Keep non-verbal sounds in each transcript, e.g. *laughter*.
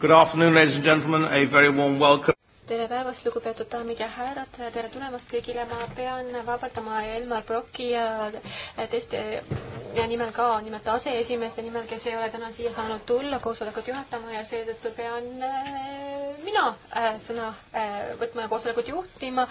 Good afternoon, ladies and gentlemen, a very warm welcome. tere päevast, lugupeetud daamid ja härrad, tere tulemast kõigile, ma pean vabandama Elmar Brocki ja teiste ja nimel ka, nimelt aseesimeeste nimel, kes ei ole täna siia saanud tulla koosolekut juhatama ja seetõttu pean mina äh, sõna äh, võtma ja koosolekut juhtima.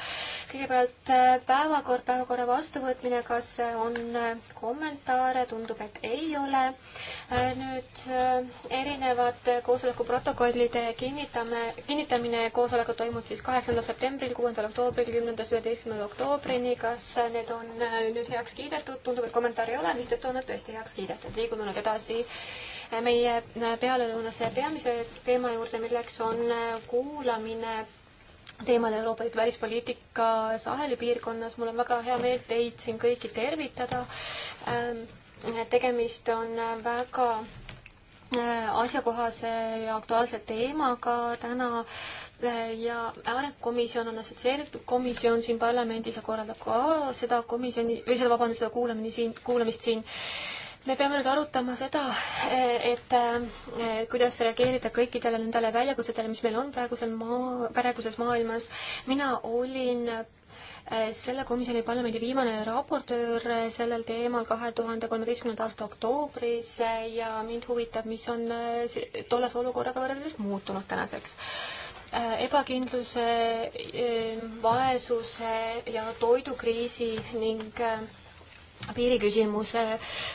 kõigepealt äh, päevakord, päevakorra vastuvõtmine, kas äh, on äh, kommentaare, tundub, et ei ole äh,. nüüd äh, erinevate koosoleku protokollide kinnitame, kinnitamine, koosolekud toimuvad siis kaheksandal septembril, kuuendal oktoobril, kümnendast üheteistkümnenda oktoobrini. kas äh, need on äh, nüüd heaks kiidetud? tundub, et kommentaare ei ole, mistõttu on nad tõesti heaks kiidetud. liigume nüüd edasi äh, meie pealelõunase peamise teema juurde, milleks on kuulamine teemal Euroopa Liidu välispoliitika Saheli piirkonnas. mul on väga hea meel teid siin kõiki tervitada. Ähm, tegemist on väga äh, asjakohase ja aktuaalse teemaga täna äh, ja arengukomisjon on assotsieeritud komisjon siin parlamendis ja korraldab ka seda komisjoni või seda, vabandust, seda kuulamini siin, kuulamist siin me peame nüüd arutama seda, et eh, kuidas reageerida kõikidele nendele väljakutsetele, mis meil on praegusel maa, praeguses maailmas. mina olin eh, selle komisjoni parlamendi viimane raportöör eh, sellel teemal kahe tuhande kolmeteistkümnenda aasta oktoobris ja mind huvitab, mis on tollase olukorraga võrreldes muutunud tänaseks ebakindluse, vaesuse ja toidukriisi ning piiriküsimuse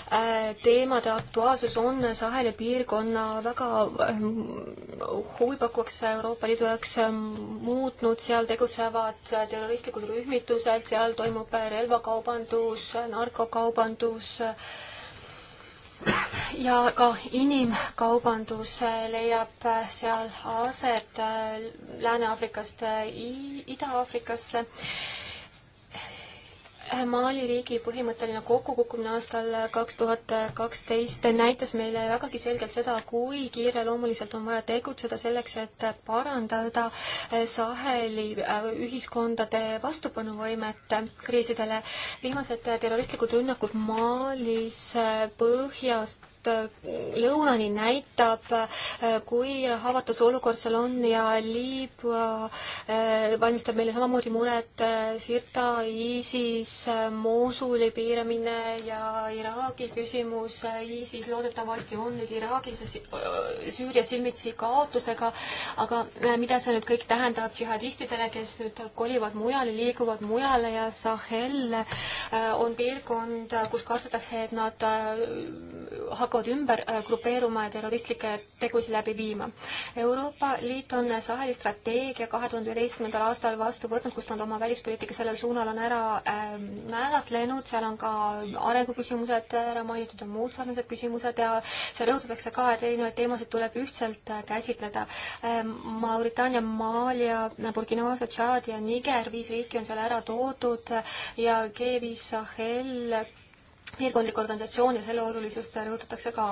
äh, teemade aktuaalsus on Saheli piirkonna väga ähm, huvipakkuvaks Euroopa Liidu jaoks ähm, muutnud, seal tegutsevad äh, terroristlikud rühmitused, seal toimub äh, relvakaubandus, narkokaubandus ja ka inimkaubandus leiab seal aset Lääne-Aafrikast Ida-Aafrikasse Mali riigi põhimõtteline kokkukukkumine aastal kaks tuhat kaksteist näitas meile vägagi selgelt seda, kui kiireloomuliselt on vaja tegutseda selleks, et parandada Saheli äh, ühiskondade vastupanuvõimet kriisidele. viimased terroristlikud rünnakud Malis äh, põhjast poolt äh, lõunani näitab, äh, kui haavatud see olukord seal on ja Liibüa äh, valmistab meile samamoodi muret, Sirta, ISIS, Mosuli piiramine ja Iraagi küsimus, ISIS loodetavasti on nüüd Iraagis ja Süürias silmitsi kaotusega, aga mida see nüüd kõik tähendab džihadistidele, kes nüüd kolivad mujale, liiguvad mujale ja Sahel on piirkond, kus kardetakse, et nad hakkavad narkod ümber äh, grupeeruma ja terroristlikke tegusid läbi viima. Euroopa Liit on Saheli strateegia kahe tuhande üheteistkümnendal aastal vastu võtnud, kus nad oma välispoliitika sellel suunal on ära äh, määratlenud, seal on ka arenguküsimused ära mainitud ja muud sarnased küsimused ja seal rõhutatakse ka, et erinevaid teemasid tuleb ühtselt äh, käsitleda äh,. Mauritaania, Mali ja Burkina Faso, Tšaad ja Niger, viis riiki on seal ära toodud ja G5 Sahel piirkondlik organisatsioon ja selle olulisust rõhutatakse ka.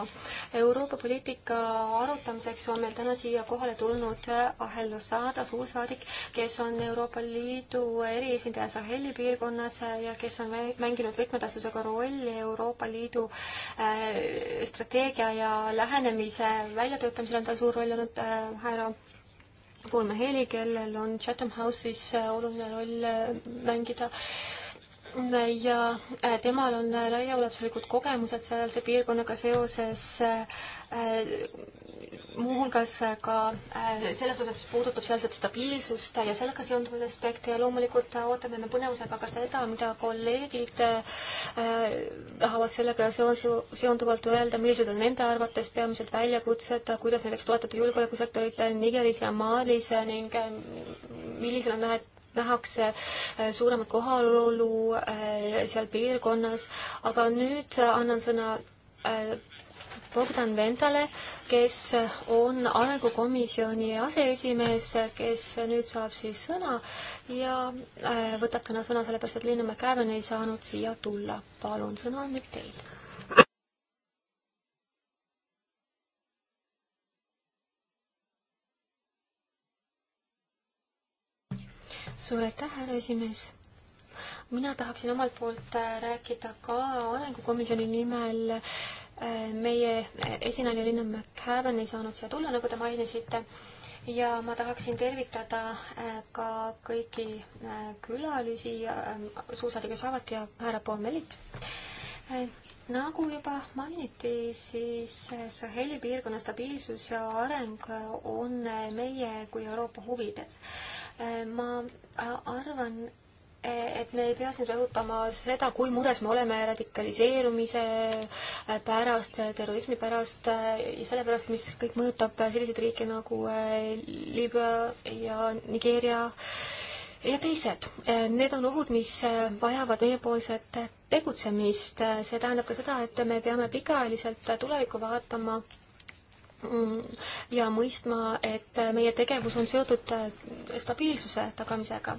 Euroopa poliitika arutamiseks on meil täna siia kohale tulnud Ahel Losada, suursaadik, kes on Euroopa Liidu eriesindaja Saheli piirkonnas ja kes on mänginud võtmetähtsusega rolli Euroopa Liidu äh, strateegia ja lähenemise väljatöötamisel on tal suur roll olnud äh, härra Paul Maheli, kellel on Chatham House'is äh, oluline roll mängida ja äh, temal on äh, laiaulatuslikud kogemused sealse piirkonnaga seoses äh, muuhulgas ka selles osas, mis puudutab sealset stabiilsust ja sellega seonduvaid aspekte ja loomulikult ootame me põnevusega ka seda, mida kolleegid tahavad sellega seos-, seonduvalt öelda, millised on nende arvates peamised väljakutsed, kuidas näiteks toetada julgeolekusektorit Nigeris ja Malis ning millisena näed nähakse äh, suuremat kohalolu äh, seal piirkonnas, aga nüüd äh, annan sõna Bogdan Ventale, kes on arengukomisjoni aseesimees, kes nüüd saab siis sõna ja võtab täna sõna sellepärast, et Linna McCaven ei saanud siia tulla. palun, sõna on nüüd teil suur aitäh, härra esimees! mina tahaksin omalt poolt äh, rääkida ka arengukomisjoni nimel. Äh, meie esinaine Linnar McCaven ei saanud siia tulla, nagu te mainisite ja ma tahaksin tervitada äh, ka kõiki külalisi, suusad ja kes saavad ja härra Poomelit nagu juba mainiti, siis Saheli piirkonna stabiilsus ja areng on meie kui Euroopa huvides. ma arvan, et me ei pea siin rõhutama seda, kui mures me oleme radikaliseerumise pärast, terrorismi pärast ja selle pärast, mis kõik mõjutab selliseid riike nagu Liibüa ja Nigeeria äh, ja teised, eh, need on ohud, mis eh, vajavad meiepoolset tegutsemist, eh, see tähendab ka seda, et me peame pikaajaliselt tulevikku vaatama mm, ja mõistma, et meie tegevus on seotud stabiilsuse tagamisega.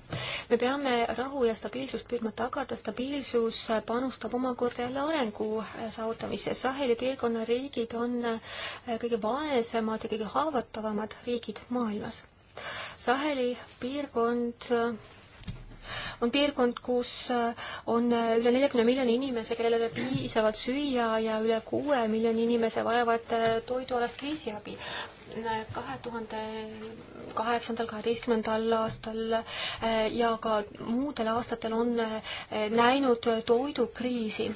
me peame rahu ja stabiilsust püüdma tagada, stabiilsus panustab omakorda jälle arengu saavutamisse. Saheli piirkonna riigid on kõige vaesemad ja kõige haavatavamad riigid maailmas Saheli piirkond on piirkond, kus äh, on äh, üle neljakümne miljoni inimese, kellel ei ole piisavalt süüa ja üle kuue miljoni inimese vajavad äh, toidualast kriisiabi. kahe tuhande kaheksandal, kaheteistkümnendal aastal ja ka muudel aastatel on näinud toidukriisi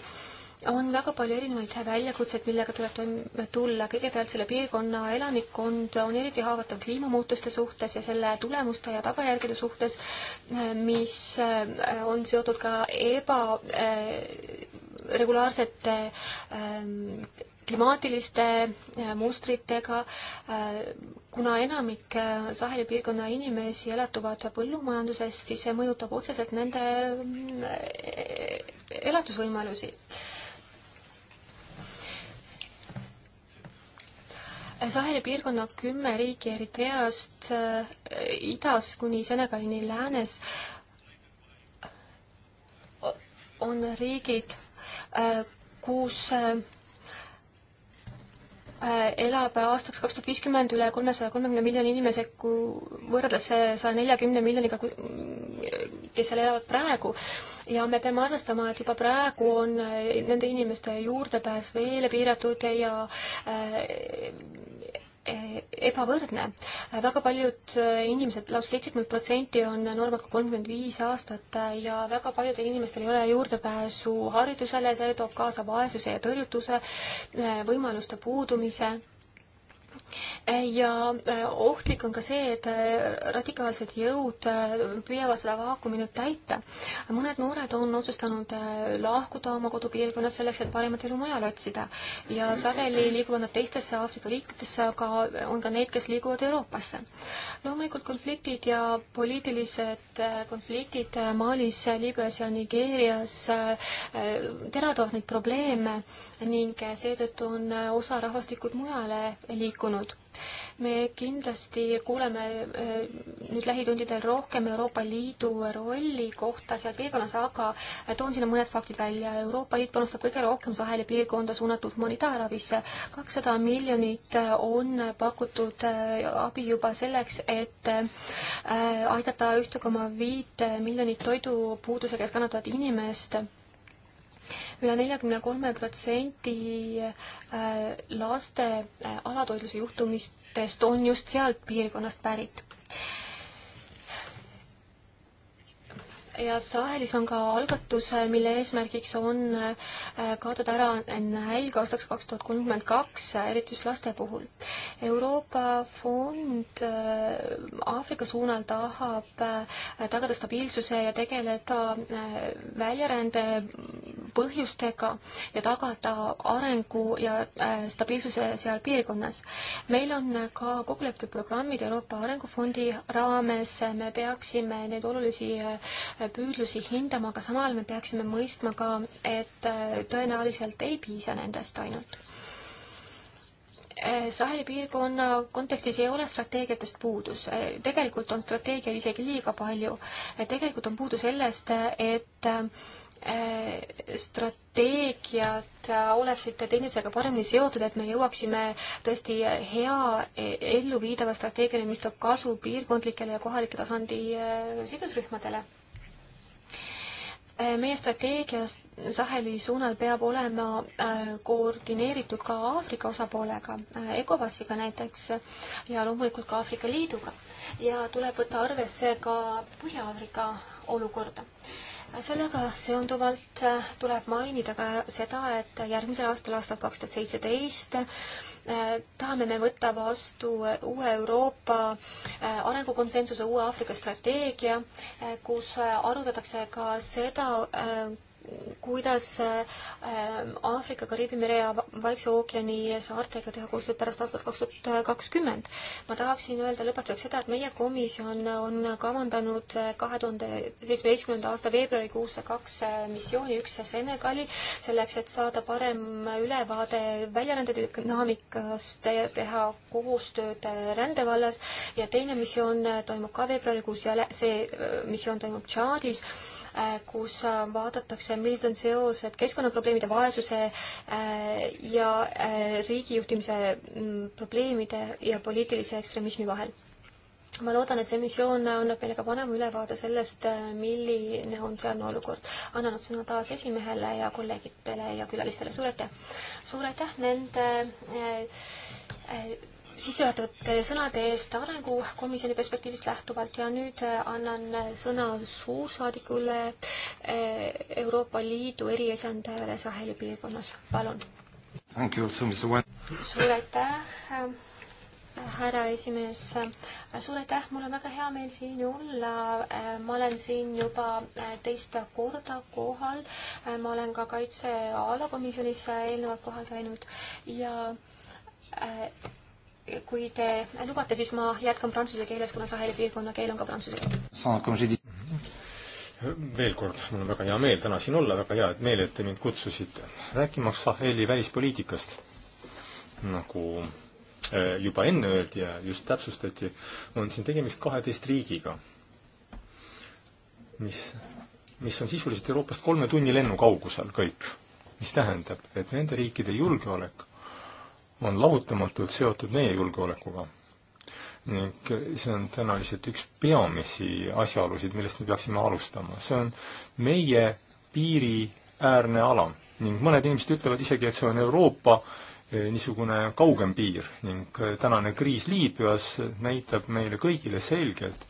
on väga palju erinevaid väljakutseid, millega tuleb toime tulla. kõigepealt selle piirkonna elanikkond on eriti haavatav kliimamuutuste suhtes ja selle tulemuste ja tagajärgede suhtes, mis äh, on seotud ka ebaregulaarsete äh, ähm, klimaatiliste äh, mustritega, kuna enamik Saheli piirkonna inimesi elatuvad põllumajandusest, siis see mõjutab otseselt nende elatusvõimalusi Saheli piirkonna kümme riiki Eritreast äh, idas kuni Senegalini läänes on riigid äh,, kus äh, äh elab aastaks kaks tuhat viiskümmend üle kolmesaja kolmekümne miljoni inimese, kui võrreldes saja neljakümne miljoniga, kes seal elavad praegu ja me peame arvestama, et juba praegu on eh, nende inimeste juurdepääs veel piiratud ja eh, eh, ebavõrdne. väga paljud inimesed, lausa seitsekümmend protsenti on nooremad kui kolmkümmend viis aastat ja väga paljudel inimestel ei ole juurdepääsu haridusele, see toob kaasa vaesuse ja tõrjutuse, võimaluste puudumise ja äh, ohtlik on ka see, et äh, radikaalsed jõud äh, püüavad seda vaakumi nüüd täita. mõned noored on otsustanud lahkuda oma kodupiirkonnast selleks, et paremat elu mujal otsida ja sageli liiguvad nad teistesse Aafrika riikidesse, aga on ka neid, kes liiguvad Euroopasse. loomulikult konfliktid ja poliitilised konfliktid Malis, Liibüas ja Nigeerias teravdavad neid probleeme ning seetõttu on osa rahvastikud mujale liikunud. me kindlasti kuuleme eh, nüüd lähitundidel rohkem Euroopa Liidu rolli kohta seal piirkonnas, aga toon sinna mõned faktid välja. Euroopa Liit panustab kõige rohkem Saheli piirkonda suunatud humanitaarabisse. kakssada miljonit eh, on pakutud eh, abi juba selleks, et aidata ühte koma viit miljonit toidupuudusega kannatavat inimest üle neljakümne kolme protsendi äh, laste äh, alatoitluse juhtumistest on just sealt piirkonnast pärit ja Sahelis on ka algatus, mille eesmärgiks on äh, kaotada ära nälg aastaks kaks tuhat kolmkümmend kaks, äh, eriti just laste puhul. Euroopa Fond äh, Aafrika suunal tahab tagada stabiilsuse ja tegeleda väljarände põhjustega ja tagada arengu ja stabiilsuse seal piirkonnas. meil on ka kokkulepitud programmid Euroopa Arengufondi raames, me peaksime neid olulisi püüdlusi hindama, aga samal me peaksime mõistma ka, et äh, tõenäoliselt ei piisa nendest ainult. Äh, Saheli piirkonna kontekstis ei ole strateegiatest puudus, äh, tegelikult on strateegiaid isegi liiga palju. tegelikult on puudu sellest, et strateegiad oleksid teineteisega paremini seotud, et me jõuaksime tõesti hea e, elluviidava strateegiani, mis toob kasu piirkondlikele ja kohalike tasandi sidusrühmadele meie strateegias Saheli suunal peab olema äh, koordineeritud ka Aafrika osapoolega, äh, ECOWAS-iga näiteks ja loomulikult ka Aafrika Liiduga. ja tuleb võtta arvesse ka Põhja-Aafrika olukorda. Äh, sellega seonduvalt tuleb mainida ka seda, et järgmisel aastal, aastal kaks tuhat seitseteist, Äh, tahame me võtta vastu äh, uue Euroopa äh, arengukonsensuse, uue Aafrika strateegia, kus arutatakse ka seda, kuidas ähm, Aafrika, Kariibi mere ja Vaikse ookeani saartega teha koostööd pärast aastat kaks tuhat kakskümmend. ma tahaksin öelda lõpetuseks seda, et meie komisjon on kavandanud äh, kahe tuhande seitsmeteistkümnenda aasta veebruarikuusse kaks äh, missiooni, üks Senegali, selleks et saada parem ülevaade väljarände dünaamikast, teha koostööd äh, rände vallas ja teine missioon toimub ka veebruarikuus ja see missioon toimub Tšaadis Äh, kus äh, vaadatakse, millised on seosed keskkonnaprobleemide, vaesuse äh, ja riigijuhtimise mm, probleemide ja poliitilise ekstremismi vahel ma loodan, et see missioon annab meile ka vanema ülevaade sellest, milline on sealne olukord. annan nüüd sõna taas esimehele ja kolleegidele ja külalistele, suur aitäh! suur aitäh nende äh, äh, sissejuhatud sõnade eest Arengukomisjoni perspektiivist lähtuvalt ja nüüd äh, annan äh, sõna suursaadikule äh, Euroopa Liidu eriesindajale Saheli piirkonnas, palun. suur aitäh, härra esimees, suur aitäh, mul on väga hea meel siin olla, ma olen siin juba teist korda kohal, ma olen ka kaitsealakomisjonis eelnevalt kohal käinud ja kui te lubate, siis ma jätkan prantsuse keeles, kuna Saheli piirkonna keel on ka prantsuse keel. Mhm. veel kord, mul on väga hea meel täna siin olla, väga hea, et meel, et te mind kutsusite. rääkimaks Saheli välispoliitikast, nagu äh, juba enne öeldi ja just täpsustati, on siin tegemist kaheteist riigiga, mis, mis on sisuliselt Euroopast kolme tunni lennu kaugusel kõik. mis tähendab, et nende riikide julgeolek on lahutamatult seotud meie julgeolekuga. ning see on täna lihtsalt üks peamisi asjaolusid, millest me peaksime alustama. see on meie piiriäärne ala ning mõned inimesed ütlevad isegi, et see on Euroopa eh, niisugune kaugem piir ning eh, tänane kriis Liibüas näitab meile kõigile selgelt,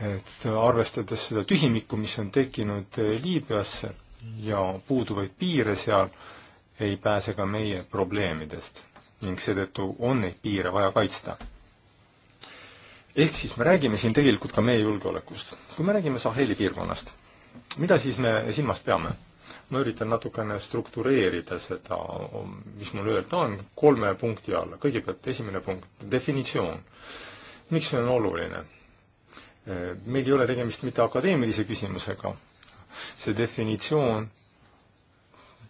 et arvestades seda tühimikku, mis on tekkinud eh, Liibüasse ja puuduvaid piire seal, ei pääse ka meie probleemidest ning seetõttu on neid piire vaja kaitsta. ehk siis me räägime siin tegelikult ka meie julgeolekust. kui me räägime Saheli piirkonnast, mida siis me silmas peame? ma üritan natukene struktureerida seda, mis mul öelda on, kolme punkti alla. kõigepealt esimene punkt, definitsioon. miks see on oluline? meil ei ole tegemist mitte akadeemilise küsimusega, see definitsioon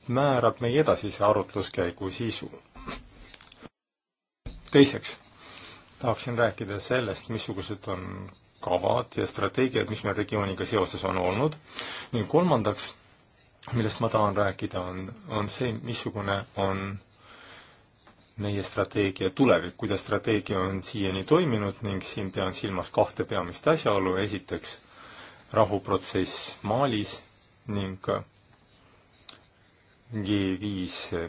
määrab meie edasise arutluskäigu sisu teiseks tahaksin rääkida sellest, missugused on kavad ja strateegiad, mis meil regiooniga seoses on olnud ning kolmandaks, millest ma tahan rääkida, on, on see, missugune on meie strateegia tulevik, kuidas strateegia on siiani toiminud ning siin pean silmas kahte peamist asjaolu, esiteks rahuprotsess Malis ning G5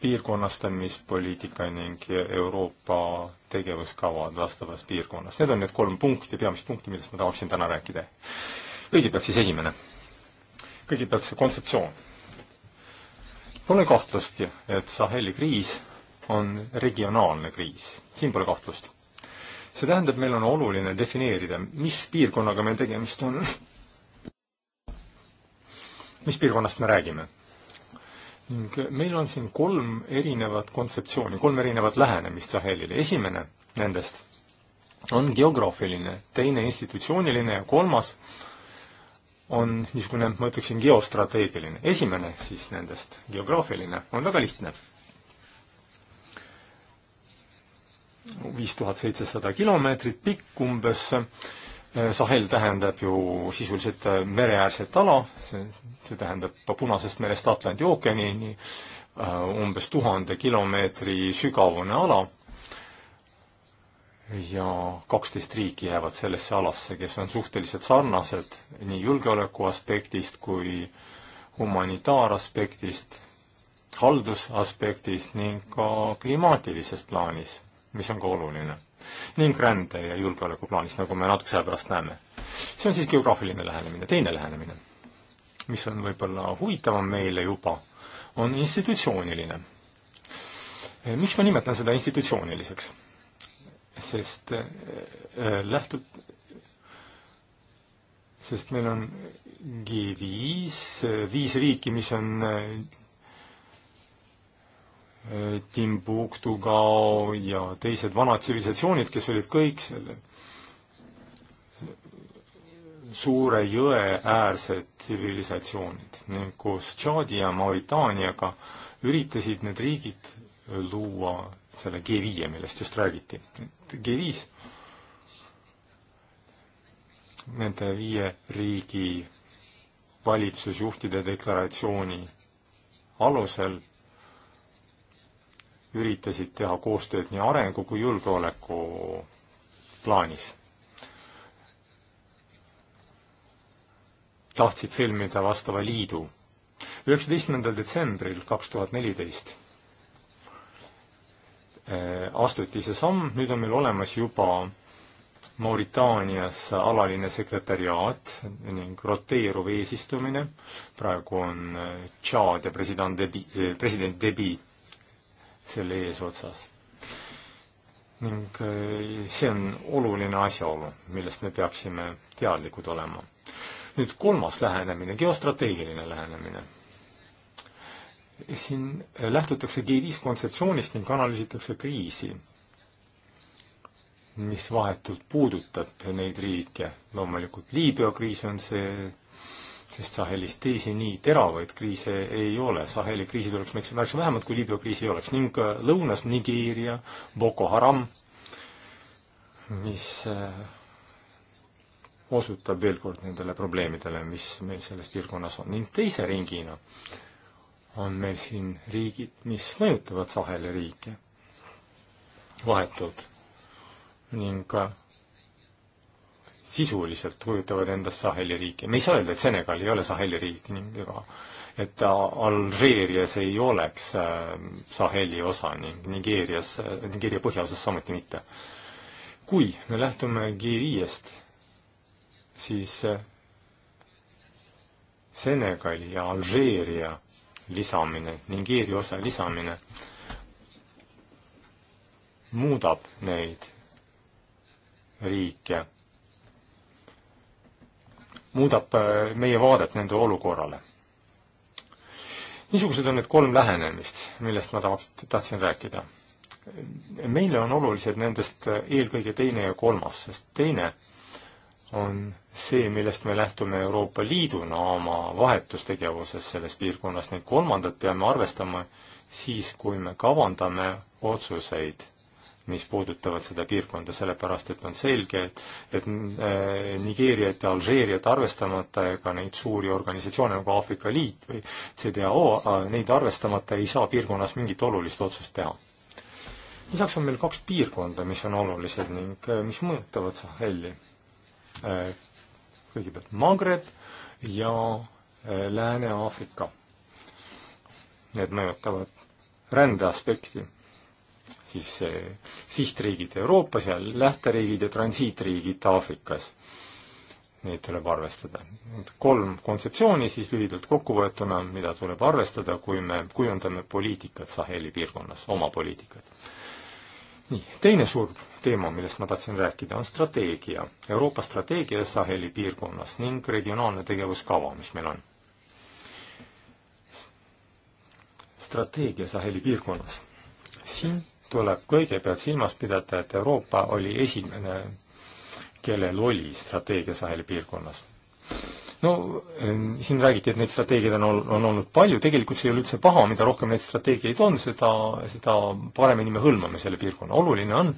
piirkonnastamispoliitika ning Euroopa tegevuskavad vastavas piirkonnas. Need on need kolm punkti, peamist punkti, millest ma tahaksin täna rääkida. kõigepealt siis esimene. kõigepealt see kontseptsioon. Pole kahtlustki, et Saheli kriis on regionaalne kriis, siin pole kahtlust. see tähendab, meil on oluline defineerida, mis piirkonnaga meil tegemist on, *laughs* mis piirkonnast me räägime ning meil on siin kolm erinevat kontseptsiooni, kolm erinevat lähenemist Sahelile. esimene nendest on geograafiline, teine institutsiooniline ja kolmas on niisugune, ma ütleksin, geostrateegiline. esimene siis nendest, geograafiline, on väga lihtne. viis tuhat seitsesada kilomeetrit pikk umbes Äh, Sahel tähendab ju sisuliselt äh, mereäärset ala, see, see tähendab Punasest merest Atlandi ookeanini äh, umbes tuhande kilomeetri sügavune ala ja kaksteist riiki jäävad sellesse alasse, kes on suhteliselt sarnased nii julgeoleku aspektist kui humanitaaraspektist, haldusaspektist ning ka klimaatilises plaanis, mis on ka oluline ning rände ja julgeoleku plaanis, nagu me natukese aja pärast näeme. see on siis geograafiline lähenemine, teine lähenemine, mis on võib-olla huvitavam meile juba, on institutsiooniline. miks ma nimetan seda institutsiooniliseks? sest äh, äh, lähtub, sest meil on G5, äh, viis riiki, mis on Timbuktu Gao ja teised vanad tsivilisatsioonid, kes olid kõik selle suure jõe äärsed tsivilisatsioonid. koos Tšaadi ja Mauritaaniaga üritasid need riigid luua selle G5, millest just räägiti. G5, nende viie riigi valitsusjuhtide deklaratsiooni alusel üritasid teha koostööd nii arengu kui julgeoleku plaanis. tahtsid sõlmida vastava liidu. üheksateistkümnendal detsembril kaks tuhat neliteist äh, astuti see samm, nüüd on meil olemas juba Mauritaanias alaline sekretäriaat ning roteeruv eesistumine, praegu on äh, Tšaadia president Debi, äh, president Debi selle eesotsas. ning eh, see on oluline asjaolu, millest me peaksime teadlikud olema. nüüd kolmas lähenemine, geostrateegiline lähenemine. siin lähtutakse G5 kontseptsioonist ning analüüsitakse kriisi, mis vahetult puudutab neid riike. loomulikult Liibüa kriis on see sest Sahelis teisi nii teravaid kriise ei ole. Saheli kriisid oleks märksa, märksa vähemad, kui Liibüa kriisi ei oleks. ning äh, lõunas Nigeeria, Boko Haram, mis äh, osutab veel kord nendele probleemidele, mis meil selles piirkonnas on. ning teise ringina on meil siin riigid, mis mõjutavad Saheli riike vahetult ning äh, sisuliselt kujutavad endast Saheli riiki. me ei saa öelda, et Senegal ei ole Saheli riik, nagu et Alžeerias ei oleks äh, Saheli osa ning Nigeerias, äh, Nigeeria põhjaosas samuti mitte. kui me lähtume G5-st, siis äh, Senegali ja Alžeeria lisamine, Nigeeria osa lisamine muudab neid riike muudab äh, meie vaadet nende olukorrale. niisugused on need kolm lähenemist, millest ma tahaks, tahtsin rääkida. meile on olulised nendest äh, eelkõige teine ja kolmas, sest teine on see, millest me lähtume Euroopa Liiduna oma vahetustegevuses selles piirkonnas, ning kolmandat peame arvestama siis, kui me kavandame otsuseid mis puudutavad seda piirkonda, sellepärast et on selge, et, et äh, Nigeeriat ja Alžeeriat arvestamata ega neid suuri organisatsioone nagu Aafrika Liit või CDAO, äh, neid arvestamata ei saa piirkonnas mingit olulist otsust teha. lisaks on meil kaks piirkonda, mis on olulised ning äh, mis mõjutavad Saheli. kõigepealt Magreb ja Lääne-Aafrika. Need mõjutavad rändeaspekti siis eh, sihtriigid Euroopas ja lähteriigid ja transiitriigid Aafrikas. Neid tuleb arvestada. kolm kontseptsiooni siis lühidalt kokkuvõetuna, mida tuleb arvestada, kui me kujundame poliitikat Saheli piirkonnas, oma poliitikat. nii, teine suur teema, millest ma tahtsin rääkida, on strateegia, Euroopa strateegia Saheli piirkonnas ning regionaalne tegevuskava, mis meil on strateegia Saheli piirkonnas. siin tuleb kõigepealt silmas pidada, et Euroopa oli esimene, kellel oli strateegia Saheli piirkonnas. no äh, siin räägiti, et neid strateegiaid on, on olnud palju, tegelikult see ei ole üldse paha, mida rohkem neid strateegiaid on, seda, seda paremini me hõlmame selle piirkonna, oluline on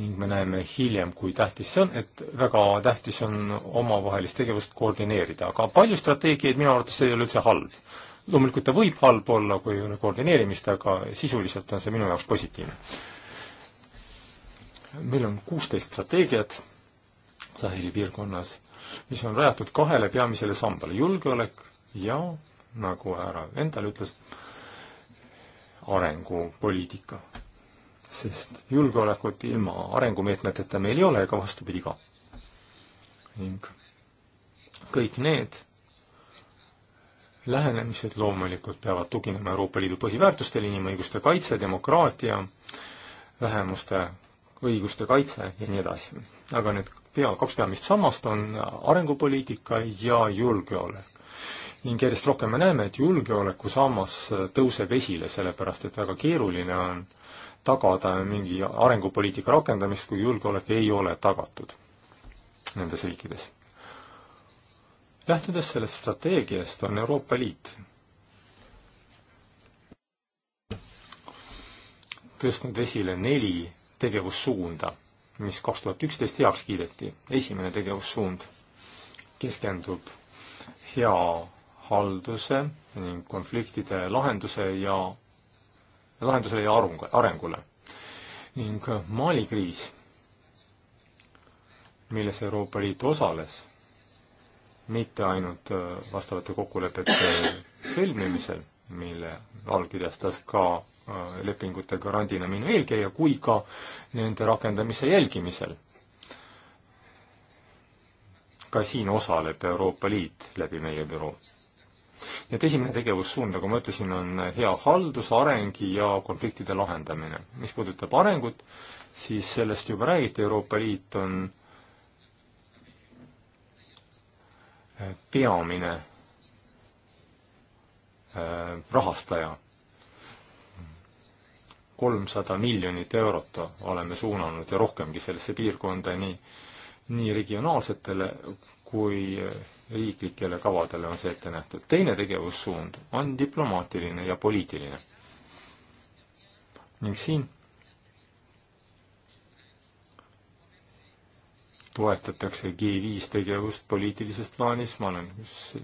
ning me näeme hiljem, kui tähtis see on, et väga tähtis on omavahelist tegevust koordineerida, aga palju strateegiaid minu arvates ei ole üldse halb loomulikult ta võib halb olla, kui ei ole koordineerimist, aga sisuliselt on see minu jaoks positiivne. meil on kuusteist strateegiat Saheli piirkonnas, mis on rajatud kahele peamisele sambale, julgeolek ja nagu härra Vendal ütles, arengupoliitika. sest julgeolekut ilma arengumeetmeteta meil ei ole ega vastupidi ka. ning kõik need lähenemised loomulikult peavad tuginema Euroopa Liidu põhiväärtustele, inimõiguste kaitse, demokraatia, vähemuste õiguste kaitse ja nii edasi. aga need pea, kaks peamist sammast on arengupoliitika ja julgeolek. ning järjest rohkem me näeme, et julgeoleku sammas tõuseb esile, sellepärast et väga keeruline on tagada mingi arengupoliitika rakendamist, kui julgeolek ei ole tagatud nendes riikides lähtudes sellest strateegiast, on Euroopa Liit tõstnud esile neli tegevussuunda, mis kaks tuhat üksteist heaks kiideti. esimene tegevussuund keskendub hea halduse ning konfliktide lahenduse ja, lahendusele ja arung, arengule. ning Mali kriis, milles Euroopa Liit osales mitte ainult äh, vastavate kokkulepete sõlmimisel, mille allkirjastas ka äh, lepingute garandina minu eelkäija, kui ka nende rakendamise jälgimisel. ka siin osaleb Euroopa Liit läbi meie büroo. nii et esimene tegevussuund, nagu ma ütlesin, on hea haldus, areng ja konfliktide lahendamine. mis puudutab arengut, siis sellest juba räägiti, Euroopa Liit on peamine äh, rahastaja. kolmsada miljonit eurot oleme suunanud ja rohkemgi sellesse piirkonda nii, nii regionaalsetele kui riiklikele kavadele on see ette nähtud. teine tegevussuund on diplomaatiline ja poliitiline. ning siin toetatakse G5 tegevust poliitilises plaanis, ma olen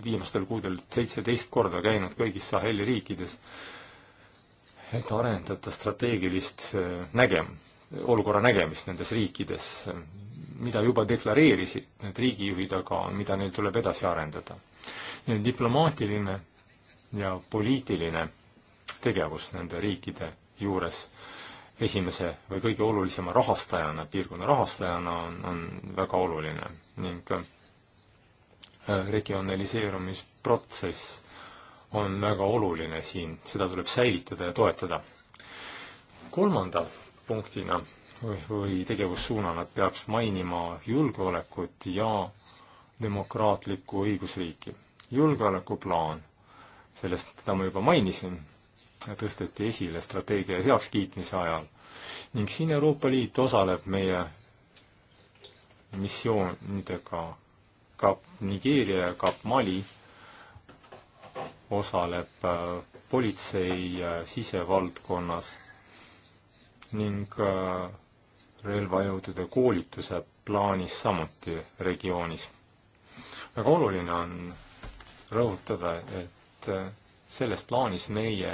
viimastel kuudel seitseteist korda käinud kõigis Saheli riikides, et arendada strateegilist äh, nägem-, olukorra nägemist nendes riikides, mida juba deklareerisid need riigijuhid, aga mida neil tuleb edasi arendada. nii et diplomaatiline ja poliitiline tegevus nende riikide juures äh, esimese või kõige olulisema rahastajana, piirkonna rahastajana on, on väga oluline ning äh, regionaliseerumisprotsess on väga oluline siin, seda tuleb säilitada ja toetada. kolmanda punktina või, või tegevussuunana peaks mainima julgeolekut ja demokraatlikku õigusriiki. julgeolekuplaan, sellest, seda ma juba mainisin, tõsteti esile strateegia heakskiitmise ajal ning siin Euroopa Liit osaleb meie missioonidega Kap Nigeeria ja Kap Mali osaleb äh, politsei äh, sisevaldkonnas ning äh, relvajõudude koolituse plaanis samuti regioonis. väga oluline on rõhutada, et selles plaanis meie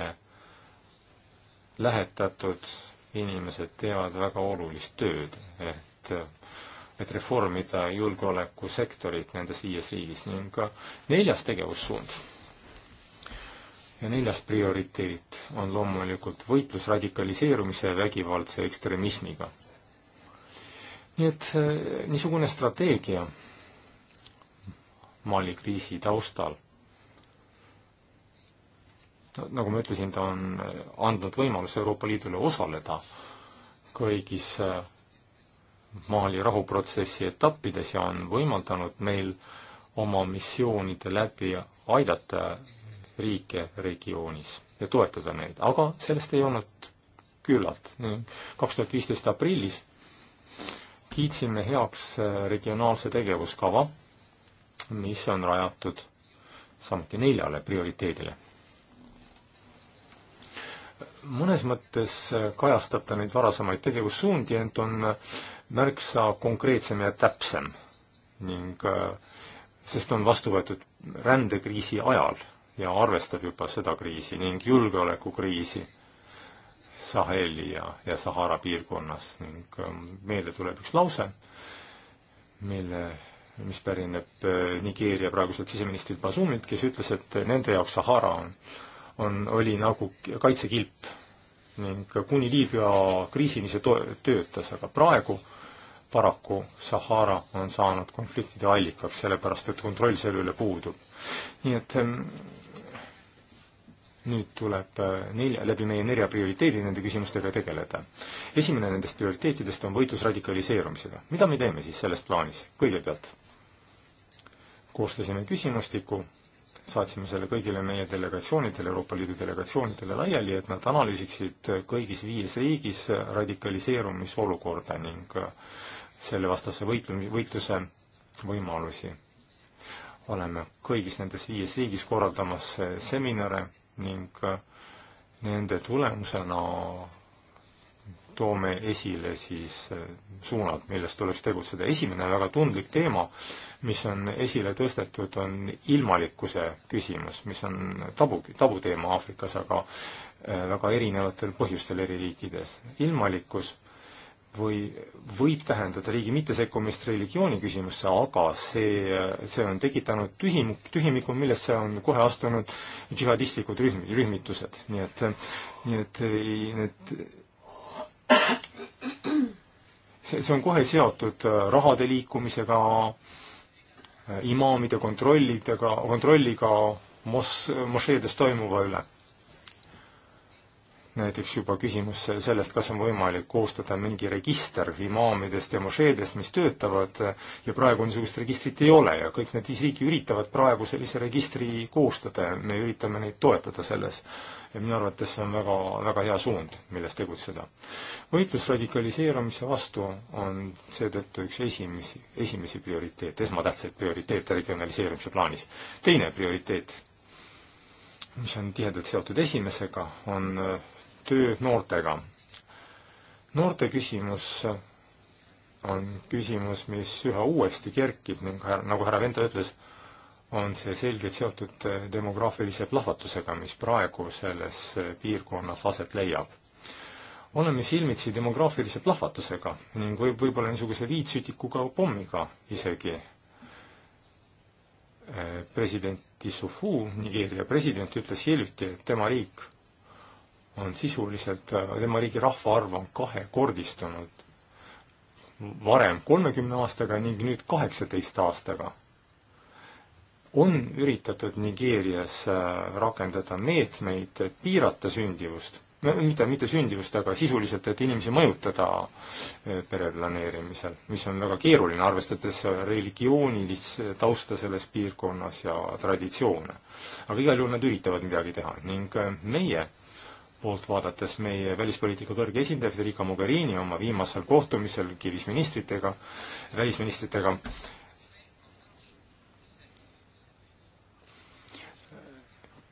lähetatud inimesed teevad väga olulist tööd, et, et reformida julgeolekusektorit nendes viies riigis ning ka neljas tegevussuund ja neljas prioriteet on loomulikult võitlus radikaliseerumise ja vägivaldse ekstremismiga. nii et eh, niisugune strateegia Mali kriisi taustal nagu ma ütlesin, ta on äh, andnud võimaluse Euroopa Liidule osaleda kõigis äh, Mali rahuprotsessi etappides ja on võimaldanud meil oma missioonide läbi aidata riike regioonis ja toetada neid, aga sellest ei olnud küllalt. kaks tuhat viisteist aprillis kiitsime heaks äh, regionaalse tegevuskava, mis on rajatud samuti neljale prioriteedile mõnes mõttes kajastab ta neid varasemaid tegevussuundi, ent on märksa konkreetsem ja täpsem ning äh, sest on vastu võetud rändekriisi ajal ja arvestab juba seda kriisi ning julgeolekukriisi Saheli ja, ja Sahara piirkonnas ning äh, meelde tuleb üks lause, mille mis pärineb äh, Nigeeria praeguselt siseministrilt Bazumilt, kes ütles, et nende jaoks Sahara on on, oli nagu kaitsekilp ning kuni Liibüa kriisini see to-, töötas, aga praegu paraku Sahara on saanud konfliktide allikaks, sellepärast et kontroll selle üle puudub. nii et ehm, nüüd tuleb äh, nelja, läbi meie nelja prioriteedi nende küsimustega tegeleda. esimene nendest prioriteetidest on võitlus radikaliseerumisega. mida me teeme siis selles plaanis? kõigepealt koostasime küsimustiku saatsime selle kõigile meie delegatsioonidele, Euroopa Liidu delegatsioonidele laiali, et nad analüüsiksid kõigis viies riigis radikaliseerumisolukorda ning selle vastase võitlemi-, võitluse võimalusi. oleme kõigis nendes viies riigis korraldamas seminare ning nende tulemusena toome esile siis suunad, milles tuleks tegutseda. esimene väga tundlik teema mis on esile tõstetud, on ilmalikkuse küsimus, mis on tabu, tabuteema Aafrikas, aga äh, väga erinevatel põhjustel eri riikides. ilmalikkus või võib tähendada riigi mittesekkumist religiooni küsimusse, aga see, see on tekitanud tühimik, tühimiku, millesse on kohe astunud džihadistlikud rühm, rühmitused, nii et, nii et need see, see on kohe seotud äh, rahade liikumisega, imaamide kontrollidega, kontrolliga mos-, mošeedes toimuva üle näiteks juba küsimus sellest, kas on võimalik koostada mingi register imaamidest ja mošeedest, mis töötavad ja praegu niisugust registrit ei ole ja kõik need viis riiki üritavad praegu sellise registri koostada ja me üritame neid toetada selles. ja minu arvates see on väga, väga hea suund, milles tegutseda. võitlus radikaliseerumise vastu on seetõttu üks esimesi, esimesi prioriteete, esmatähtsaid prioriteete regionaliseerimise plaanis. teine prioriteet mis on tihedalt seotud esimesega, on töö noortega. noorte küsimus on küsimus, mis üha uuesti kerkib ning nagu härra Vento ütles, on see selgelt seotud äh, demograafilise plahvatusega, mis praegu selles äh, piirkonnas aset leiab. oleme silmitsi demograafilise plahvatusega ning võib, võib-olla niisuguse viitsütikuga pommiga isegi. Äh, president Issoufou, Nigeeria president, ütles hiljuti, et tema riik on sisuliselt, äh, tema riigi rahvaarv on kahekordistunud varem kolmekümne aastaga ning nüüd kaheksateist aastaga. on üritatud Nigeerias äh, rakendada meetmeid, et piirata sündivust, mitte, mitte sündivust, aga sisuliselt, et inimesi mõjutada äh, pereplaneerimisel, mis on väga keeruline, arvestades religioonilist tausta selles piirkonnas ja traditsioone. aga igal juhul nad üritavad midagi teha ning meie poolt vaadates meie välispoliitika kõrge esindaja Federica Mogherini oma viimasel kohtumisel kivis ministritega, välisministritega,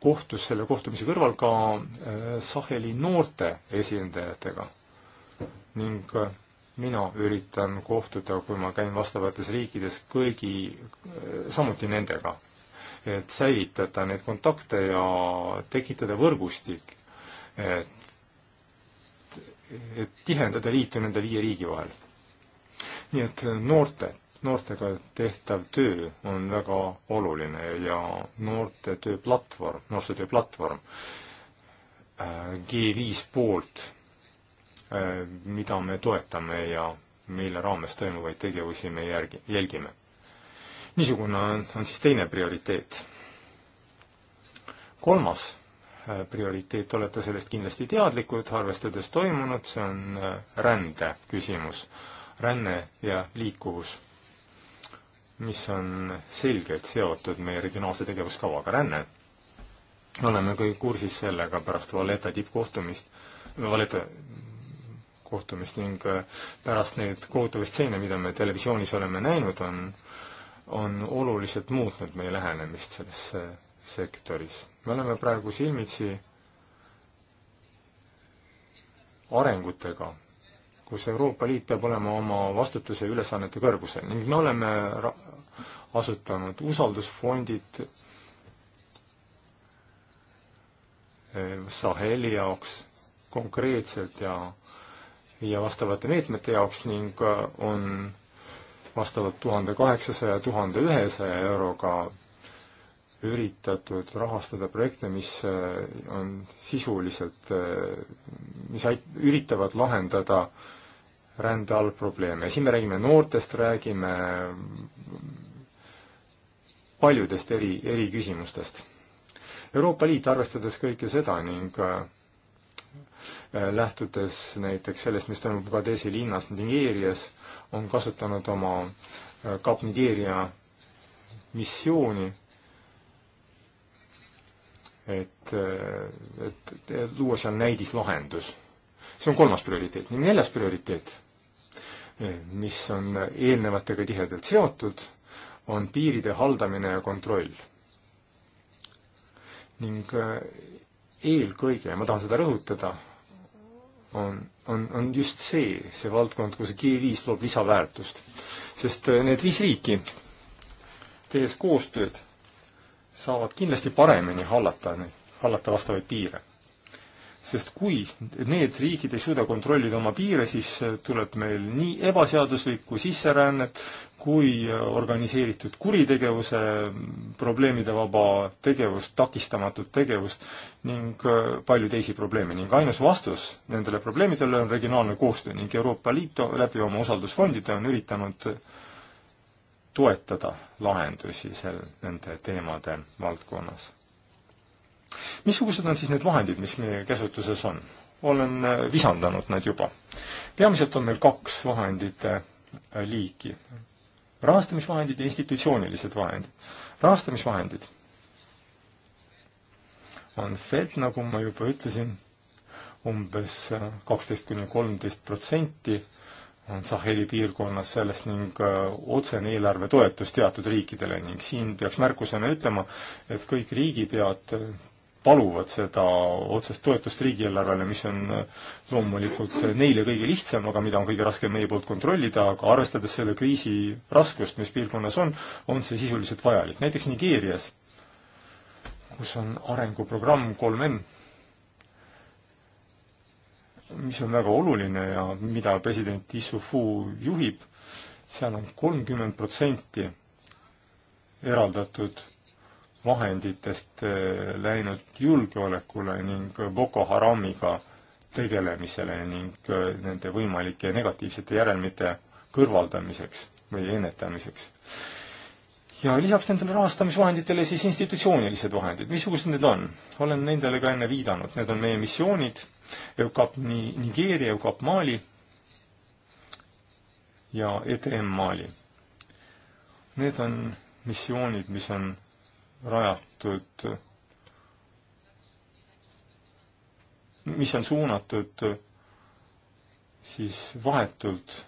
kohtus selle kohtumise kõrval ka äh, Saheli noorte esindajatega ning äh, mina üritan kohtuda, kui ma käin vastavates riikides, kõigi, äh, samuti nendega, et säilitada neid kontakte ja tekitada võrgustik et tihendada liitu nende viie riigi vahel. nii et noorte, noortega tehtav töö on väga oluline ja noorte tööplatvorm, noorsootöö platvorm äh, G5 poolt, äh, mida me toetame ja mille raames toimuvaid tegevusi me järgi, jälgime. niisugune on, on siis teine prioriteet. kolmas Äh, prioriteet, olete sellest kindlasti teadlikud, arvestades toimunut, see on äh, rände küsimus, ränne ja liikuvus, mis on selgelt seotud meie regionaalse tegevuskavaga, ränne. oleme kõik kursis sellega pärast Valeta tippkohtumist, Valeta kohtumist ning äh, pärast neid kohutavaid stseene, mida me televisioonis oleme näinud, on on oluliselt muutnud meie lähenemist selles sektoris me oleme praegu silmitsi arengutega, kus Euroopa Liit peab olema oma vastutuse ja ülesannete kõrgusel ning me oleme asutanud usaldusfondid eh, Saheli jaoks konkreetselt ja, ja vastavate meetmete jaoks ning eh, on vastavalt tuhande kaheksasaja, tuhande ühesaja euroga üritatud rahastada projekte, mis äh, on sisuliselt, äh, mis ait-, üritavad lahendada rände allprobleeme ja siin me räägime noortest, räägime paljudest eri, eri küsimustest. Euroopa Liit, arvestades kõike seda ning äh, lähtudes näiteks sellest, mis toimub Kadesi linnas Nigeerias, on kasutanud oma Kap Nigeeria missiooni et, eh, et, et luua seal näidislahendus. see on kolmas prioriteet. nii, neljas prioriteet, eh, mis on eelnevatega tihedalt seotud, on piiride haldamine ja kontroll. ning eh, eelkõige, ma tahan seda rõhutada, on, on, on just see, see valdkond, kus G5 loob lisaväärtust. sest need viis riiki, tehes koostööd saavad kindlasti paremini hallata, hallata vastavaid piire. sest kui need riigid ei suuda kontrollida oma piire, siis tuleb meil nii ebaseaduslikku sisserännet kui organiseeritud kuritegevuse, probleemide vaba tegevust, takistamatut tegevust ning palju teisi probleeme ning ainus vastus nendele probleemidele on regionaalne koostöö ning Euroopa Liit läbi oma usaldusfondide on üritanud äh, toetada lahendusi seal nende teemade valdkonnas. missugused on siis need vahendid, mis meie käsutuses on? olen äh, visandanud nad juba. peamiselt on meil kaks vahendite äh, liiki. rahastamisvahendid ja institutsioonilised vahendid. rahastamisvahendid on FED, nagu ma juba ütlesin, umbes äh, kaksteist kuni kolmteist protsenti on Saheli piirkonnas sellest ning äh, otsene eelarvetoetus teatud riikidele ning siin peaks märkusena ütlema, et kõik riigipead äh, paluvad seda otsest toetust riigieelarvele, mis on äh, loomulikult neile kõige lihtsam, aga mida on kõige raskem meie poolt kontrollida, aga arvestades selle kriisi raskust, mis piirkonnas on, on see sisuliselt vajalik. näiteks Nigeerias, kus on arenguprogramm 3M mis on väga oluline ja mida president Issoufou juhib, seal on kolmkümmend protsenti eraldatud vahenditest eh, läinud julgeolekule ning Boko Haramiga tegelemisele ning eh, nende võimalike negatiivsete järelmite kõrvaldamiseks või ennetamiseks. ja lisaks nendele rahastamisvahenditele siis institutsioonilised vahendid, missugused need on? olen nendele ka enne viidanud, need on meie missioonid EUCAP nii Nigeeria, EUCAP Mali ja ETM Mali. Need on missioonid, mis on rajatud, mis on suunatud siis vahetult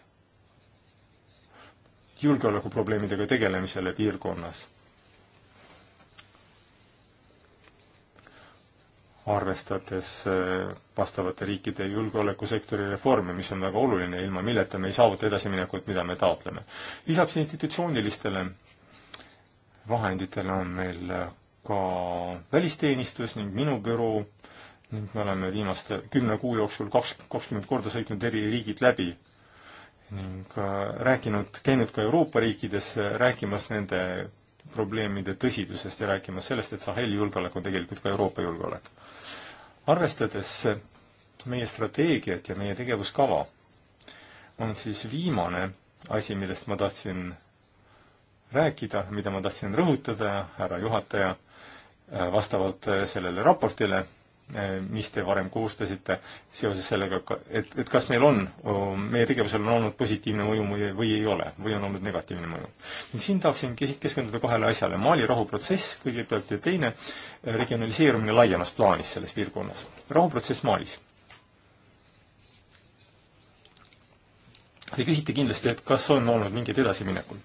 julgeolekuprobleemidega tegelemisele piirkonnas arvestades eh, vastavate riikide julgeolekusektori reforme, mis on väga oluline, ilma milleta me ei saavuta edasiminekut, mida me taotleme. lisaks institutsioonilistele vahenditele on meil ka välisteenistus ning minu büroo ning me oleme viimaste kümne kuu jooksul kaks, kakskümmend korda sõitnud eri riigid läbi ning äh, rääkinud, käinud ka Euroopa riikides äh, rääkimas nende probleemide tõsidusest ja rääkimas sellest, et Saheli julgeolek on tegelikult ka Euroopa julgeolek arvestades meie strateegiat ja meie tegevuskava, on siis viimane asi, millest ma tahtsin rääkida, mida ma tahtsin rõhutada, härra juhataja, vastavalt sellele raportile Äh, mis te varem koostasite seoses sellega, et, et kas meil on, meie tegevusel on olnud positiivne mõju või, või ei ole, või on olnud negatiivne mõju. ning siin tahaksin keskenduda kahele asjale, Mali rahuprotsess kõigepealt ja teine, äh, regionaliseerumine laiemas plaanis selles piirkonnas. rahuprotsess Malis. Te küsite kindlasti, et kas on olnud mingeid edasiminekuid.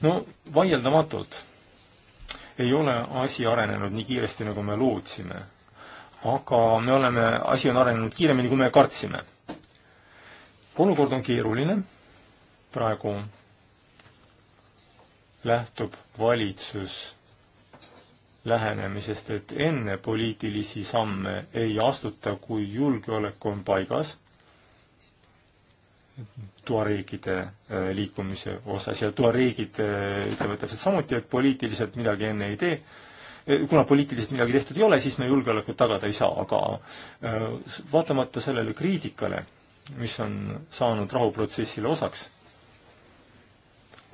no vaieldamatult ei ole asi arenenud nii kiiresti, nagu me lootsime aga me oleme, asi on arenenud kiiremini, kui me kartsime. olukord on keeruline, praegu lähtub valitsus lähenemisest, et enne poliitilisi samme ei astuta, kui julgeolek on paigas, tuareegide äh, liikumise osas ja tuareegid äh, ütlevad täpselt samuti, et poliitiliselt midagi enne ei tee Äh, kuna poliitiliselt midagi tehtud ei ole, siis me julgeolekut tagada ei saa, aga äh, vaatamata sellele kriitikale, mis on saanud rahuprotsessile osaks,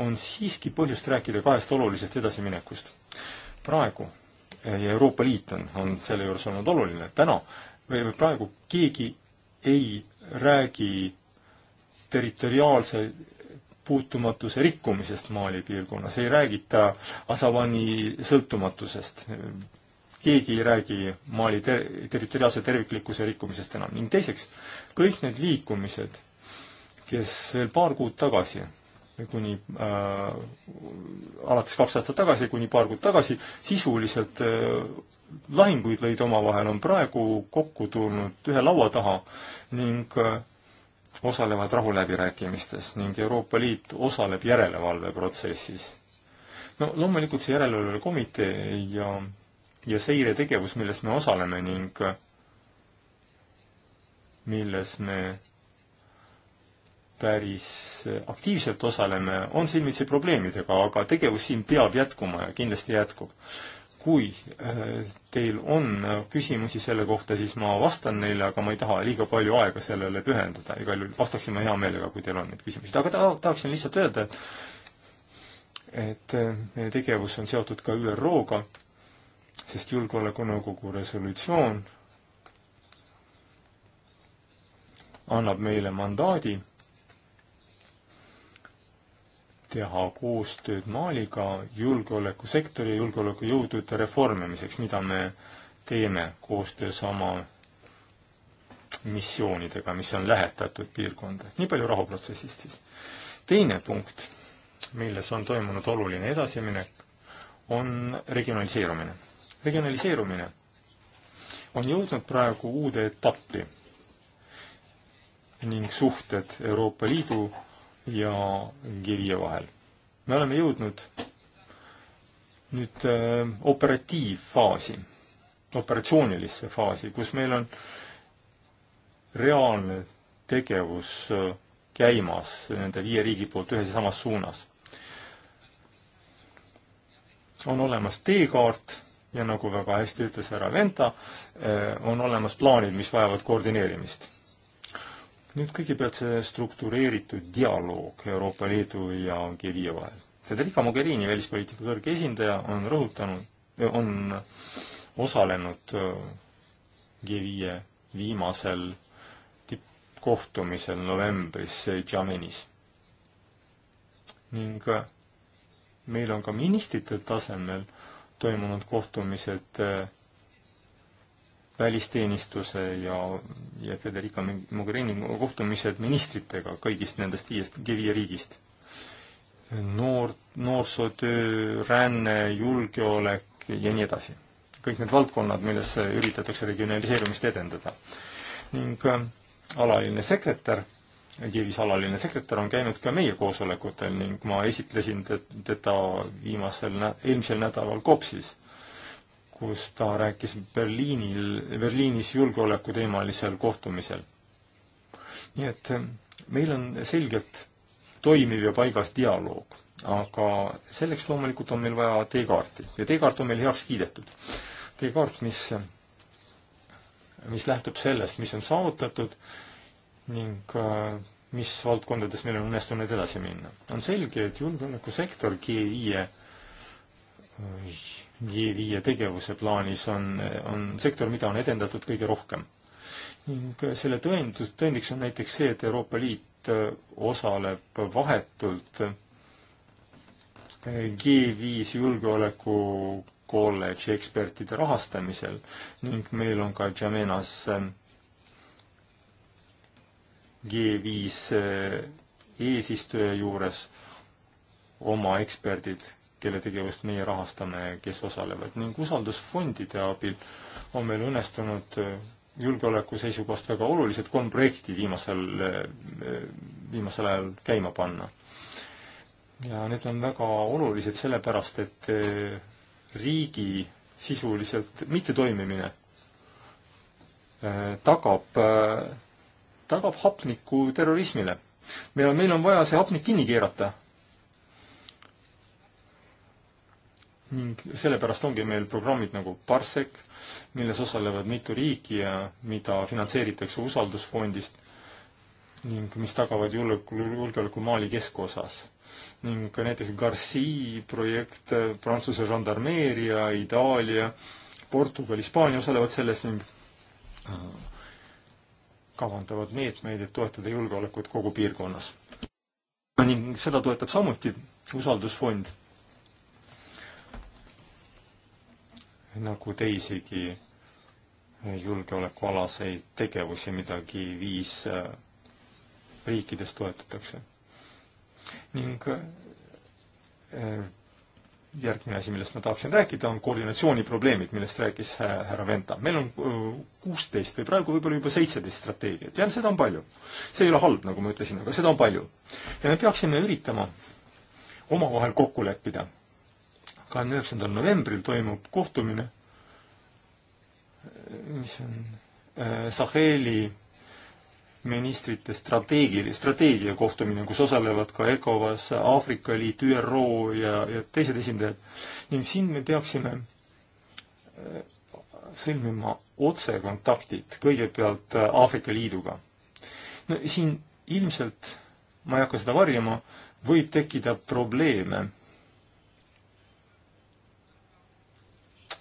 on siiski põhjust rääkida kahest olulisest edasiminekust. praegu, äh, ja Euroopa Liit on, on selle juures olnud oluline, täna või praegu keegi ei räägi territoriaalse puutumatuse rikkumisest Mali piirkonnas, ei räägita Asavani sõltumatusest. keegi ei räägi Mali ter-, territoriaalse terviklikkuse rikkumisest enam ning teiseks, kõik need liikumised, kes veel paar kuud tagasi kuni äh, alates kaks aastat tagasi kuni paar kuud tagasi sisuliselt äh, lahinguid lõid omavahel, on praegu kokku tulnud ühe laua taha ning äh, osalevad rahuläbirääkimistes ning Euroopa Liit osaleb järelevalveprotsessis. no loomulikult see järelevalvekomitee ja, ja seiretegevus, milles me osaleme ning milles me päris aktiivselt osaleme, on silmitsi probleemidega, aga tegevus siin peab jätkuma ja kindlasti jätkub kui äh, teil on äh, küsimusi selle kohta, siis ma vastan neile, aga ma ei taha liiga palju aega sellele pühendada, igal juhul vastaksin ma hea meelega, kui teil on neid küsimusi, aga ta-, tahaksin lihtsalt öelda, et et äh, meie tegevus on seotud ka ÜRO-ga, sest Julgeolekunõukogu resolutsioon annab meile mandaadi teha koostööd Maaliga julgeolekusektori ja julgeolekujõudude reformimiseks, mida me teeme koostöös oma missioonidega, mis on lähetatud piirkonda. nii palju rahuprotsessist siis. teine punkt, milles on toimunud oluline edasiminek, on regionaliseerumine. regionaliseerumine on jõudnud praegu uude etappi ning suhted Euroopa Liidu ja G5 vahel. me oleme jõudnud nüüd äh, operatiivfaasi, operatsioonilisse faasi, kus meil on reaalne tegevus äh, käimas nende viie riigi poolt ühes ja samas suunas. on olemas teekaart ja nagu väga hästi ütles härra Venta, äh, on olemas plaanid, mis vajavad koordineerimist nüüd kõigepealt see struktureeritud dialoog Euroopa Liidu ja G5 vahel. Federica Mogherini, välispoliitika kõrge esindaja, on rõhutanud, on osalenud G5 äh, viimasel tippkohtumisel novembris Džamenis. ning äh, meil on ka ministrite tasemel toimunud kohtumised äh, välisteenistuse ja, ja Federica Mogherini kohtumised ministritega kõigist nendest viiest, viie riigist. noor, noorsootöö, ränne, julgeolek ja nii edasi. kõik need valdkonnad, milles üritatakse regionaliseerumist edendada. ning äh, alaline sekretär Kivis alaline sekretär on käinud ka meie koosolekutel ning ma esitlesin teda viimasel nä-, eelmisel nädalal Kopsis kus ta rääkis Berliinil, Berliinis julgeolekuteemalisel kohtumisel. nii et eh, meil on selgelt toimiv ja paigas dialoog, aga selleks loomulikult on meil vaja teekaarti ja teekaart on meil heaks kiidetud. teekaart, mis, mis lähtub sellest, mis on saavutatud ning eh, mis valdkondades meil on õnnestunud edasi minna. on selge, et julgeolekusektor G5-e G5 tegevuse plaanis on, on sektor, mida on edendatud kõige rohkem. ning selle tõendus, tõendiks on näiteks see, et Euroopa Liit äh, osaleb vahetult äh, G5 julgeoleku kolledži ekspertide rahastamisel ning meil on ka Jamenas äh, G5 eesistuja juures oma eksperdid, kelle tegevust meie rahastame, kes osalevad ning usaldusfondide abil on meil õnnestunud äh, julgeoleku seisukohast väga olulised kolm projekti viimasel, äh, viimasel ajal käima panna. ja need on väga olulised sellepärast, et äh, riigi sisuliselt mittetoimimine tagab, tagab hapnikku terrorismile. meil on, meil on vaja see hapnik kinni keerata ning sellepärast ongi meil programmid nagu Parsec, milles osalevad mitu riiki ja mida finantseeritakse usaldusfondist ning mis tagavad julgeoleku Mali keskosas. ning ka näiteks Garci projekt, äh, Prantsuse žandarmeeria, Itaalia, Portugal, Hispaania osalevad selles ning äh, kavandavad meetmeid, et toetada julgeolekut kogu piirkonnas. ning seda toetab samuti usaldusfond nagu teisigi julgeolekualaseid tegevusi, midagi viis äh, riikides toetatakse. ning äh, järgmine asi, millest ma tahaksin rääkida, on koordinatsiooniprobleemid, millest rääkis härra Venta. meil on äh, kuusteist või praegu võib-olla juba seitseteist strateegiat ja seda on palju. see ei ole halb, nagu ma ütlesin, aga seda on palju. ja me peaksime üritama omavahel kokku leppida kahekümne üheksandal novembril toimub kohtumine, mis on äh, Saheli ministrite strateegilise, strateegia kohtumine, kus osalevad ka ECOWAS, Aafrika Liit, ÜRO ja, ja teised esindajad. ning siin me peaksime äh, sõlmima otsekontaktid kõigepealt äh, Aafrika Liiduga. no siin ilmselt, ma ei hakka seda varjama, võib tekkida probleeme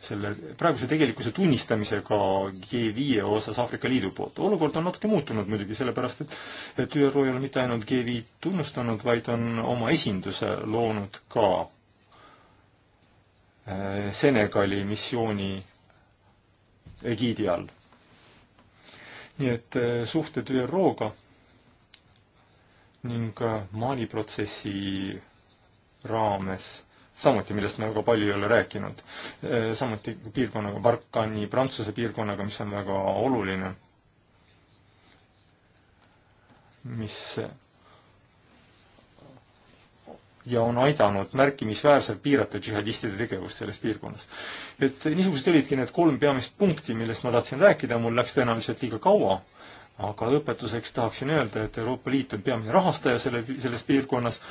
selle praeguse tegelikkuse tunnistamisega G5 osas Aafrika Liidu poolt. olukord on natuke muutunud muidugi, sellepärast et et ÜRO ei ole mitte ainult G5 tunnustanud, vaid on oma esinduse loonud ka äh, Senegali missiooni egiidi all. nii et äh, suhted ÜRO-ga ning Mali protsessi raames samuti, millest me väga palju ei ole rääkinud. Äh, samuti piirkonnaga, Barkani, Prantsuse piirkonnaga, mis on väga oluline, mis ja on aidanud märkimisväärselt piirata džihadistide tegevust selles piirkonnas. et niisugused olidki need kolm peamist punkti, millest ma tahtsin rääkida, mul läks tõenäoliselt liiga kaua, aga lõpetuseks tahaksin öelda, et Euroopa Liit on peamine rahastaja selle, selles piirkonnas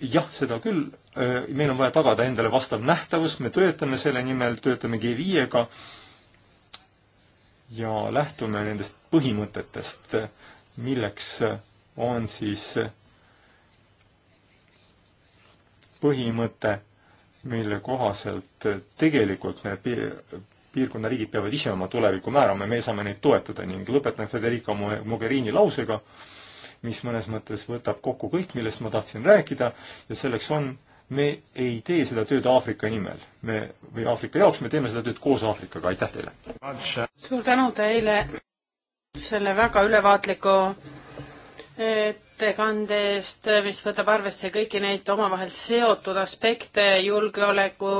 jah, seda küll, meil on vaja tagada endale vastav nähtavus, me töötame selle nimel, töötame G5-ga ja lähtume nendest põhimõtetest, milleks on siis põhimõte, mille kohaselt tegelikult need piirkonna riigid peavad ise oma tulevikku määrama ja meie saame neid toetada ning lõpetan Federica Mogherini lausega, mis mõnes mõttes võtab kokku kõik, millest ma tahtsin rääkida ja selleks on, me ei tee seda tööd Aafrika nimel, me või Aafrika jaoks, me teeme seda tööd koos Aafrikaga, aitäh teile! suur tänu teile selle väga ülevaatliku eh, ettekande eest, mis võtab arvesse kõiki neid omavahel seotud aspekte, julgeoleku,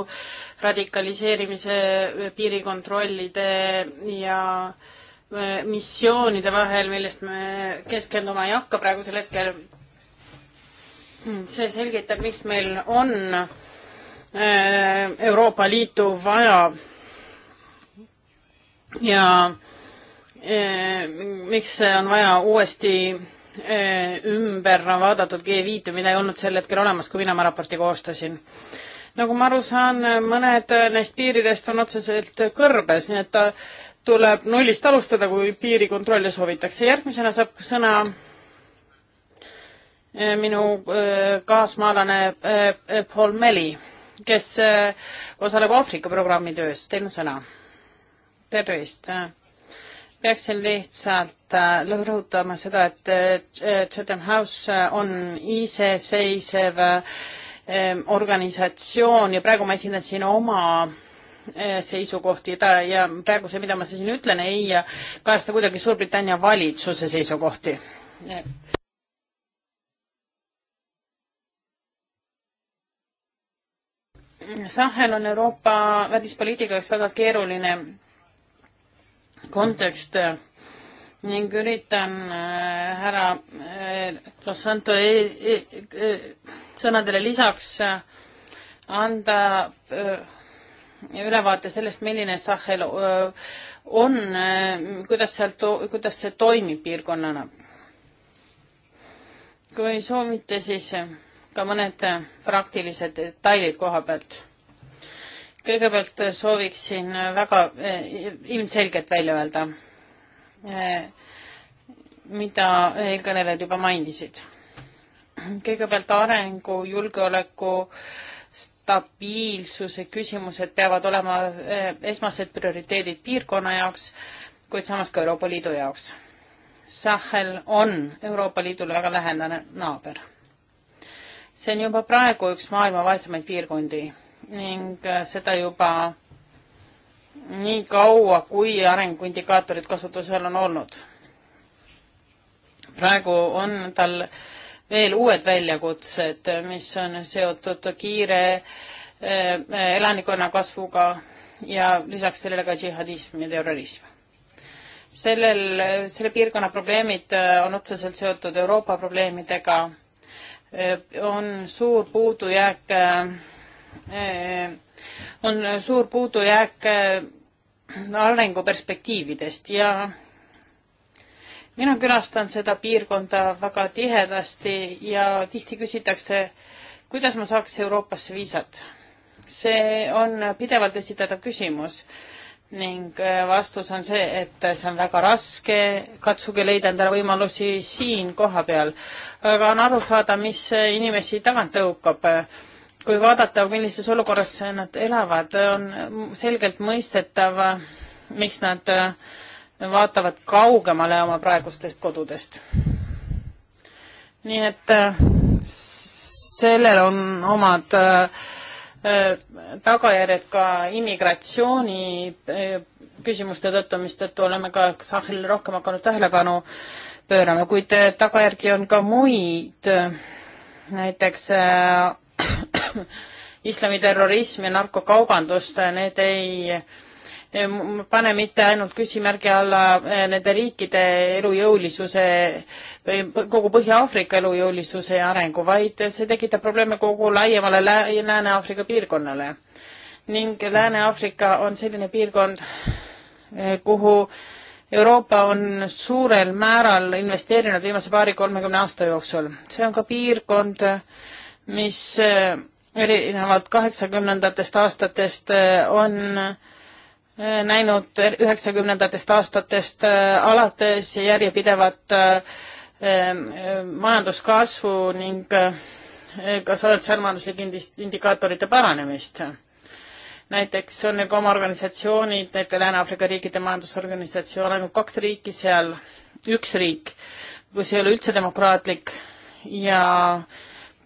radikaliseerimise, piirikontrollide ja äh, Äh, missioonide vahel, millest me keskenduma ei hakka praegusel hetkel. Hmm, see selgitab, miks meil on äh, Euroopa Liitu vaja. ja äh, miks on vaja uuesti ümber vaadatud G5-e, mida ei olnud sel hetkel olemas, kui mina oma raporti koostasin nagu ma aru saan, mõned neist piiridest on otseselt kõrbes, nii et tuleb nullist alustada, kui piirikontrolle soovitakse. järgmisena saab sõna eh, minu eh, kaasmaalane eh, Paul Meli, kes osaleb Aafrika programmi töös. Teil on sõna. tervist. peaksin lihtsalt rõhutama seda, et Chatham House on iseseisev organisatsioon ja praegu ma esindan siin oma Äh, seisukohti ta ja praegu see, mida ma siin ütlen, ei kajasta kuidagi Suurbritannia valitsuse seisukohti. Sahel on Euroopa välispoliitika jaoks väga keeruline kontekst ning üritan äh, härra äh, Los Santo e e e sõnadele lisaks anda ülevaate sellest, milline Sahel on, kuidas seal, kuidas see toimib piirkonnana. kui soovite, siis ka mõned praktilised detailid koha pealt. kõigepealt sooviksin väga ilmselgelt välja öelda, mida eelkõnelejad juba mainisid. kõigepealt arengu, julgeoleku äh, stabiilsuse küsimused peavad olema eh, esmased prioriteedid piirkonna jaoks, kuid samas ka Euroopa Liidu jaoks. Sahel on Euroopa Liidule väga lähedane naaber. see on juba praegu üks maailma vaesemaid piirkondi ning eh, seda juba nii kaua, kui arenguindikaatorid kasutusel on olnud. praegu on tal äh, veel uued väljakutsed, mis on seotud kiire eh, elanikkonna kasvuga ja lisaks sellele ka džihadism ja terrorism. sellel, selle piirkonna probleemid eh, on otseselt seotud Euroopa probleemidega, eh, on suur puudujääk, on suur puudujääk arenguperspektiividest ja mina külastan seda piirkonda väga tihedasti ja tihti küsitakse, kuidas ma saaks Euroopasse viisat. see on pidevalt esitatav küsimus ning äh, vastus on see, et see on väga raske, katsuge leida endale võimalusi siin kohapeal. aga on aru saada, mis äh, inimesi tagant tõukab. kui vaadata, millises olukorras nad elavad, on selgelt mõistetav, miks nad äh, vaatavad kaugemale oma praegustest kodudest. nii et äh, sellel on omad äh, äh, tagajärjed ka immigratsiooni küsimuste tõttu, mistõttu oleme ka Sahil rohkem hakanud tähelepanu pöörama, kuid tagajärgi on ka muid, näiteks äh, *clears throat* islamiterrorism ja narkokaubandust, need ei äh, Eh, pane mitte ainult küsimärgi alla eh, nende riikide elujõulisuse või kogu Põhja-Aafrika elujõulisuse ja arengu, vaid see tekitab probleeme kogu laiemale Lääne-Aafrika piirkonnale. ning Lääne-Aafrika on selline piirkond, eh, kuhu Euroopa on suurel määral investeerinud viimase paari-kolmekümne aasta jooksul. see on ka piirkond, mis erinevalt kaheksakümnendatest aastatest on äh, näinud üheksakümnendatest aastatest äh, alates järjepidevat äh, ähm, äh, majanduskasvu ning ka sotsiaalmajanduslike indikaatorite paranemist. näiteks on neil ka oma organisatsioonid, näiteks Lääne-Aafrika riikide majandusorganisatsioon, ainult kaks riiki seal, üks riik, kus ei ole üldse demokraatlik ja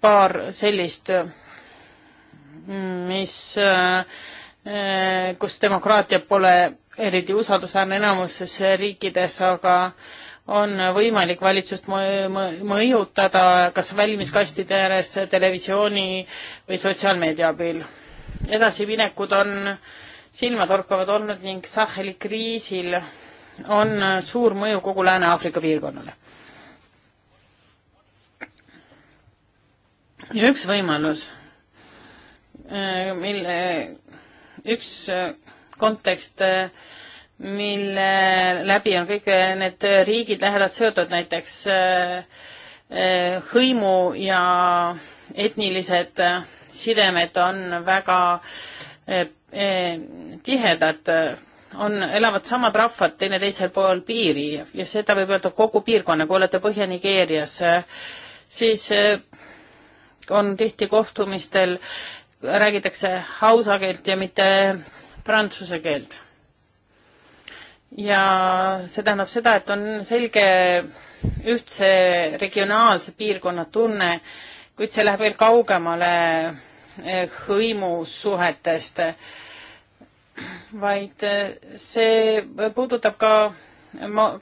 paar sellist, mm, mis äh, Äh, kus demokraatia pole eriti usaldusväärne enamuses riikides, aga on võimalik valitsust mõjutada kas valimiskastide ääres, televisiooni või sotsiaalmeedia abil. edasiminekud on silmatorkavad olnud ning Saheli kriisil on suur mõju kogu Lääne-Aafrika piirkonnale. ja üks võimalus, äh, mille üks äh, kontekst, äh, mille läbi on kõik äh, need riigid lähedalt seotud, näiteks hõimu ja etnilised sidemed on väga tihedad, on, elavad samad rahvad teineteisel pool piiri ja seda võib öelda kogu piirkonna, kui olete Põhja-Nigeerias, siis on tihti kohtumistel räägitakse hausa keelt ja mitte prantsuse keelt. ja see tähendab seda, et on selge ühtse regionaalse piirkonna tunne, kuid see läheb veel kaugemale eh, hõimussuhetest, vaid eh, see puudutab ka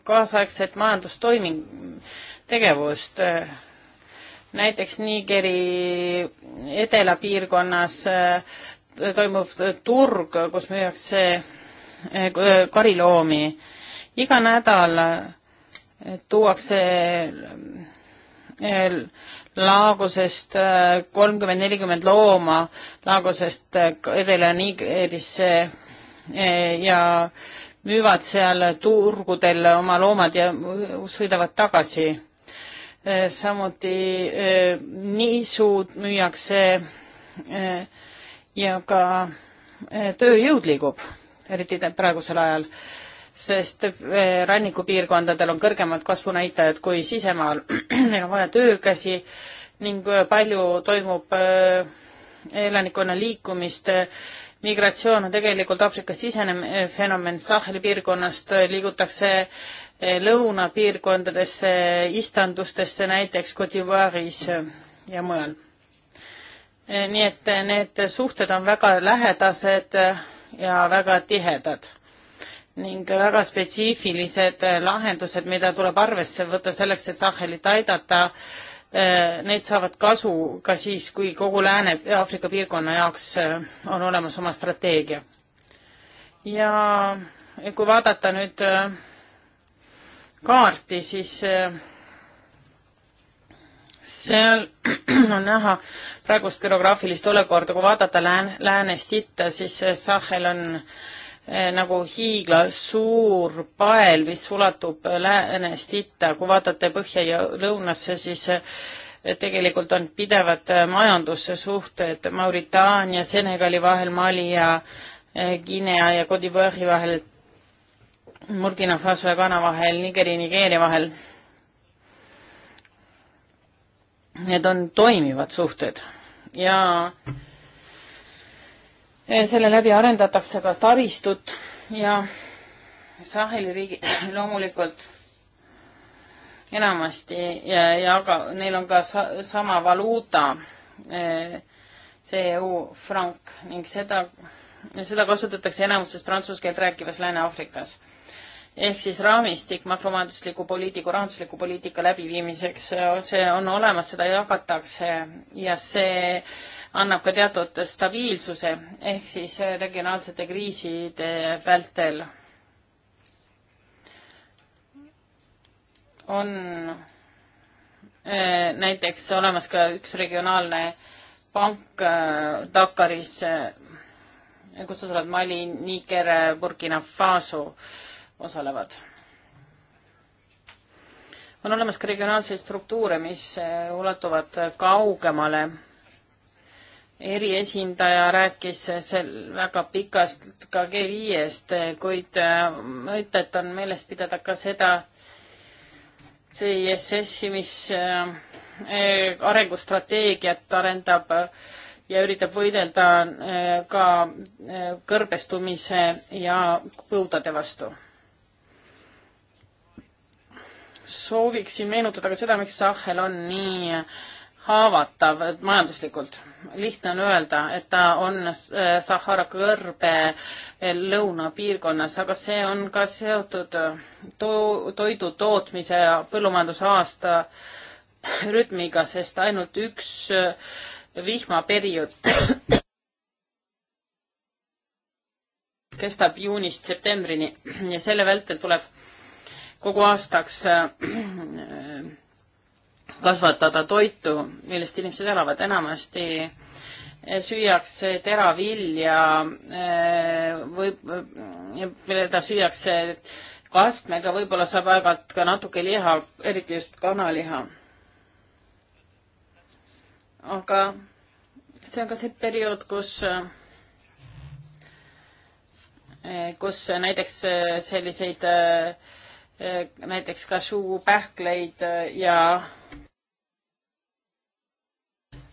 kaasaegset majandustoiming, tegevust näiteks Nigeri edelapiirkonnas äh, toimuv turg, kus müüakse äh, kariloomi. iga nädal äh, tuuakse Laagosest kolmkümmend, nelikümmend looma Laagosest Edela-Nigerisse ja müüvad seal turgudel oma loomad ja sõidavad tagasi Äh, samuti äh, niisud müüakse äh, ja ka tööjõud liigub, eriti praegusel ajal, sest rannikupiirkondadel on kõrgemad kasvunäitajad kui sisemaal. Neil *clears throat* on vaja töökäsi ning palju toimub elanikkonna liikumist. migratsioon on tegelikult Aafrikas sisene fenomen, Saheli piirkonnast liigutakse Eh, lõunapiirkondadesse, istandustesse näiteks Cote d'Ivoire'is eh, ja mujal. Eh, nii et need suhted on väga lähedased ja väga tihedad ning väga spetsiifilised lahendused, mida tuleb arvesse võtta selleks, et Sahelit aidata, need saavad kasu ka siis, kui kogu Lääne-Aafrika piirkonna jaoks on olemas oma strateegia. ja kui vaadata nüüd kaarti, siis äh, seal *clears throat* on näha praegust geograafilist olukorda, kui vaadata lään-, läänest itta, siis äh, Sahel on äh, nagu hiiglasuur pael, mis ulatub läänest itta, kui vaatate põhja ja lõunasse, siis tegelikult on pidevad majandussuhted Mauritaania, Senegali vahel, Mali ja Guinea ja Cote d'Ivoire'i vahel Burkina Faso ja Ghana vahel, Nigeri ja Nigeeria vahel. Need on toimivad suhted ja selle läbi arendatakse ka taristut ja Saheli riigi *clears throat* loomulikult enamasti ja, ja aga neil on ka sa, sama valuuta eh, CEU frank ning seda, seda kasutatakse enamuses prantsuse keelt rääkivas Lääne-Aafrikas ehk siis raamistik makromajandusliku poliitiku, rahandusliku poliitika läbiviimiseks, äh, see on olemas, seda jagatakse ja see annab ka teatud stabiilsuse ehk siis äh, regionaalsete kriiside vältel on äh, näiteks olemas ka üks regionaalne pank Dakaris, kus osaleb Mali, Niger, Burkina Faso äh, osalevad. on olemas ka regionaalseid struktuure, mis eh, ulatuvad kaugemale. eriesindaja rääkis seal väga pikast ka G5-st, eh, kuid eh, mõtet on meeles pidada ka seda CISS-i, mis arengustrateegiat arendab ja üritab võidelda ka kõrbestumise ja põudade vastu sooviksin meenutada ka seda, miks Sahel on nii haavatav majanduslikult. lihtne on öelda, et ta on äh, Sahara kõrbe äh, lõunapiirkonnas, aga see on ka seotud äh, to toidu tootmise ja põllumajandusaasta rütmiga, sest ainult üks vihmaperiood kestab juunist septembrini ja selle vältel tuleb kogu aastaks äh, *clears throat* kasvatada toitu, millest inimesed elavad enamasti äh, süüakse teravilja äh, või mida süüakse kastmega, võib-olla saab aeg-ajalt ka natuke liha, eriti just kanaliha. aga see on ka see periood, kus, kus näiteks selliseid äh, Äh, näiteks kašuu, pähkleid äh, ja,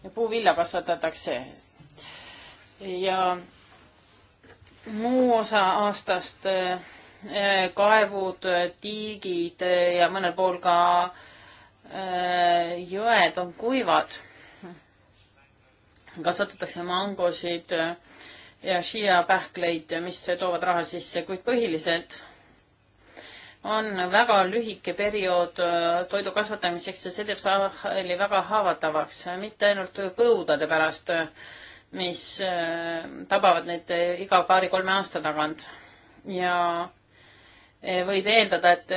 ja puuvilja kasvatatakse. ja muu osa aastast äh, kaevud, tiigid ja mõnel pool ka jõed on kuivad. kasvatatakse mangosid ja šiiapähkleid, mis toovad raha sisse, kuid põhiliselt on väga lühike periood äh, toidu kasvatamiseks ja see teeb Saheli väga haavatavaks, mitte ainult põudade pärast, mis äh, tabavad neid äh, iga paari-kolme aasta tagant. ja võib eeldada, et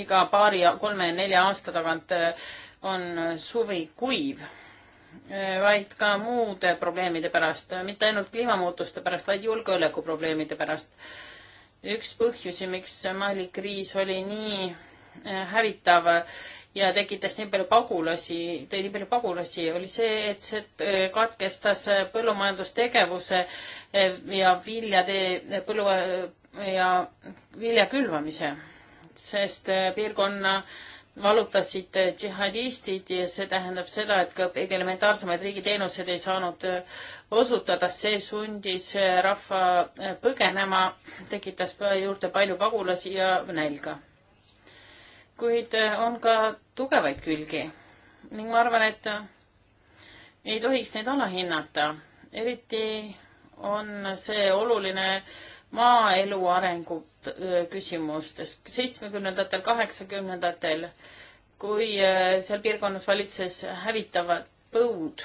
iga paari-kolme-nelja aasta tagant on suvi kuiv, vaid ka muude probleemide pärast, mitte ainult kliimamuutuste pärast, vaid julgeolekuprobleemide pärast üks põhjusi, miks Mali kriis oli nii äh, hävitav ja tekitas nii palju pagulasi, tõi nii palju pagulasi, oli see, et see äh, katkestas äh, põllumajandustegevuse ja viljade põllu ja vilja külvamise, sest piirkonna äh, vallutasid džihadistid ja see tähendab seda, et ka kõige elementaarsemaid riigiteenuseid ei saanud äh, osutada, see sundis äh, rahva äh, põgenema, tekitas juurde palju pagulasi ja nälga. kuid on ka tugevaid külgi ning ma arvan, et ei tohiks neid alahinnata, eriti on see oluline äh, maaelu arengu äh, küsimustes. seitsmekümnendatel, kaheksakümnendatel, kui äh, seal piirkonnas valitses hävitavad põud,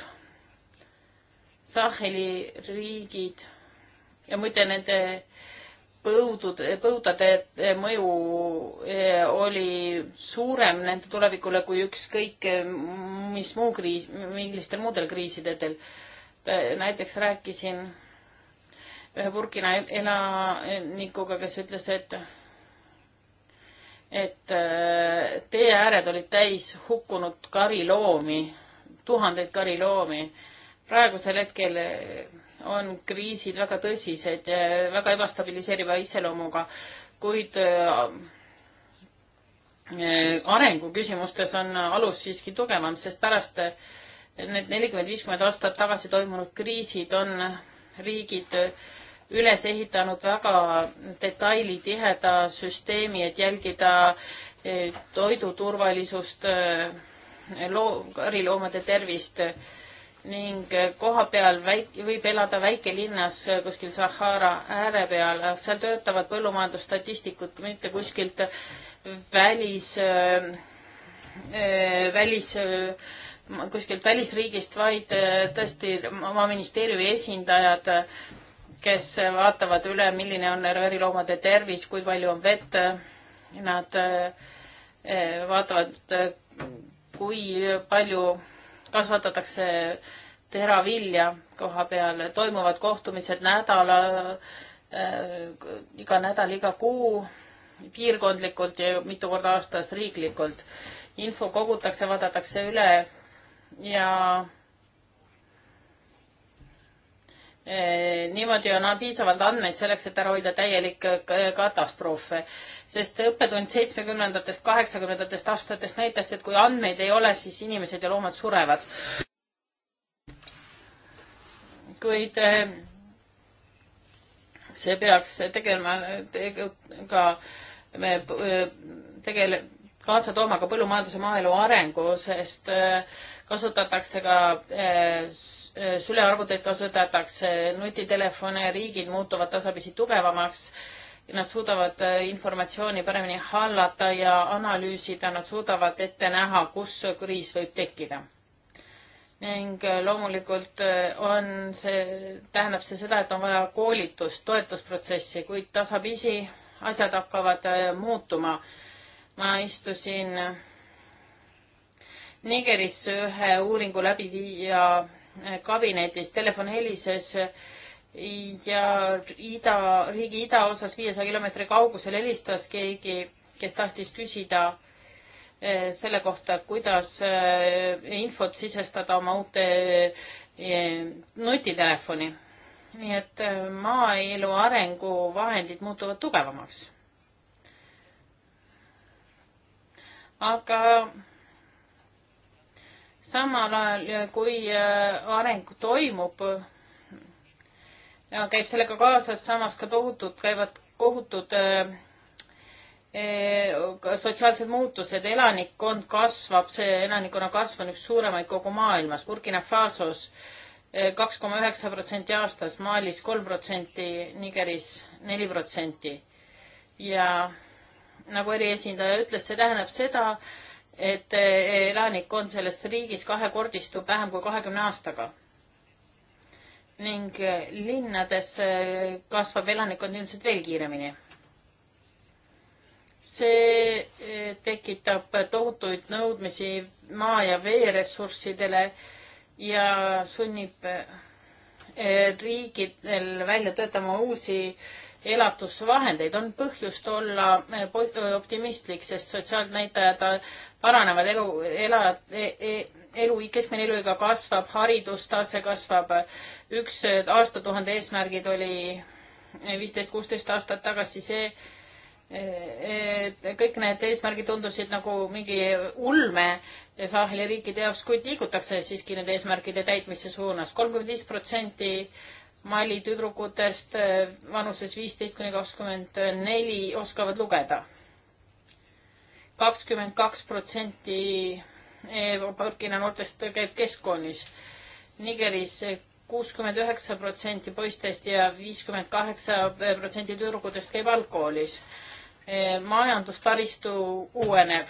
Saheli riigid ja muide nende põudude, põudade äh, mõju oli suurem nende tulevikule kui ükskõik mis muu kriis, millistel muudel kriisidel. näiteks rääkisin ühe eh, Burkina elanikuga, kes ütles, et et eh, tee ääred olid täis hukkunud kariloomi, tuhandeid kariloomi. praegusel hetkel eh, on kriisid väga tõsised, väga ebastabiliseeriva iseloomuga, kuid arenguküsimustes on alus siiski tugevam, sest pärast need nelikümmend, viiskümmend aastat tagasi toimunud kriisid on riigid äh, üles ehitanud väga detailitiheda süsteemi, et jälgida eh, toiduturvalisust, eh, loo-, kariloomade tervist ning eh, koha peal väik-, võib elada väikelinnas kuskil Sahara ääre peal, seal töötavad põllumajandusstatistikud mitte kuskilt välis, välis, kuskilt välisriigist, vaid tõesti oma ministeeriumi esindajad kes vaatavad üle, milline on veriloomade tervis, kui palju on vett. Nad eh, vaatavad, eh, kui palju kasvatatakse teravilja koha peal, toimuvad kohtumised nädala, eh, iga nädal, iga kuu piirkondlikult ja mitu korda aastas riiklikult. info kogutakse, vaadatakse üle ja Eh, niimoodi on piisavalt andmeid selleks, et ära hoida täielikke eh, katastroofe. sest õppetund seitsmekümnendatest, kaheksakümnendatest aastatest näitas, et kui andmeid ei ole, siis inimesed ja loomad surevad. kuid eh, see peaks tegema tege, ka me tegele-, kaasa tooma ka põllumajanduse maaelu arengu, sest kasutatakse ka Äh, sülearvuteid kasutatakse, nutitelefone, riigid muutuvad tasapisi tugevamaks, nad suudavad äh, informatsiooni paremini hallata ja analüüsida, nad suudavad ette näha, kus kriis võib tekkida ning äh, loomulikult on see, tähendab see seda, et on vaja koolitust, toetusprotsessi, kuid tasapisi asjad hakkavad muutuma. ma istusin Nigeris ühe uuringu läbiviija kabinetis, telefon helises ja ida, riigi idaosas viiesaja kilomeetri kaugusel helistas keegi, kes tahtis küsida eh, selle kohta, kuidas eh, infot sisestada oma uute eh, nutitelefoni. nii et maaelu arenguvahendid muutuvad tugevamaks. aga samal ajal, kui äh, areng toimub, käib sellega kaasas samas ka tohutud, käivad kohutud äh, äh, sotsiaalsed muutused, elanikkond kasvab, see elanikkonna kasv on üks suuremaid kogu maailmas. Burkina Fasos kaks koma üheksa protsenti aastas, Malis kolm protsenti, Nigeris neli protsenti. ja nagu eriesindaja ütles, see tähendab seda, et e, e, elanikkond selles riigis kahekordistub vähem kui kahekümne aastaga. ning e, linnades kasvab elanikkond ilmselt veel kiiremini. see tekitab tohutuid nõudmisi maa- ja veeressurssidele ja sunnib riigidel välja töötama uusi äh, elatusvahendeid. on põhjust olla eh, eh, optimistlik, sest sotsiaalnäitajad äh, paranevad, elu, ela e,, e, elu, keskmine eluiga kasvab, haridustase kasvab. üks äh, aastatuhande eesmärgid oli eh, viisteist, kuusteist aastat tagasi see, et kõik need eesmärgid tundusid nagu mingi ulme Saheli riikide jaoks, kuid liigutakse siiski nende eesmärkide täitmise suunas. kolmkümmend viis protsenti Mali tüdrukutest eh, vanuses viisteist kuni kakskümmend neli oskavad lugeda. kakskümmend kaks protsenti eh, Burkina noortest käib keskkoolis. Nigeris kuuskümmend üheksa protsenti poistest ja viiskümmend kaheksa protsenti tüdrukutest käib algkoolis. Eh, majandustaristu uueneb.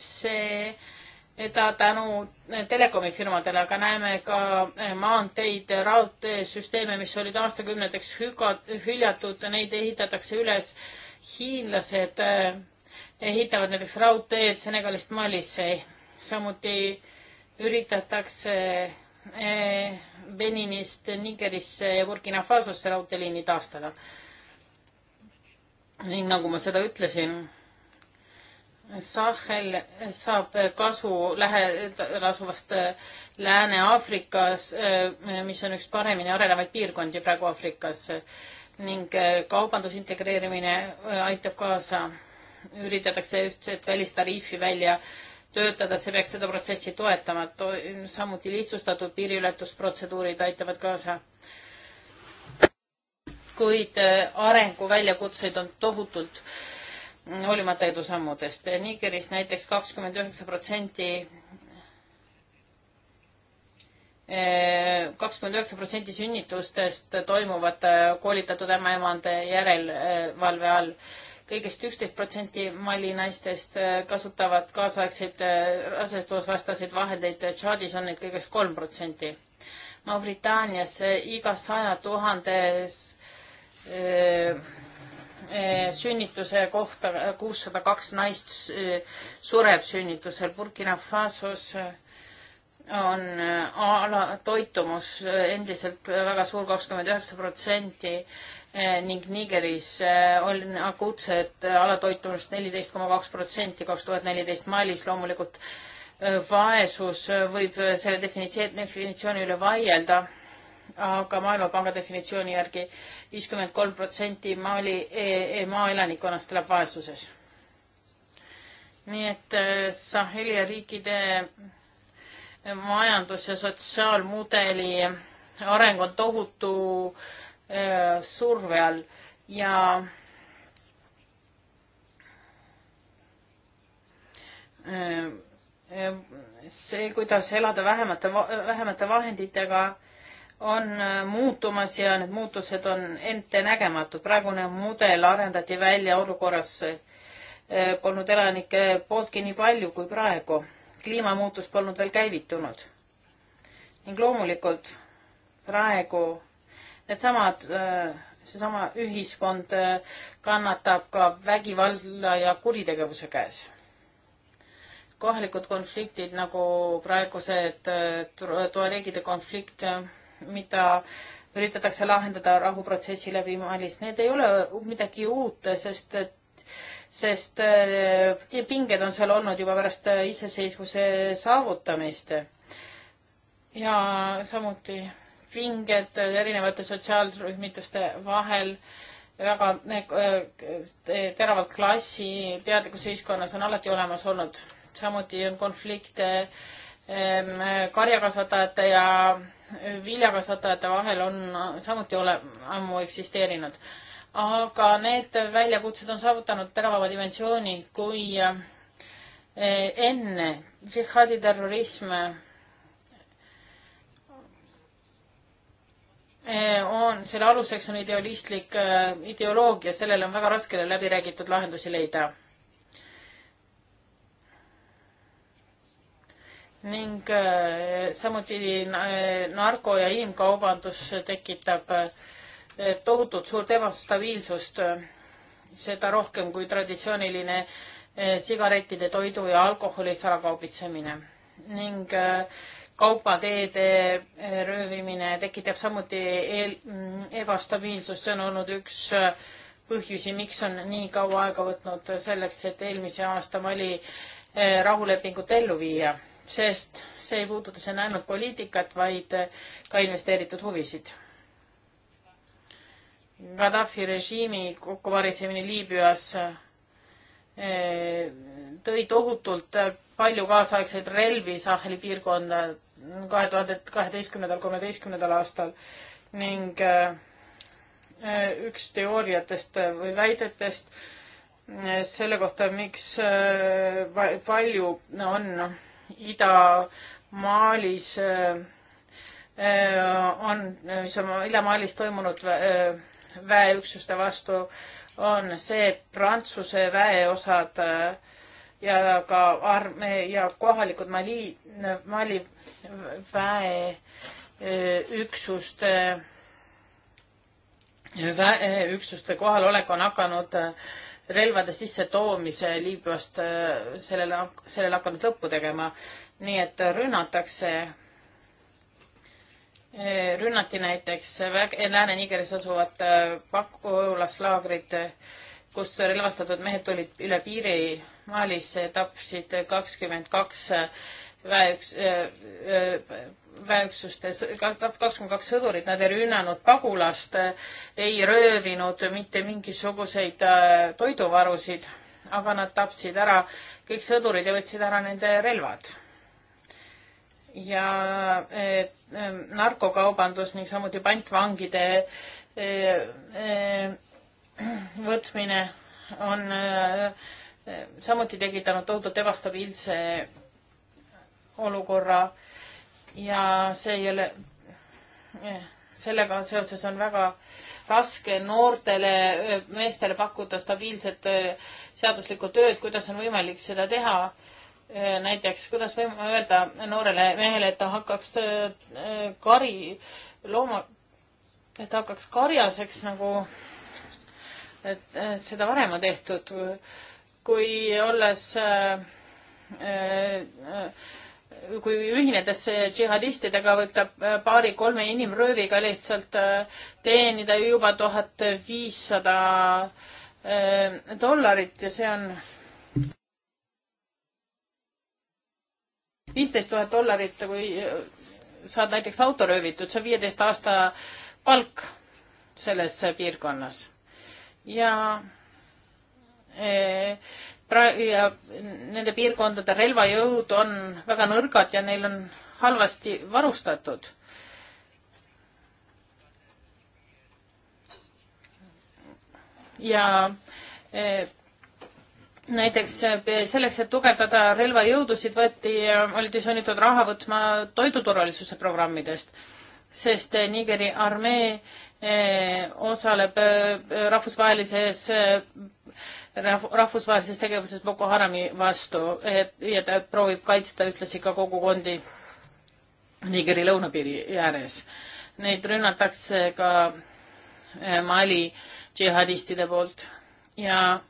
see seda tänu telekomi firmadele, aga näeme ka eh, maanteid, raudteesüsteeme, mis olid aastakümneteks hüljatud, neid ehitatakse üles. hiinlased eh, ehitavad näiteks raudteed Senegalist Malisse, samuti üritatakse eh, Beninist Nigerisse ja Burkina Fasosse raudteeliini taastada. ning nagu ma seda ütlesin Sahel saab kasu lähedal asuvast äh, Lääne-Aafrikas, äh, mis on üks paremini arenevaid piirkondi praegu Aafrikas ning äh, kaubanduse integreerimine aitab kaasa. üritatakse ühtset välistariifi välja töötada, see peaks seda protsessi toetama, samuti lihtsustatud piiriületusprotseduurid aitavad kaasa. kuid arenguväljakutseid on tohutult hoolimata edusammudest. Nigeris näiteks kakskümmend üheksa protsenti eh, kakskümmend üheksa protsenti sünnitustest toimuvad eh, koolitatud ämmaemande järelevalve eh, all. kõigest üksteist protsenti Mali naistest kasutavad kaasaegseid rasedusvastaseid vahendeid, Tšaadis on neid kõigest kolm protsenti. Mauritaanias igas saja tuhandes öö, Eh, sünnituse kohta kuussada kaks naist eh, sureb sünnitusel. Burkina Fasos eh, on alatoitumus endiselt väga suur, kakskümmend üheksa protsenti ning Nigeris on akuutset alatoitumust neliteist koma kaks protsenti, kaks tuhat neliteist Malis loomulikult vaesus võib selle definitsiooni üle vaielda aga Maailmapanga definitsiooni järgi viiskümmend kolm protsenti Mali e, e, maa elanikkonnast elab vaesuses. nii et äh, Saheli riikide majandus- ja sotsiaalmudeli areng on tohutu e, surve all ja äh, see, kuidas elada vähemate, vähemate vahenditega on äh, muutumas ja need muutused on ettenägematud. praegune mudel arendati välja olukorras, äh, polnud elanike pooltki nii palju kui praegu. kliimamuutus polnud veel käivitunud. ning loomulikult praegu needsamad, äh, seesama ühiskond kannatab ka vägivalla ja kuritegevuse käes kohalikud konfliktid nagu praegused tuareegide konflikt mida üritatakse lahendada rahuprotsessi läbi Malis, need ei ole midagi uut, sest et, sest äh, pinged on seal olnud juba pärast iseseisvuse saavutamist. ja samuti pinged erinevate sotsiaalrühmituste vahel väga äh, teravalt klassi teadlikkuse ühiskonnas on alati olemas olnud. samuti on konflikte ähm, karjakasvatajate ja viljakasvatajate vahel on samuti ole-, ammu eksisteerinud. aga need väljakutsed on saavutanud teravama dimensiooni kui eh, enne. džihaadi terrorism eh, on, selle aluseks on idealistlik eh, ideoloogia, sellele on väga raske läbi räägitud lahendusi leida ning eh, samuti eh, narko- ja inimkaubandus tekitab eh, tohutult suurt ebastabiilsust, seda rohkem kui traditsiooniline sigarettide, toidu ja alkoholi salakaubitsemine ning kaubateede röövimine tekitab samuti eel, mm, ebastabiilsust, see on olnud üks põhjusi, miks on nii kaua aega võtnud selleks, et eelmise aasta Mali rahulepingut ellu viia sest see ei puuduta siin ainult poliitikat, vaid ka investeeritud huvisid. Gaddafi režiimi kokkuvarisemine Liibüas eh, tõi tohutult palju kaasaegseid relvi Saheli piirkonda kahe tuhande kaheteistkümnendal, kolmeteistkümnendal aastal ning eh, üks teooriatest või väidetest eh, selle kohta, miks palju on Ida-Maalis äh, on, mis on Ida-Maalis toimunud äh, väeüksuste vastu, on see, et Prantsuse väeosad äh, ja ka armee ja kohalikud Mali, Mali väeüksuste väeüksuste kohalolek on hakanud äh, relvade sissetoomise Liibüast äh, sellele, sellele hakanud lõppu tegema. nii et rünnatakse, äh, rünnati näiteks Lääne-Nigeris asuvat äh, pakulaslaagrit, kus relvastatud mehed tulid üle piiri Malisse ja tapsid kakskümmend kaks väeüks- äh,, väeüksustes, kakskümmend kaks sõdurit, nad ei rünnanud pagulast, ei röövinud mitte mingisuguseid toiduvarusid, aga nad tapsid ära kõik sõdurid ja võtsid ära nende relvad. ja et, narkokaubandus ning samuti pantvangide võtmine on samuti tekitanud tohutult ebastabiilse olukorra ja see ei ole, eh, sellega seoses on väga raske noortele eh, meestele pakkuda stabiilset eh, seaduslikku tööd, kuidas on võimalik seda teha. näiteks, kuidas võime öelda noorele mehele, et ta hakkaks kari, looma, et ta hakkaks karjaseks nagu, et seda varem on tehtud, kui olles äh, äh, kui ühinedes džihadistidega võib ta äh, paari-kolme inimrööviga lihtsalt äh, teenida juba tuhat viissada äh, dollarit ja see on viisteist tuhat dollarit, kui saad näiteks auto röövitud, see on viieteist aasta palk selles piirkonnas. ja pra-, ja nende piirkondade relvajõud on väga nõrgad ja neil on halvasti varustatud. ja e, näiteks e, selleks, et tugevdada relvajõudusid, võeti, e, olid ju sunnitud raha võtma toiduturvalisuse programmidest, sest Nigeri armee osaleb rahvusvahelises rahvusvahelises tegevuses Boko Harami vastu, et ja ta proovib kaitsta ühtlasi ka kogukondi Nigeri lõunapiiri ääres. Neid rünnatakse ka eh, Mali džihadistide poolt ja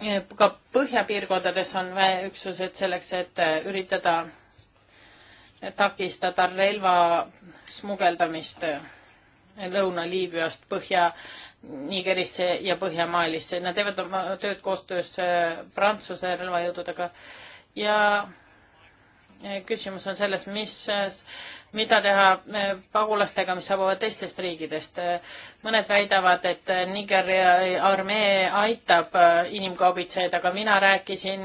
eh, ka põhjapiirkondades on väeüksused selleks, et eh, üritada takistada relva smugeldamist Lõuna-Liibüast põhja Nigerisse ja Põhjamaalisse, nad teevad oma tööd koostöös äh, Prantsuse relvajõududega ja äh, küsimus on selles, mis, äh, mida teha pagulastega, mis saabuvad teistest riikidest. mõned väidavad, et Nigeri armee aitab inimkaubitsejaid, aga mina rääkisin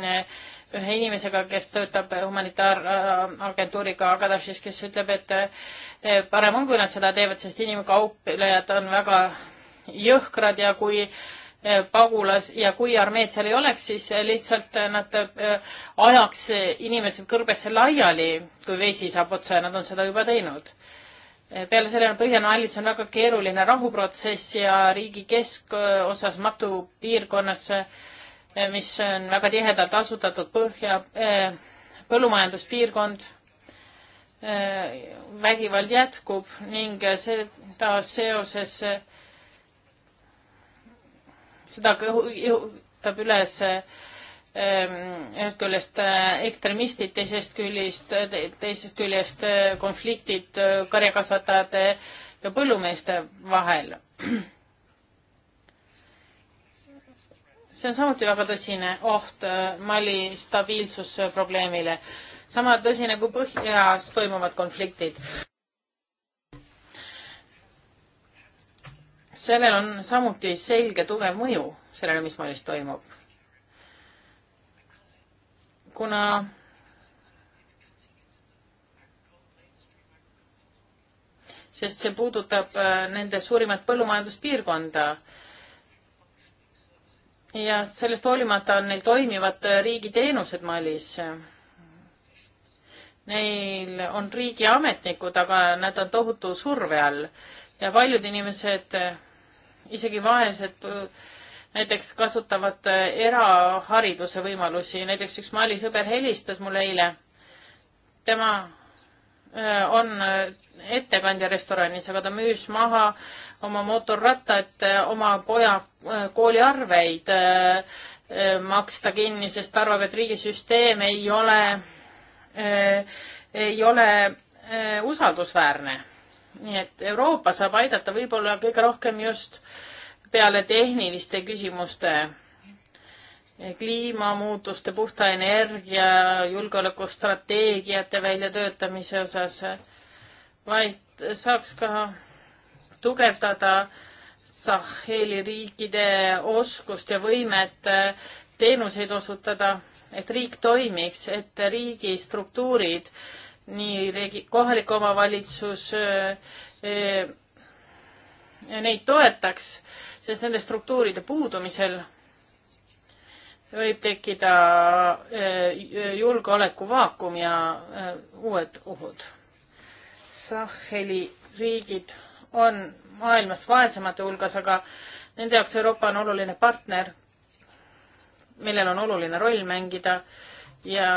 ühe inimesega, kes töötab humanitaaragentuuriga Agadashis, kes ütleb, et parem on, kui nad seda teevad, sest inimkauplejad on väga jõhkrad ja kui eh, pagulas ja kui armeed seal ei oleks, siis eh, lihtsalt eh, nad ajaks inimesed kõrbesse laiali, kui vesi saab otsa ja nad on seda juba teinud. peale selle on Põhja-Naalis on väga keeruline rahuprotsess ja riigi keskosas Matu piirkonnas, mis on väga tihedalt asutatud põhja, põllumajanduspiirkond, vägivald jätkub ning seda seoses seda jõutab üles ehm, ühest küljest äh, ekstremistid, teisest küljest, teisest küljest äh, konfliktid äh, karjakasvatajate ja põllumeeste vahel. *clears throat* see on samuti väga tõsine oht Mali stabiilsusprobleemile, sama tõsine kui põhjas toimuvad konfliktid. sellel on samuti selge tugev mõju sellele, mis Malis toimub. kuna sest see puudutab äh, nende suurimat põllumajanduspiirkonda ja sellest hoolimata on neil toimivad äh, riigiteenused Malis. Neil on riigiametnikud, aga nad on tohutu surve all ja paljud inimesed äh, isegi vaesed äh, näiteks kasutavad äh, erahariduse võimalusi, näiteks üks Mali sõber helistas mulle eile. tema äh, on ettekandja restoranis, aga ta müüs maha oma motorrattad, oma poja kooliarveid maksta kinni, sest ta arvab, et riigisüsteem ei ole, ei ole usaldusväärne nii et Euroopa saab aidata võib-olla kõige rohkem just peale tehniliste küsimuste, kliimamuutuste, puhta energia, julgeolekustrateegiate väljatöötamise osas, vaid saaks ka tugevdada Saheli riikide oskust ja võimet teenuseid osutada, et riik toimiks, et riigi struktuurid äh, nii regi-, kohalik omavalitsus äh, äh, neid toetaks, sest nende struktuuride puudumisel võib tekkida äh, julgeolekuvaakum ja uued ohud. Saheli riigid on maailmas vaesemate hulgas, aga nende jaoks Euroopa on oluline partner, millel on oluline roll mängida ja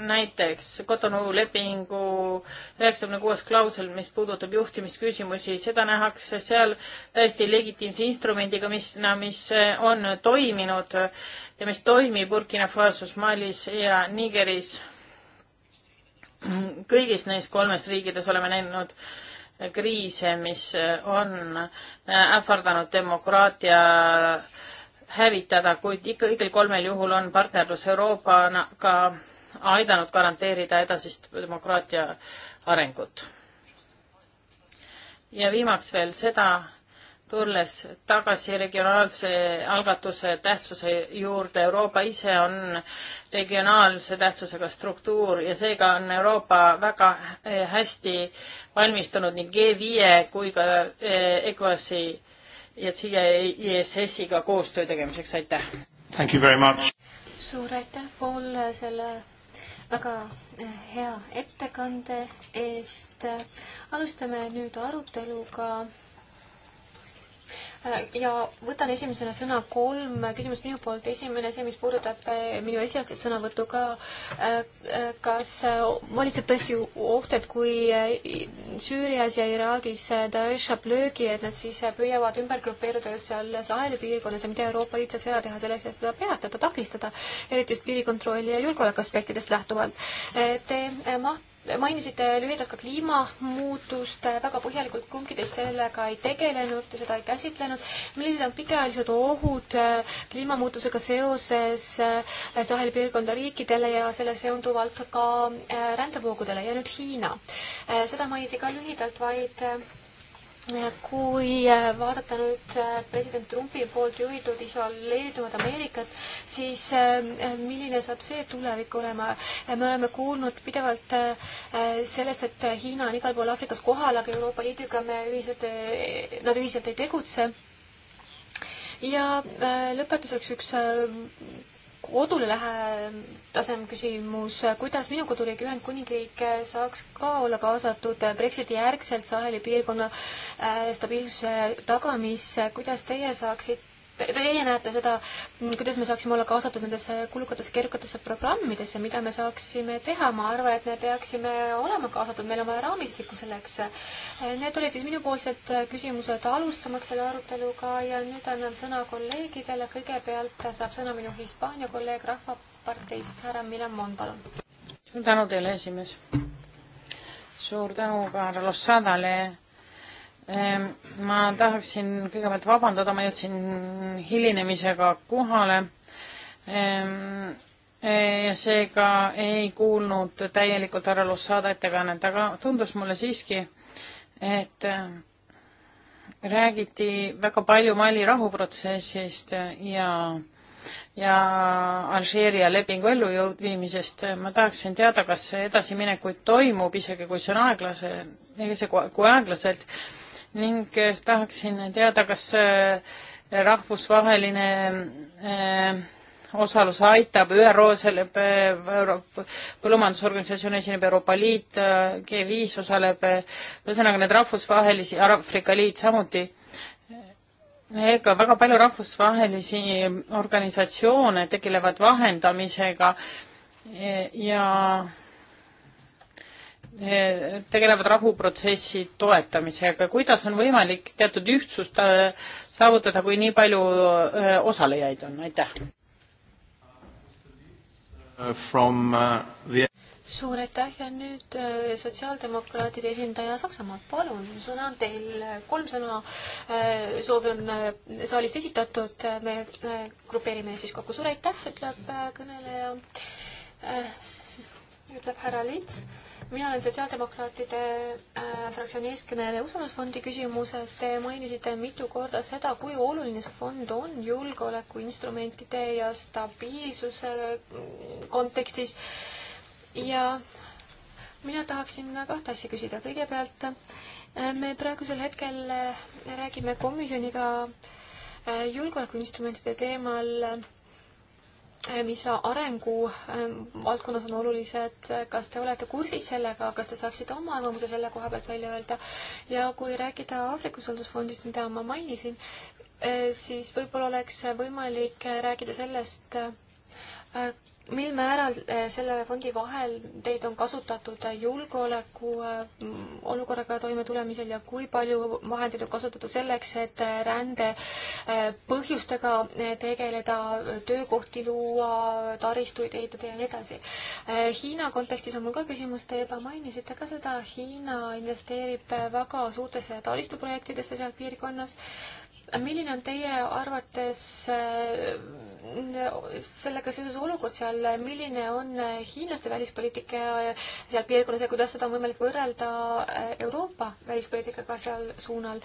näiteks Cotonou lepingu üheksakümne kuues klausel, mis puudutab juhtimisküsimusi, seda nähakse seal täiesti legitiimse instrumendiga, mis, mis on toiminud ja mis toimib Burkina Fasos, Malis ja Nigeris. kõigis neis kolmes riigides oleme näinud kriise, mis on ähvardanud demokraatia hävitada, kuid ikka, ikkagi kolmel juhul on partnerlus Euroopaga aidanud garanteerida edasist demokraatia arengut. ja viimaks veel seda, tulles tagasi regionaalse algatuse tähtsuse juurde, Euroopa ise on regionaalse tähtsusega struktuur ja seega on Euroopa väga hästi valmistunud nii G5 kui ka eh, ECOWAS-i ja siia ISS-iga koostöö tegemiseks, aitäh! suur aitäh, Paul, selle väga eh, hea ettekande eest. alustame nüüd aruteluga Äh, ja võtan esimesena sõna kolm küsimust minu poolt. esimene, see, mis puudutab äh, minu esialgset sõnavõttu ka. Äh, kas valitseb tõesti oht, et kui Süürias ja Iraagis Daesh saab löögi, et nad siis püüavad ümber grupeeruda just seal Saheli piirkonnas ja mida Euroopa Liit saaks ära teha selleks, et seda peatada, takistada, eriti just piirikontrolli ja julgeolekuaspektidest lähtuvalt. Te maht-, mainisite lühidalt ka kliimamuutust, väga põhjalikult kumbki teist sellega ei tegelenud, te seda ei käsitlenud. millised on pikaajalised ohud äh, kliimamuutusega seoses äh, Saheli piirkonda riikidele ja selle seonduvalt ka äh, rändevoogudele ja nüüd Hiina? seda mainiti ka lühidalt, vaid kui äh, vaadata nüüd äh, president Trumpi poolt juhitud isoleeritud Ameerikat, siis äh, milline saab see tulevik olema? me oleme kuulnud pidevalt sellest, et Hiina on igal pool Aafrikas kohal, aga Euroopa Liiduga me ühiselt, nad ühiselt ei tegutse. ja lõpetuseks üks kodule lähedasem küsimus, kuidas minu koduriik Ühendkuningriik saaks ka olla kaasatud Brexiti järgselt Saheli piirkonna äh, stabiilsuse tagamisse, kuidas teie saaksite Teie näete seda, kuidas me saaksime olla kaasatud nendesse kulukatesse keerukatesse programmidesse, mida me saaksime teha, ma arvan, et me peaksime olema kaasatud, meil on vaja raamistikku selleks. Need olid siis minupoolsed küsimused alustamaks selle aruteluga ja nüüd annan sõna kolleegidele, kõigepealt saab sõna minu Hispaania kolleeg Rahvaparteist, härra Milamon, palun. suur tänu teile, esimees. suur tänu ka härra Lossadale Ehm, ma tahaksin kõigepealt vabandada, ma jõudsin hilinemisega kohale. Ehm, eh, ja seega ei kuulnud täielikult härra Lussada ettekannet, aga tundus mulle siiski, et eh, räägiti väga palju Mali rahuprotsessist ja ja Alžeeria lepingu elluviimisest. ma tahaksin teada, kas edasiminekuid toimub, isegi kui see on aeglase, kui aeglaselt ning eh, tahaksin teada, kas eh, rahvusvaheline eh, osalus aitab, ÜRO osaleb, põllumajandusorganisatsioon esineb Euroopa Liit, G5 osaleb, ühesõnaga need rahvusvahelisi, Aafrika Liit samuti. ega väga palju rahvusvahelisi organisatsioone tegelevad vahendamisega ja, ja tegelevad rahuprotsessi toetamisega, kuidas on võimalik teatud ühtsust äh, saavutada, kui nii palju äh, osalejaid on, aitäh! Uh, from uh, the suur aitäh ja nüüd äh, sotsiaaldemokraatide esindaja Saksamaalt, palun, sõna on teil, kolm sõna soovi on saalist esitatud, me grupeerime siis kokku, suur aitäh, ütleb kõneleja, ütleb härra Lits mina olen Sotsiaaldemokraatide äh, fraktsiooni eeskõneleja usaldusfondi küsimuses. Te mainisite mitu korda seda, kui oluline see fond on julgeolekuinstrumentide ja stabiilsuse mm, kontekstis. ja mina tahaksin kahte asja küsida. kõigepealt äh, me praegusel hetkel äh, räägime komisjoniga julgeolekuinstrumentide teemal mis arengu ähm, valdkonnas on olulised, kas te olete kursis sellega, kas te saaksite oma arvamuse selle koha pealt välja öelda ja kui rääkida Aafrika usaldusfondist, mida ma mainisin, äh, siis võib-olla oleks võimalik rääkida sellest, äh, mil määral äh, selle fondi vahendeid on kasutatud julgeoleku äh, olukorraga toimetulemisel ja kui palju vahendeid on kasutatud selleks, et äh, rände põhjustega tegeleda, töökohti luua, taristuid ehitada ja nii edasi. Hiina kontekstis on mul ka küsimus, te juba mainisite ka seda, Hiina investeerib väga suurtesse taristuprojektidesse seal piirkonnas. milline on teie arvates sellega seoses olukord seal, milline on hiinlaste välispoliitika seal piirkonnas ja kuidas seda on võimalik võrrelda äh, Euroopa välispoliitikaga seal suunal?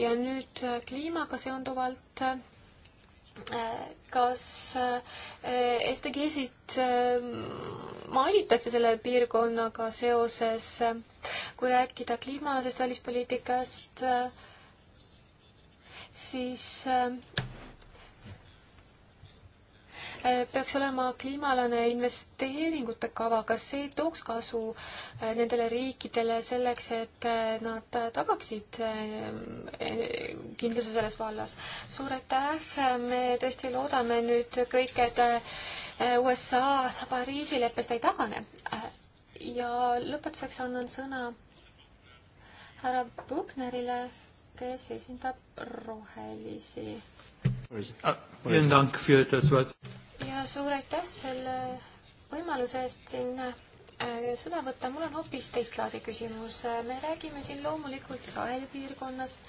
ja nüüd äh, kliimaga seonduvalt äh, kas SDG-sid ähm, mainitakse selle piirkonnaga seoses, kui rääkida kliimalasest välispoliitikast, siis peaks olema kliimalane investeeringute kava, kas see tooks kasu äh, nendele riikidele selleks, et äh, nad tagaksid äh, kindluse selles vallas? suur aitäh, me tõesti loodame nüüd kõik, et USA Pariisi leppest ei tagane. ja lõpetuseks annan sõna härra Buchnerile, kes esindab rohelisi. Vielen Dank für das Wort ja suur aitäh selle võimaluse eest siin äh, sõna võtta, mul on hoopis teist laadi küsimus. me räägime siin loomulikult sahelpiirkonnast,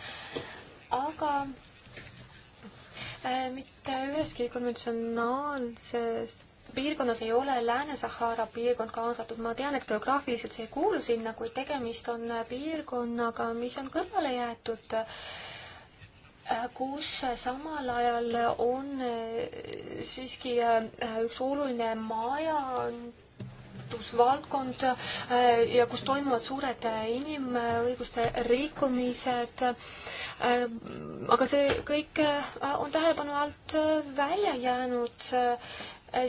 aga äh, mitte üheski konventsionaalses piirkonnas ei ole Lääne-Sahara piirkond kaasatud, ma tean, et geograafiliselt see ei kuulu sinna, kuid tegemist on piirkonnaga, mis on kõrvale jäetud äh, Äh, kus äh, samal ajal on äh, siiski üks oluline majandusvaldkond ja kus toimuvad suured inimõiguste rikkumised. aga see kõik on tähelepanu alt välja jäänud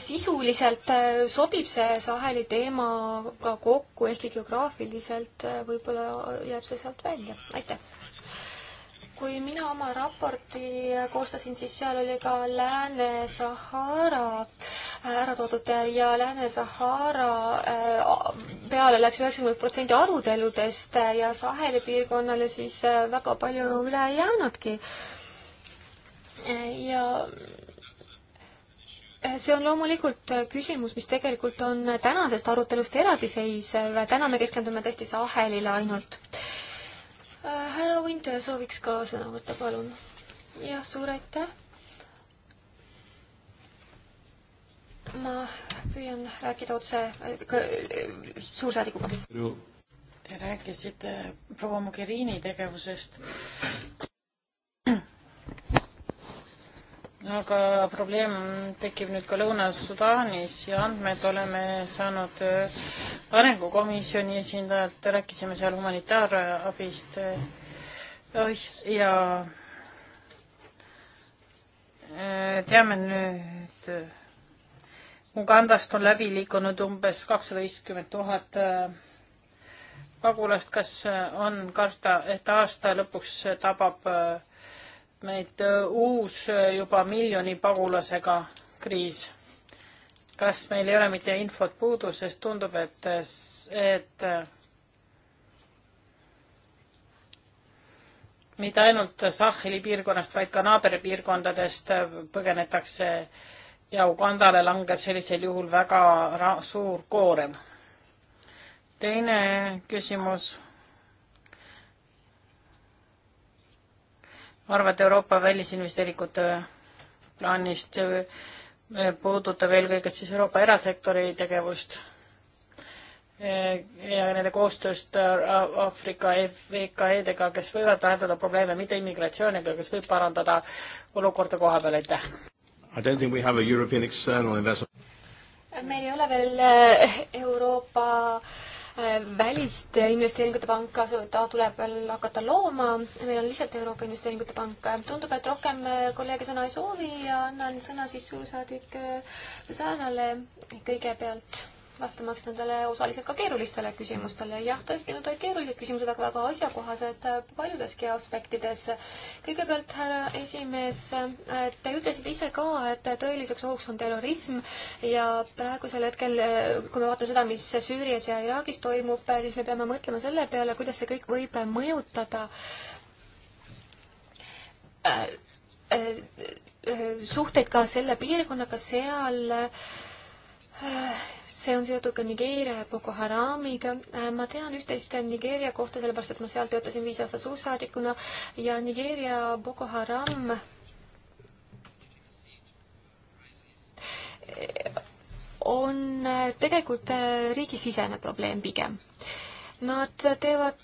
sisuliselt sobib see Saheli teemaga kokku, ehkki geograafiliselt võib-olla jääb see sealt välja. aitäh! kui mina oma raporti koostasin, siis seal oli ka Lääne-Sahara ära toodud ja Lääne-Sahara äh, peale läks üheksakümmend protsenti aruteludest ja Saheli piirkonnale siis äh, väga palju üle ei jäänudki. ja äh, see on loomulikult küsimus, mis tegelikult on tänasest arutelust eraldiseisev, täna me keskendume tõesti Sahelile ainult Äh, härra Winter sooviks ka sõna võtta, palun. jah, suur aitäh. ma püüan rääkida otse äh, suursaadikuga. Te rääkisite proua Mogherini tegevusest aga probleem tekib nüüd ka Lõuna-Sudaanis ja andmed oleme saanud äh, arengukomisjoni esindajalt, rääkisime seal humanitaarabist äh, ja äh, teame nüüd, Ugandast on läbi liikunud umbes kakssada viiskümmend tuhat pagulast, kas on karta, et aasta lõpuks tabab äh, meid uus juba miljoni pagulasega kriis. kas meil ei ole mitte infot puudu, sest tundub, et, et mitte ainult Saheli piirkonnast, vaid ka naaberpiirkondadest põgenetakse ja Ugandale langeb sellisel juhul väga suur koorem. teine küsimus arvan, et Euroopa välisinvesteeringute plaanist puudutab eelkõige siis Euroopa erasektori tegevust eh, ja nende koostööst Aafrika VKE-dega, kes võivad lahendada probleeme mitte immigratsiooniga, kes võib parandada olukorda koha peal, aitäh. meil ei ole veel eh, Euroopa välist investeeringute panka, seda tuleb veel hakata looma, meil on lihtsalt Euroopa Investeeringute Pank. tundub, et rohkem äh, kolleege sõna ei soovi ja annan sõna siis suursaadik äh, Susanale kõigepealt vastamaks nendele osaliselt ka keerulistele küsimustele. jah, tõesti, need olid keerulised küsimused, aga väga asjakohased äh, paljudeski aspektides. kõigepealt, härra esimees, äh, te ütlesite ise ka, et tõeliseks ohuks on terrorism ja praegusel hetkel, äh, kui me vaatame seda, mis Süürias ja Iraagis toimub, siis me peame mõtlema selle peale, kuidas see kõik võib mõjutada suhteid ka selle piirkonnaga seal see on seotud ka Nigeeria ja Boko Haramiga. Äh, ma tean üht-teist Nigeeria kohta, sellepärast et ma seal töötasin viis aastat suursaadikuna ja Nigeeria Boko Haram äh, on äh, tegelikult riigisisene probleem pigem. Nad teevad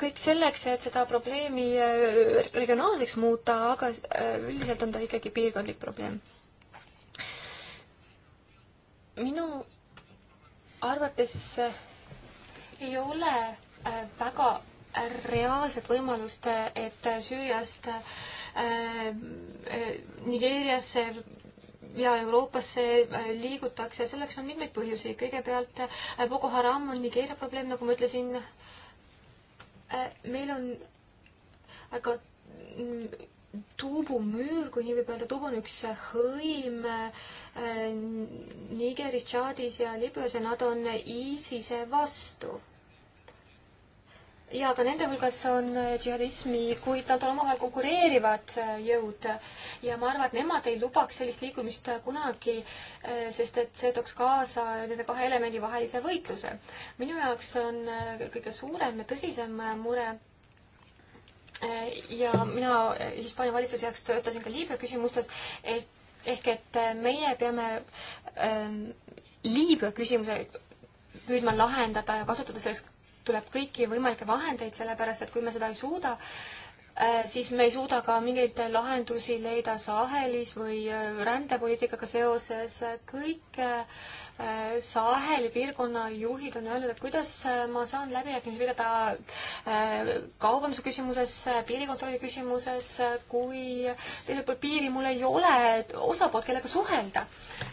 kõik selleks, et seda probleemi regionaalseks muuta, aga üldiselt on ta ikkagi piirkondlik probleem minu arvates äh, ei ole äh, väga reaalset võimalust, äh, et Süüriast äh, Nigeeriasse ja Euroopasse liigutakse, selleks on mitmeid põhjusi. kõigepealt Boko Haram on Nigeeria probleem, nagu ma ütlesin. meil on ka tuubumüür, kui nii võib öelda, tuub on üks hõim äh, Nigeris, Tšaadis ja Libüas ja nad on ISISe vastu. ja ka nende hulgas on äh, džihadismi, kuid nad on omavahel konkureerivad äh, jõud ja ma arvan, et nemad ei lubaks sellist liikumist kunagi, sest et see tooks kaasa nende kahe elemendi vahelise võitluse. minu jaoks on kõige suurem ja tõsisem mure ja mina Hispaania valitsuse heaks töötasin ka Liibüa küsimustes, et eh, ehk et eh, meie peame ähm, Liibüa küsimuse püüdma lahendada ja kasutada selleks tuleb kõiki võimalikke vahendeid, sellepärast et kui me seda ei suuda äh,, siis me ei suuda ka mingeid lahendusi leida Sahelis või rändepoliitikaga seoses. kõik äh, Äh, Saheli piirkonna juhid on öelnud, et kuidas äh, ma saan läbirääkimisi pidada äh, kaubanduse küsimuses, piirikontrolli küsimuses, kui teiselt poolt piiri mul ei ole osapoolt, kellega suhelda.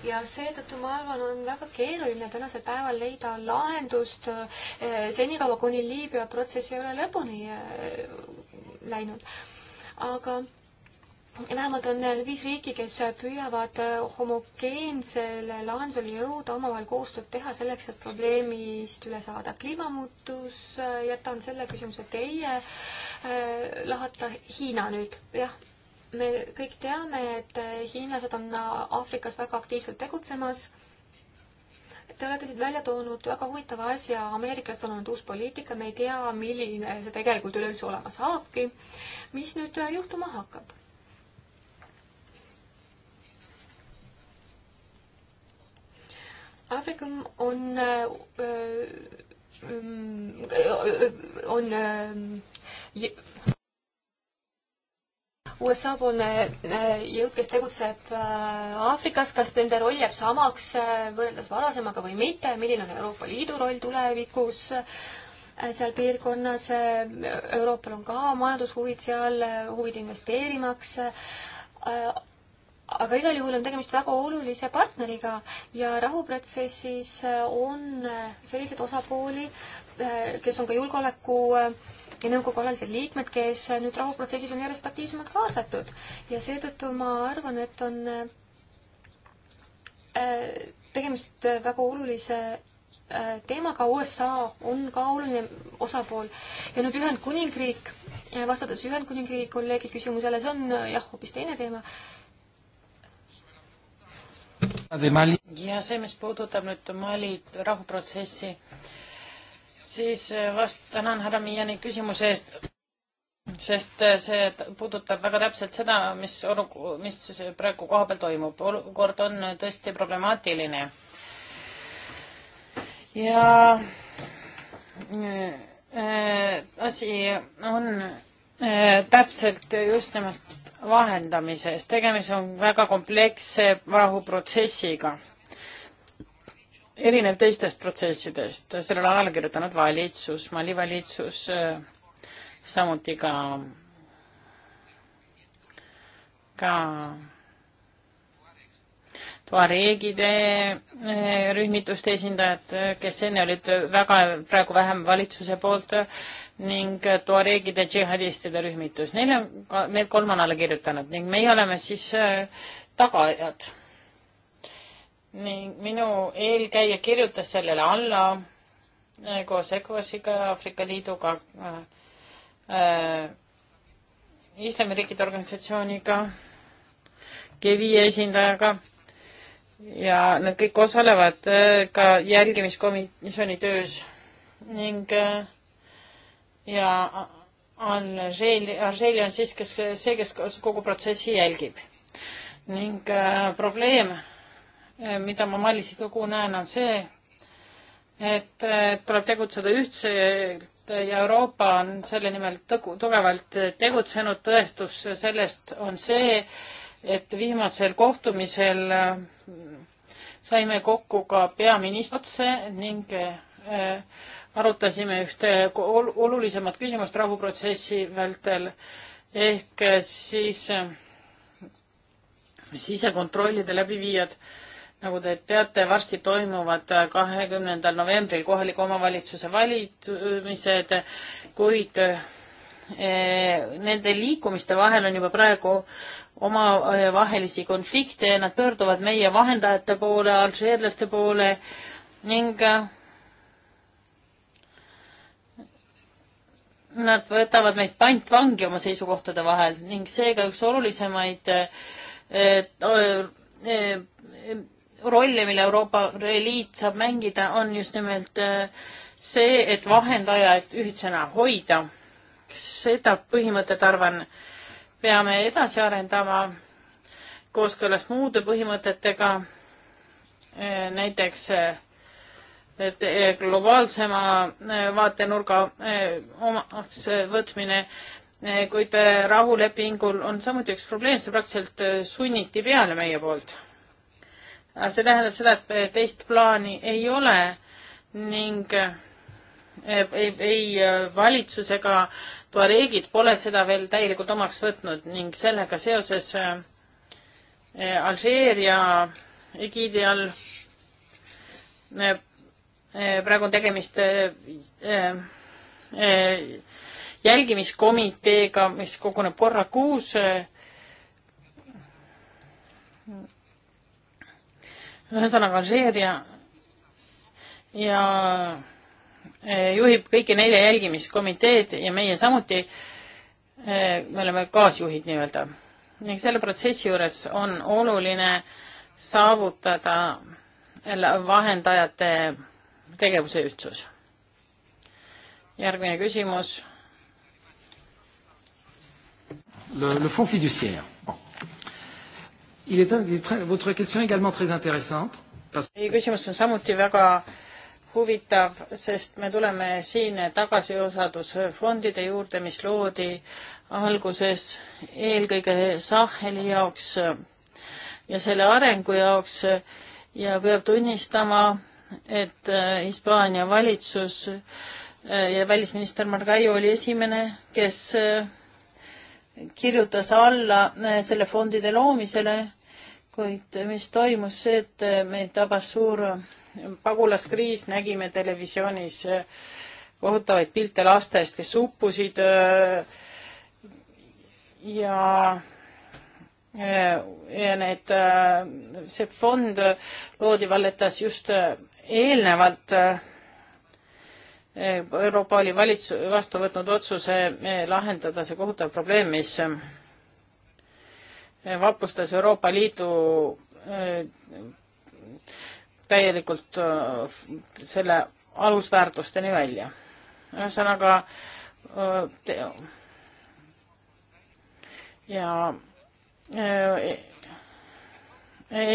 ja seetõttu ma arvan, on väga keeruline tänasel päeval leida lahendust senikaua, kuni Liibüa protsess ei ole lõpuni läinud. aga vähemalt on äh, viis riiki, kes äh, püüavad äh, homogeensele lahendusele jõuda, omavahel koostööd teha selleks, et probleemist üle saada. kliimamuutus, jätan selle küsimuse teie lahata. Hiina nüüd, jah me kõik teame, et hiinlased on Aafrikas väga aktiivselt tegutsemas. Te olete siin välja toonud väga huvitava asja, ameeriklastel on olnud uus poliitika, me ei tea, milline see tegelikult üleüldse olema saabki. mis nüüd juhtuma hakkab? Afrikum on äh, ähm, on äh, USA poolne äh, jõud, kes tegutseb Aafrikas, kas nende roll jääb samaks võrreldes varasemaga või mitte, milline on Euroopa Liidu roll tulevikus seal piirkonnas, Euroopal on ka majandushuvid seal, huvid investeerimaks, aga igal juhul on tegemist väga olulise partneriga ja rahuprotsessis äh, on äh, selliseid osapooli, äh, kes on ka julgeoleku ja nõukogu alalised liikmed, kes nüüd rahuprotsessis on järjest aktiivsemalt kaasatud ja seetõttu ma arvan, et on tegemist väga olulise teemaga, USA on ka oluline osapool ja nüüd Ühendkuningriik, vastates Ühendkuningriigi kolleegi küsimusele, see on jah, hoopis teine teema ja see, mis puudutab nüüd Mali rahuprotsessi, siis äh, vast tänan härra Miiani küsimuse eest, sest äh, see puudutab väga täpselt seda, mis olu-, mis praegu kohapeal toimub. olukord on tõesti problemaatiline. ja äh, äh asi on äh, täpselt just nimelt vahendamises. tegemist on väga kompleksse rahuprotsessiga, erinev teistest protsessidest. sellele on alla kirjutanud valitsus, Mali valitsus, äh, samuti ka, ka tuareegide eh, rühmituste esindajad, eh, kes enne olid väga, praegu vähem valitsuse poolt eh, ning tuareegide džihadistide rühmitus. Neile on meil kolm on alla kirjutanud ning meie oleme siis tagajad. ning minu eelkäija kirjutas sellele alla koos ECOWAS-iga, Aafrika Liiduga äh,, äh, Islamiriikide organisatsiooniga G5 esindajaga ja nad kõik osalevad äh, ka jälgimiskomisjoni töös ning äh, ja Alžeeli, Alžeeli on siis, kes, see, kes kogu protsessi jälgib. ning äh, probleem, mida ma Malis iga kuu näen, on see, et tuleb tegutseda ühtselt ja Euroopa on selle nimel tõgu, tugevalt tegutsenud, tõestus sellest on see, et viimasel kohtumisel äh, saime kokku ka peaministri otse ning äh, arutasime ühte olulisemat küsimust rahuprotsessi vältel ehk äh, siis sisekontrollide läbiviijad, nagu te teate, varsti toimuvad kahekümnendal novembril kohaliku omavalitsuse valitsemised, kuid Eh, nende liikumiste vahel on juba praegu omavahelisi konflikte, nad pöörduvad meie vahendajate poole, alžeerlaste poole ning eh, nad võtavad meid pantvangi oma seisukohtade vahel ning seega üks olulisemaid eh, rolle, mille Euroopa Liit saab mängida, on just nimelt see, et vahendajaid ühtsena hoida seda põhimõtet, arvan, peame edasi arendama kooskõlas muude põhimõtetega, eh, näiteks eh, globaalsema eh, vaatenurga omaks võtmine, kuid rahulepingul on samuti üks probleem, see praktiliselt sunniti peale meie poolt. see tähendab seda, et teist plaani ei ole ning ei, ei valitsusega äh, tuareegid pole seda veel täielikult omaks võtnud ning sellega seoses äh, äh, Alžeeria egiidi all äh, praegu on tegemist jälgimiskomiteega, mis koguneb korra kuus ühesõnaga Alžeeria ja Eh, juhib kõiki nelja jälgimiskomiteed ja meie samuti, eh, me oleme kaasjuhid nii-öelda. ning selle protsessi juures on oluline saavutada vahendajate tegevuse ühtsus. järgmine küsimus. Le, le fonds fiduciaire. Bon. Il est, il est très, votre question est également très intéressante. Parce... Teie küsimus on samuti väga äh, huvitav, sest me tuleme siin tagasi usaldusfondide juurde, mis loodi alguses eelkõige Saheli jaoks ja selle arengu jaoks ja peab tunnistama, et äh, Hispaania valitsus äh, ja välisminister Margallo oli esimene, kes äh, kirjutas alla selle fondide loomisele, kuid mis toimus, see, et meid tabas suur pagulaskriis, nägime televisioonis äh, kohutavaid pilte lastest, kes uppusid äh, ja äh, ja need, see fond loodi valletas just eelnevalt Euroopa oli valitsus vastu võtnud otsuse lahendada see kohutav probleem, mis vapustas Euroopa Liidu täielikult äh, selle alusväärtusteni välja. ühesõnaga äh, ja äh, e-,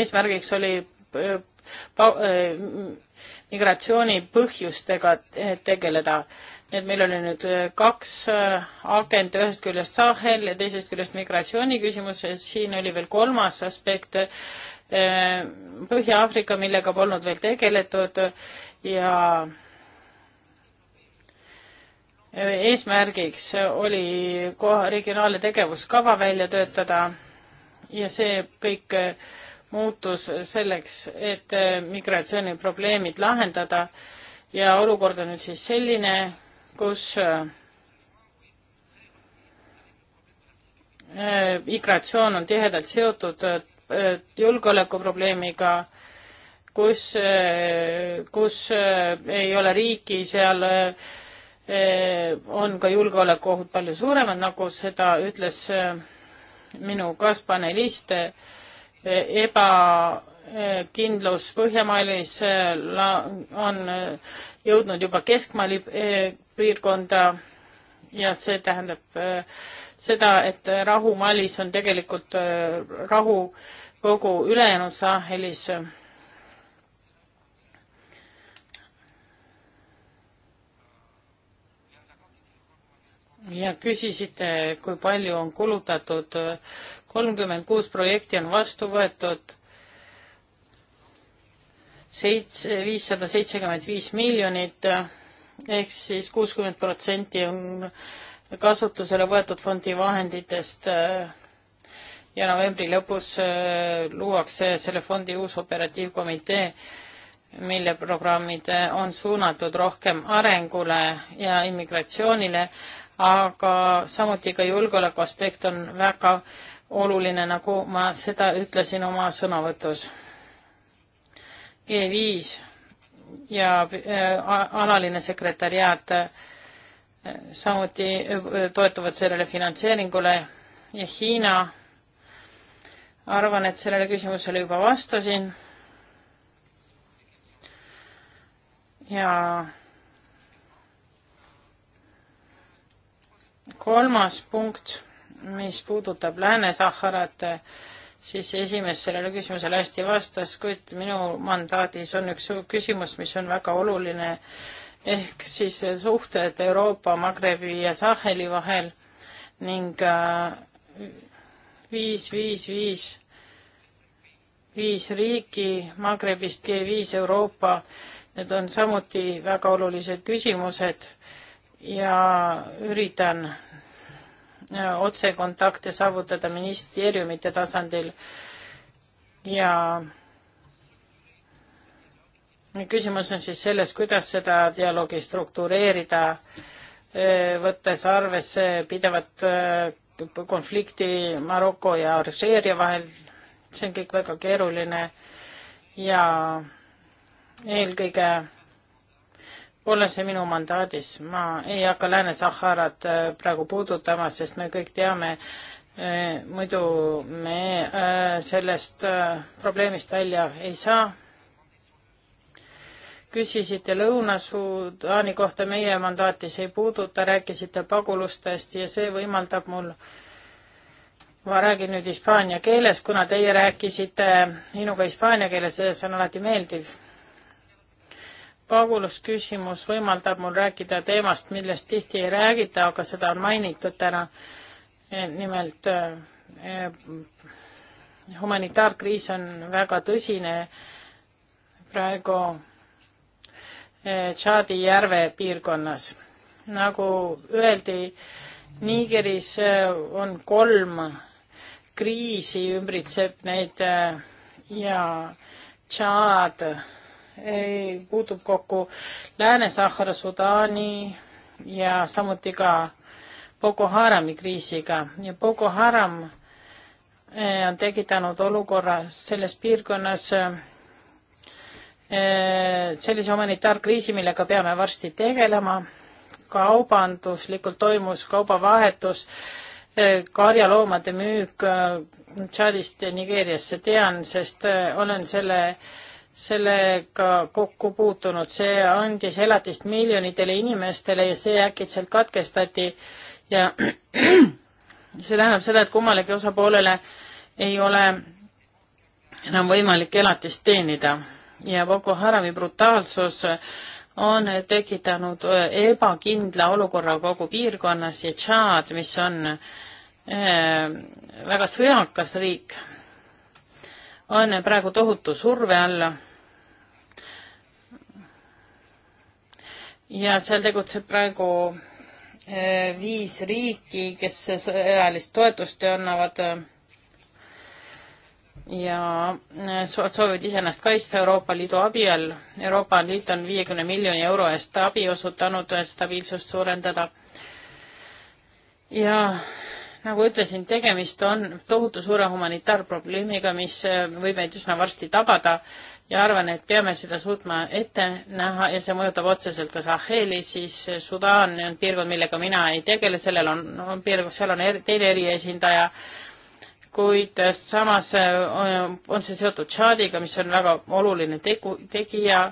eesmärgiks oli migratsiooni põhjustega tegeleda. nii et meil oli nüüd kaks agent, ühest küljest Sahel ja teisest küljest migratsiooniküsimus ja siin oli veel kolmas aspekt, Põhja-Aafrika, millega polnud veel tegeletud ja eesmärgiks oli koha, regionaalne tegevuskava välja töötada ja see kõik muutus selleks, et migratsiooniprobleemid lahendada ja olukord on nüüd siis selline, kus äh, migratsioon on tihedalt seotud julgeolekuprobleemiga, kus, kus eh, ei ole riiki, seal eh, on ka julgeolekuohud palju suuremad, nagu seda ütles eh, minu kaaspanelist, ebakindlus Põhjamaalis on jõudnud juba keskmaa piirkonda ja see tähendab seda, et rahu Malis on tegelikult äh, rahu kogu ülejäänud Sahelis. ja küsisite, kui palju on kulutatud, kolmkümmend kuus projekti on vastu võetud, seitse, viissada seitsekümmend viis miljonit ehk siis kuuskümmend protsenti on äh, kasutusele võetud fondi vahenditest äh, ja novembri lõpus äh, luuakse selle fondi uus operatiivkomitee, mille programmid äh, on suunatud rohkem arengule ja immigratsioonile, aga samuti ka julgeoleku aspekt on väga oluline, nagu ma seda ütlesin oma sõnavõtus. G5 ja alaline sekretäriaat samuti äh, toetuvad sellele finantseeringule ja Hiina, arvan, et sellele küsimusele juba vastasin. ja kolmas punkt, mis puudutab Lääne-Saharat, siis esimees sellele küsimusele hästi vastas, kuid minu mandaadis on üks küsimus, mis on väga oluline äh, ehk siis suhted Euroopa, Magrebi ja Saheli vahel ning äh, viis, viis, viis, viis riiki Magrebist, G5 Euroopa, need on samuti väga olulised küsimused ja üritan äh, otsekontakte saavutada ministeeriumite tasandil ja küsimus on siis selles, kuidas seda dialoogi struktureerida, eh, võttes arvesse pidevat eh, konflikti Maroko ja Alžeeria vahel, see on kõik väga keeruline ja eelkõige pole see minu mandaadis, ma ei hakka Lääne-Saharat eh, praegu puudutama, sest me kõik teame, muidu me sellest probleemist välja ei saa küsisite Lõuna-Sudaani kohta, meie mandaati see ei puuduta, rääkisite pagulustest ja see võimaldab mul ma räägin nüüd hispaania keeles, kuna teie rääkisite minuga hispaania keeles, see on alati meeldiv. pagulusküsimus võimaldab mul rääkida teemast, millest tihti ei räägita, aga seda on mainitud täna. E, nimelt e, humanitaarkriis on väga tõsine praegu Tšaadi järve piirkonnas. nagu öeldi, Nigeris äh, on kolm kriisi, ümbritseb neid äh, ja Tšaad äh, puutub kokku Lääne-Sahara, Sudaani ja samuti ka Boko Harami kriisiga ja Boko Haram on tekitanud olukorra selles piirkonnas, Eh, sellise humanitaarkriisi, millega peame varsti tegelema. kaubanduslikult toimus kaubavahetus, eh, karjaloomade müük eh, Tšaadist Nigeeriasse tean, sest olen selle, sellega kokku puutunud. see andis elatist miljonitele inimestele ja see äkitselt katkestati ja *clears throat* see tähendab seda, et kummalegi osapoolele ei ole enam võimalik elatist teenida ja Boko Harami brutaalsus on tekitanud äh, ebakindla olukorra kogu piirkonnas ja Tšaad, mis on äh, väga sõjakas riik, on praegu tohutu surve all. ja seal tegutseb praegu äh, viis riiki, kes sõjalist toetust annavad ja äh, soovivad iseennast kaitsta Euroopa Liidu abi all. Euroopa Liit on viiekümne miljoni euro eest abi osutanud, et stabiilsust suurendada. ja nagu ütlesin, tegemist on tohutu suure humanitaarprobleemiga, mis äh, võib meid üsna varsti tabada ja arvan, et peame seda suutma ette näha ja see mõjutab otseselt ka Saheli, siis äh, Sudaan on piirkond, millega mina ei tegele, sellel on, on piirkond, seal on er, teine eriesindaja kuid äh, samas äh, on, on see seotud Tšaadiga, mis on väga oluline tegu, tegija,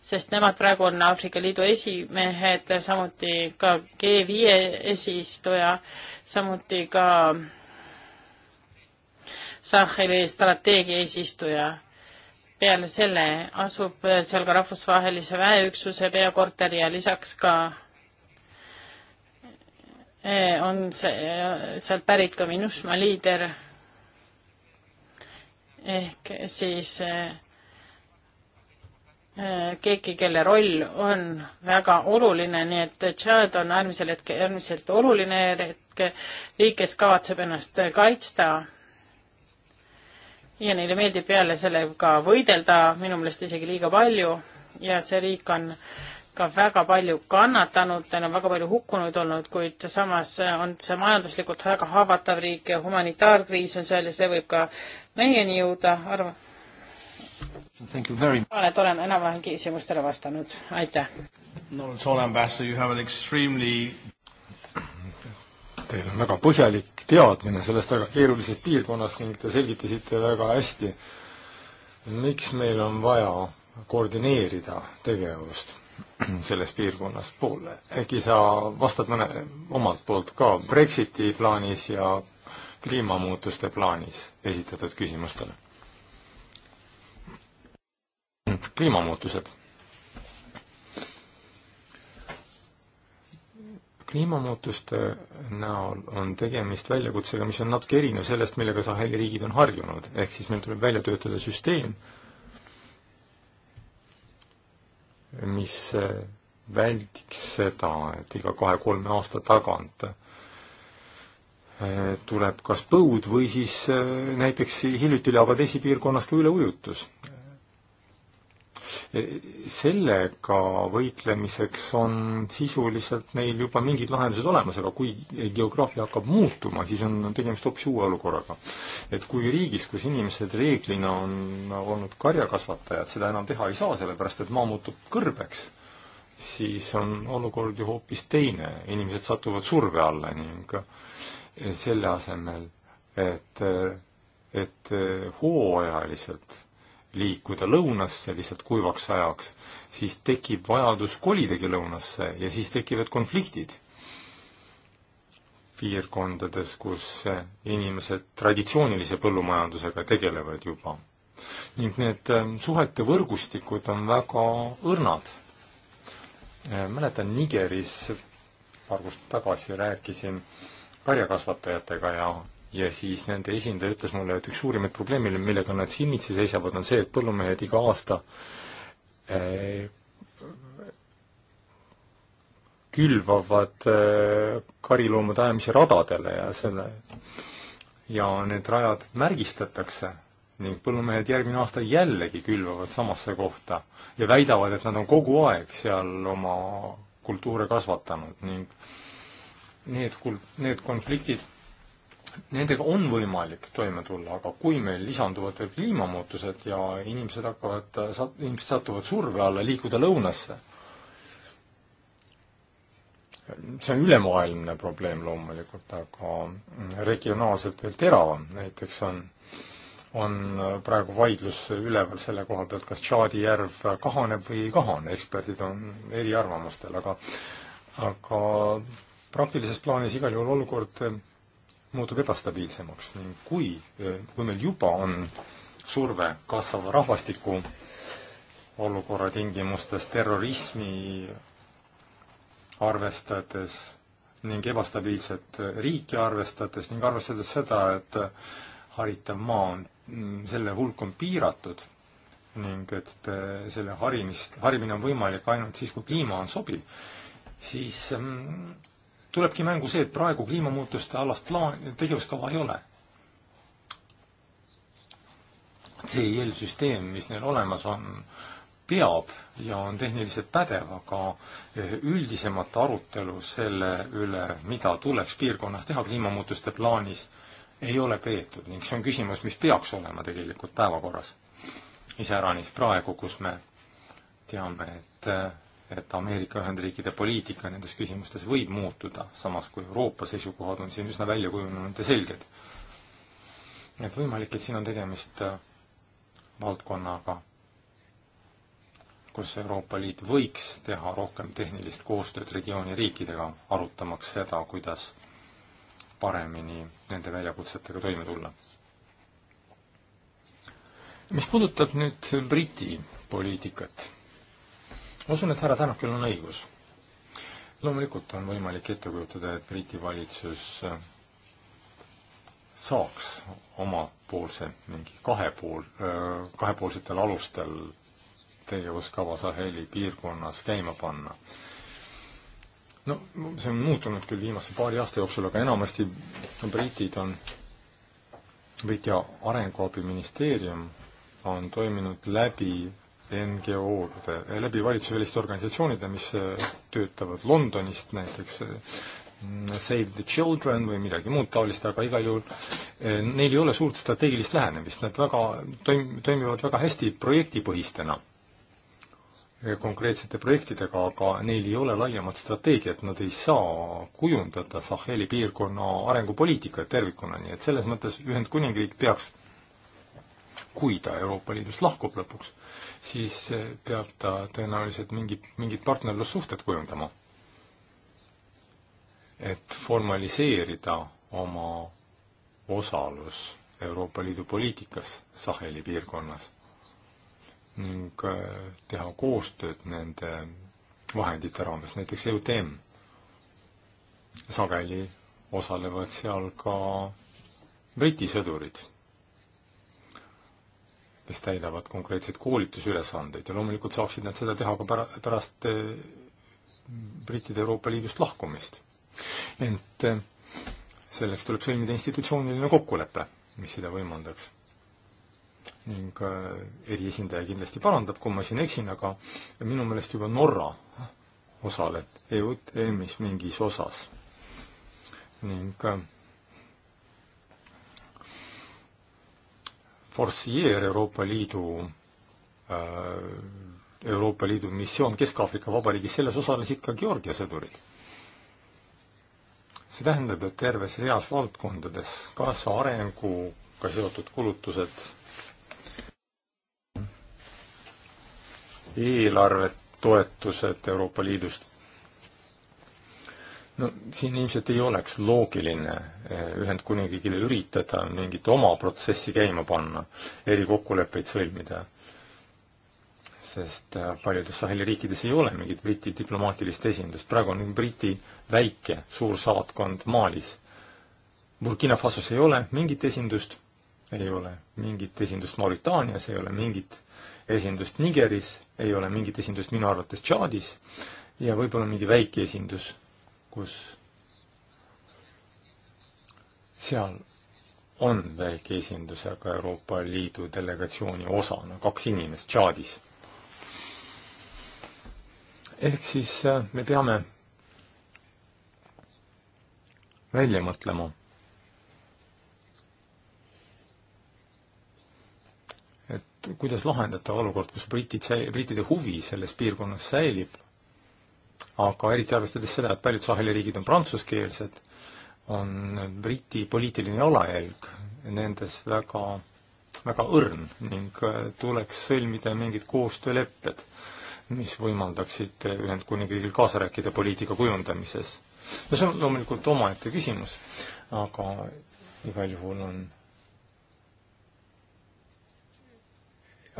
sest nemad praegu on Aafrika Liidu esimehed, samuti ka G5 eesistuja, samuti ka Saheli strateegia eesistuja. peale selle asub seal ka rahvusvahelise väeüksuse peakorter ja lisaks ka äh, on see, sealt pärit ka Minusma liider ehk siis eh, eh, keegi, kelle roll on väga oluline, nii et Tšaad on äärmisel hetkel, äärmiselt oluline hetk, riik, kes kavatseb ennast kaitsta ja neile meeldib peale sellega võidelda, minu meelest isegi liiga palju ja see riik on ka väga palju kannatanud, neil on väga palju hukkunuid olnud, kuid samas on see majanduslikult väga haavatav riik ja humanitaarkriis on seal ja see võib ka meieni jõuda, arva-. arvan, et olen enam-vähem küsimustele vastanud, aitäh. Teil on väga põhjalik teadmine sellest väga keerulisest piirkonnast ning te selgitasite väga hästi, miks meil on vaja koordineerida tegevust *clears throat* selles piirkonnas poole. äkki sa vastad mõne omalt poolt ka Brexiti plaanis ja kliimamuutuste plaanis? esitatud küsimustele. kliimamuutused. kliimamuutuste näol on tegemist väljakutsega, mis on natuke erinev sellest, millega Saheli riigid on harjunud, ehk siis meil tuleb välja töötada süsteem, mis väldiks seda, et iga kahe-kolme aasta tagant äh, Äh, tuleb kas põud või siis äh, näiteks hiljuti Lava vesi piirkonnas ka üleujutus. Äh, sellega võitlemiseks on sisuliselt neil juba mingid lahendused olemas, aga kui geograafia hakkab muutuma, siis on tegemist hoopis uue olukorraga. et kui riigis, kus inimesed reeglina on olnud karjakasvatajad, seda enam teha ei saa, sellepärast et maa muutub kõrbeks, siis on olukord ju hoopis teine, inimesed satuvad surve alla ning selle asemel, et, et hooajaliselt liikuda lõunasse lihtsalt kuivaks ajaks, siis tekib vajadus kolidagi lõunasse ja siis tekivad konfliktid piirkondades, kus inimesed traditsioonilise põllumajandusega tegelevad juba. ning need ähm, suhete võrgustikud on väga õrnad. Äh, mäletan Nigeris paar kuud tagasi rääkisin äh, karjakasvatajatega ja, ja siis nende esindaja ütles mulle, et üks suurimaid probleeme, millega nad silmitsi seisavad, on see, et põllumehed iga aasta eh, külvavad eh, kariloomade ajamise radadele ja selle ja need rajad märgistatakse ning põllumehed järgmine aasta jällegi külvavad samasse kohta ja väidavad, et nad on kogu aeg seal oma kultuure kasvatanud ning need kul-, need konfliktid, nendega on võimalik toime tulla, aga kui meil lisanduvad veel kliimamuutused ja inimesed hakkavad, inimesed satuvad surve alla liikuda lõunasse, see on ülemaailmne probleem loomulikult, aga regionaalselt veel teravam, näiteks on, on praegu vaidlus üleval selle koha pealt, kas Tšaadi järv kahaneb või ei kahane, eksperdid on eriarvamustel, aga aga praktilises plaanis igal juhul olukord eh, muutub ebastabiilsemaks ning kui, eh, kui meil juba on surve kasvava rahvastiku olukorra tingimustes terrorismi arvestades ning ebastabiilset eh, riiki arvestades ning arvestades seda, et haritav maa on, mm, selle hulk on piiratud ning et selle harimist, harimine on võimalik ainult siis, kui kliima on sobiv, siis mm, tulebki mängu see, et praegu kliimamuutuste alast plaan, tegevuskava ei ole. CIL e süsteem, mis neil olemas on, peab ja on tehniliselt pädev, aga eh, üldisemat arutelu selle üle, mida tuleks piirkonnas teha kliimamuutuste plaanis, ei ole peetud ning see on küsimus, mis peaks olema tegelikult päevakorras. iseäranis praegu, kus me teame, et eh, et Ameerika Ühendriikide poliitika nendes küsimustes võib muutuda, samas kui Euroopa seisukohad on siin üsna välja kujunenud ja selged. et võimalik, et siin on tegemist äh, valdkonnaga, kus Euroopa Liit võiks teha rohkem tehnilist koostööd regiooni riikidega, arutamaks seda, kuidas paremini nende väljakutsetega toime tulla. mis puudutab nüüd Briti poliitikat ma usun, et härra Tänakil on õigus. loomulikult on võimalik ette kujutada, et Briti valitsus äh, saaks omapoolse mingi kahepool, äh, kahepoolsetel alustel tegevuskava Saheli piirkonnas käima panna. no see on muutunud küll viimase paari aasta jooksul, aga enamasti britid on, Briti arenguabiministeerium on toiminud läbi NGO-de, eh, läbi valitsusväliste organisatsioonide, mis eh, töötavad Londonist näiteks, eh, Save the Children või midagi muud taolist, aga igal juhul neil ei ole suurt strateegilist lähenemist, nad väga toim-, toimivad väga hästi projektipõhistena konkreetsete projektidega, aga neil ei ole laiemat strateegiat, nad ei saa kujundada Saheli piirkonna arengupoliitikat tervikuna, nii et selles mõttes Ühendkuningriik peaks, kui ta Euroopa Liidust lahkub lõpuks, siis peab ta tõenäoliselt mingi, mingid partnerlussuhted kujundama. et formaliseerida oma osalus Euroopa Liidu poliitikas Saheli piirkonnas ning äh, teha koostööd nende vahendite raames, näiteks EUTM. sageli osalevad seal ka Briti sõdurid mis täidavad konkreetseid koolitusülesandeid ja loomulikult saaksid nad seda teha ka pära-, pärast eh, brittide Euroopa Liidust lahkumist. ent eh, selleks tuleb sõlmida institutsiooniline kokkulepe, mis seda võimaldaks. ning eh, eriesindaja kindlasti parandab, kui ma siin eksin, aga minu meelest juba Norra osaleb EÜTM-is mingis osas. ning forsieer Euroopa Liidu, äh, Euroopa Liidu missioon Kesk-Aafrika Vabariigis, selles osalesid ka Georgia sõdurid. see tähendab, et terves reas valdkondades kaasa arenguga seotud kulutused, eelarvet, toetused Euroopa Liidust no siin ilmselt ei oleks loogiline eh, Ühendkuningriigile üritada mingit oma protsessi käima panna, erikokkuleppeid sõlmida. sest eh, paljudes Saheli riikides ei ole mingit Briti diplomaatilist esindust, praegu on Briti väike suursaatkond Malis. Burkina Fasos ei ole mingit esindust, ei ole mingit esindust Mauritaanias, ei ole mingit esindust Nigeris, ei ole mingit esindust minu arvates Tšaadis ja võib-olla mingi väike esindus kus seal on väike esindusega Euroopa Liidu delegatsiooni osana kaks inimest Tšaadis. ehk siis äh, me peame välja mõtlema, et kuidas lahendada olukord, kus britid, britide huvi selles piirkonnas säilib aga eriti arvestades seda, et paljud Saheli riigid on prantsuskeelsed, on Briti poliitiline jalajälg nendes väga, väga õrn ning äh, tuleks sõlmida mingid koostöölepped, mis võimaldaksid Ühendkuningriigil kaasa rääkida poliitika kujundamises. no see on loomulikult omaette küsimus, aga igal juhul on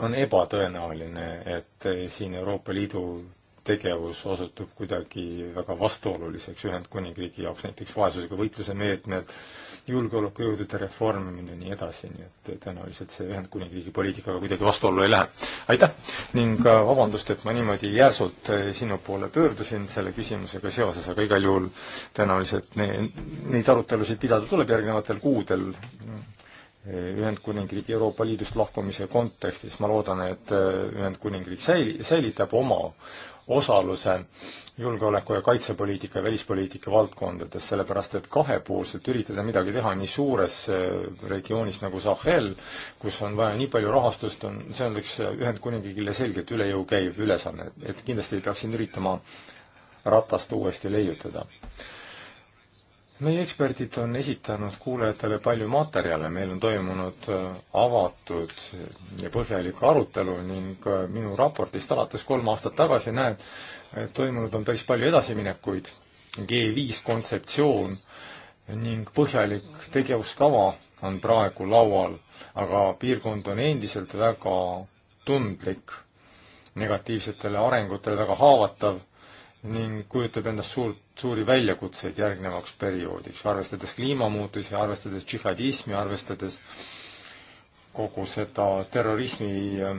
on ebatõenäoline, et äh, siin Euroopa Liidu tegevus osutub kuidagi väga vastuoluliseks Ühendkuningriigi jaoks, näiteks vaesusega võitluse meetmed, julgeolekujõudude reformimine ja nii edasi, nii et tõenäoliselt see Ühendkuningriigi poliitikaga kuidagi vastuollu ei lähe. aitäh ning äh, vabandust, et ma niimoodi järsult äh, sinu poole pöördusin selle küsimusega seoses, aga igal juhul tõenäoliselt ne-, neid arutelusid pidada tuleb järgnevatel kuudel äh, Ühendkuningriigi Euroopa Liidust lahkumise kontekstis, ma loodan, et Ühendkuningriik säili-, säilitab oma osaluse julgeoleku- ja kaitsepoliitika ja välispoliitika valdkondades, sellepärast et kahepoolselt üritada midagi teha nii suures eh, regioonis nagu Sahel, kus on vaja nii palju rahastust, on, see on üks eh, Ühendkuningriigile selgelt üle jõu käiv ülesanne, et kindlasti ei peaks siin üritama ratast uuesti leiutada meie eksperdid on esitanud kuulajatele palju materjale, meil on toimunud äh, avatud ja põhjalik arutelu ning äh, minu raportist alates kolm aastat tagasi näen, et toimunud on päris palju edasiminekuid. G5 kontseptsioon ning põhjalik tegevuskava on praegu laual, aga piirkond on endiselt väga tundlik negatiivsetele arengutele, väga haavatav ning kujutab endast suurt suuri väljakutseid järgnevaks perioodiks, arvestades kliimamuutusi, arvestades džihadismi, arvestades kogu seda terrorismi äh,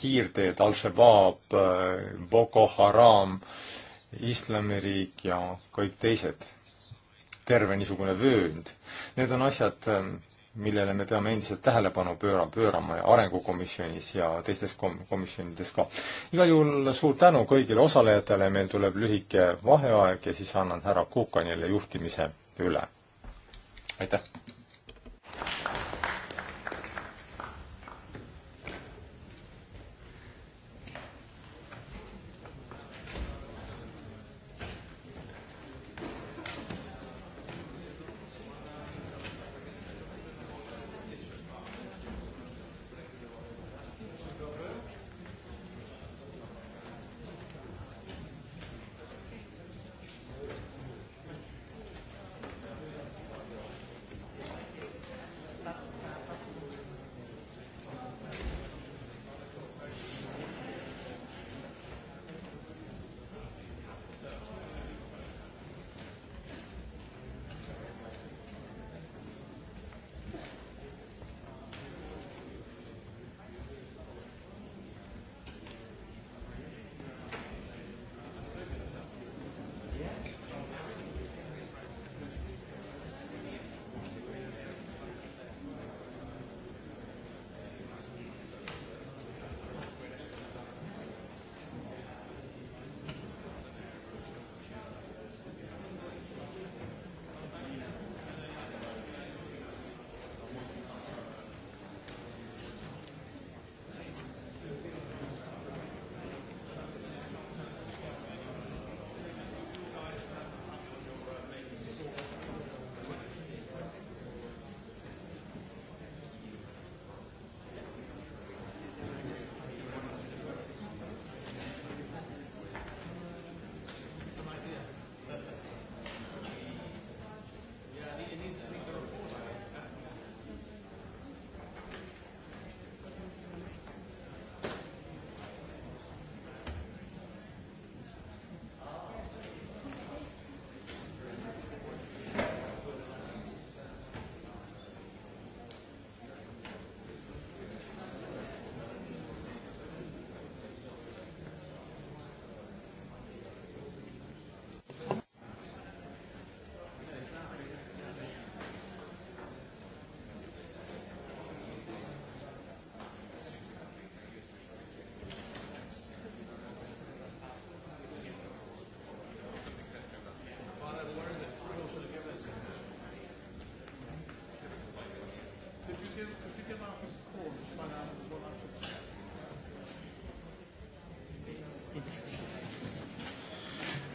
kiirteed, Al-Shabaab, äh, Boko Haram, Islamiriik ja kõik teised, terve niisugune vöönd. Need on asjad, äh, millele me peame endiselt tähelepanu pööra, pöörama ja Arengukomisjonis ja teistes kom-, komisjonides ka. igal juhul suur tänu kõigile osalejatele, meil tuleb lühike vaheaeg ja siis annan härra Kukanile juhtimise üle. aitäh!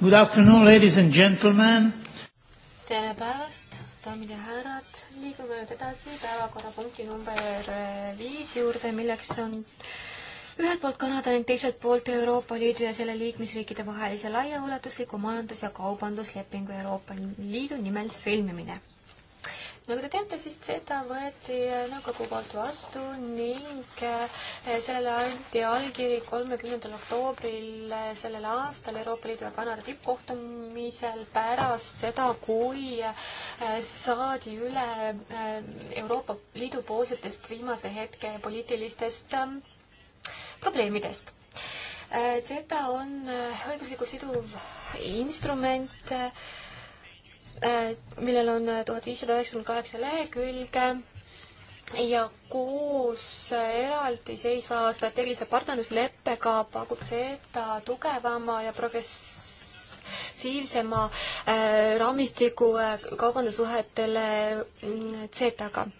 Good afternoon, ladies and gentlemen. tere päevast, daamid ja härrad, liigume nüüd edasi päevakorrapunkti number eh, viis juurde, milleks on ühelt poolt Kanada ning teiselt poolt Euroopa Liidu ja selle liikmesriikide vahelise laiaulatusliku majandus- ja kaubanduslepingu Euroopa Liidu nimel sõlmimine nagu te teate, siis seda võeti nõukogu poolt vastu ning eh, sellele anti allkiri kolmekümnendal oktoobril eh, sellel aastal Euroopa Liidu ja Kanada tippkohtumisel pärast seda, kui eh, saadi üle Euroopa Liidu poolsetest viimase hetke poliitilistest probleemidest seda on õiguslikult siduv instrument Äh, millel on äh, tuhat viissada üheksakümmend kaheksa lehekülge ja koos äh, eraldiseisva strateegilise partnerlusleppega pakub seda tugevama ja progressiivsema raamistiku kaubandussuhetele CETA-ga mm,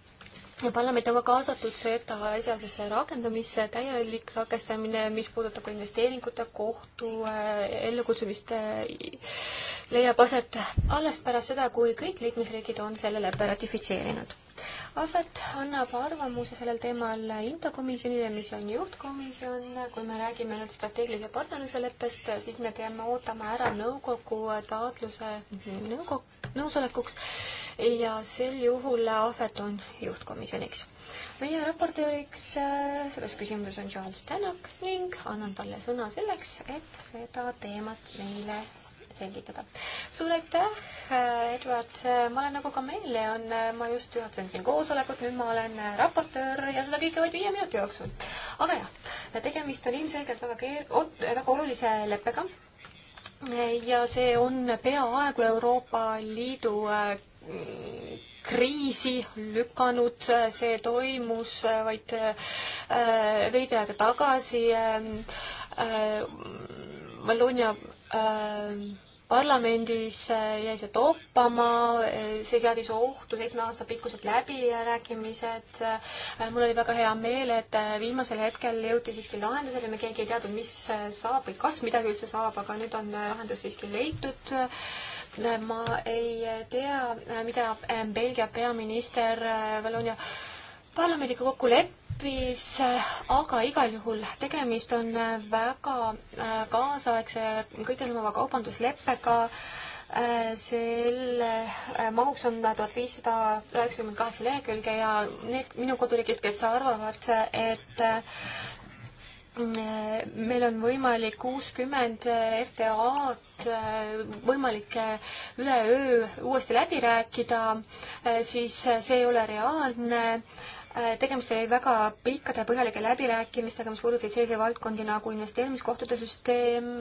parlament on ka kaasatud seda esialgsesse rakendamisse, täielik rakestamine, mis puudutab ka investeeringute kohtu äh, ellukutsumist, äh, leiab aset alles pärast seda, kui kõik liikmesriigid on selle leppe ratifitseerinud. Ahvet annab arvamuse sellel teemal infokomisjonile, mis on juhtkomisjon. kui me räägime nüüd strateegilise partnerluse leppest, siis me peame ootama ära nõukogu taotluse nõukogu nõusolekuks ja sel juhul Ahvet on juhtkomisjoniks. meie raportööriks äh, selles küsimuses on Charles Tänak ning annan talle sõna selleks, et seda teemat meile selgitada. suur aitäh, äh, Edward, äh, ma olen nagu Kameleon, ma just juhatasin siin koosolekut, nüüd ma olen raportöör ja seda kõike vaid viie minuti jooksul. aga jah, tegemist on ilmselgelt väga keer-, väga olulise leppega ja see on peaaegu Euroopa Liidu äh, kriisi lükanud, see toimus äh, vaid äh, veidi aega tagasi Valonia parlamendis äh, jäi see toppama, äh, see seadis ohtu seitsme aasta pikkused läbirääkimised. Äh, mul oli väga hea meel, et viimasel hetkel jõuti siiski lahendusele, me keegi ei teadnud, mis saab või kas midagi üldse saab, aga nüüd on lahendus siiski leitud ma ei tea, mida Belgia peaminister Valonia parlamendiga kokku leppis grupis, äh, aga igal juhul tegemist on äh, väga äh, kaasaegse kõikehõlmava kaubandusleppega. selle mahuks on tuhat viissada üheksakümmend kaheksa lehekülge ja need minu koduriigist, kes arvavad, et meil on võimalik kuuskümmend FTA-d võimalik üleöö uuesti läbi rääkida, siis see ei ole reaalne Äh, tegemist oli väga pikkade ja põhjalike läbirääkimistega, mis puudutasid selliseid valdkondi nagu investeerimiskohtade süsteem,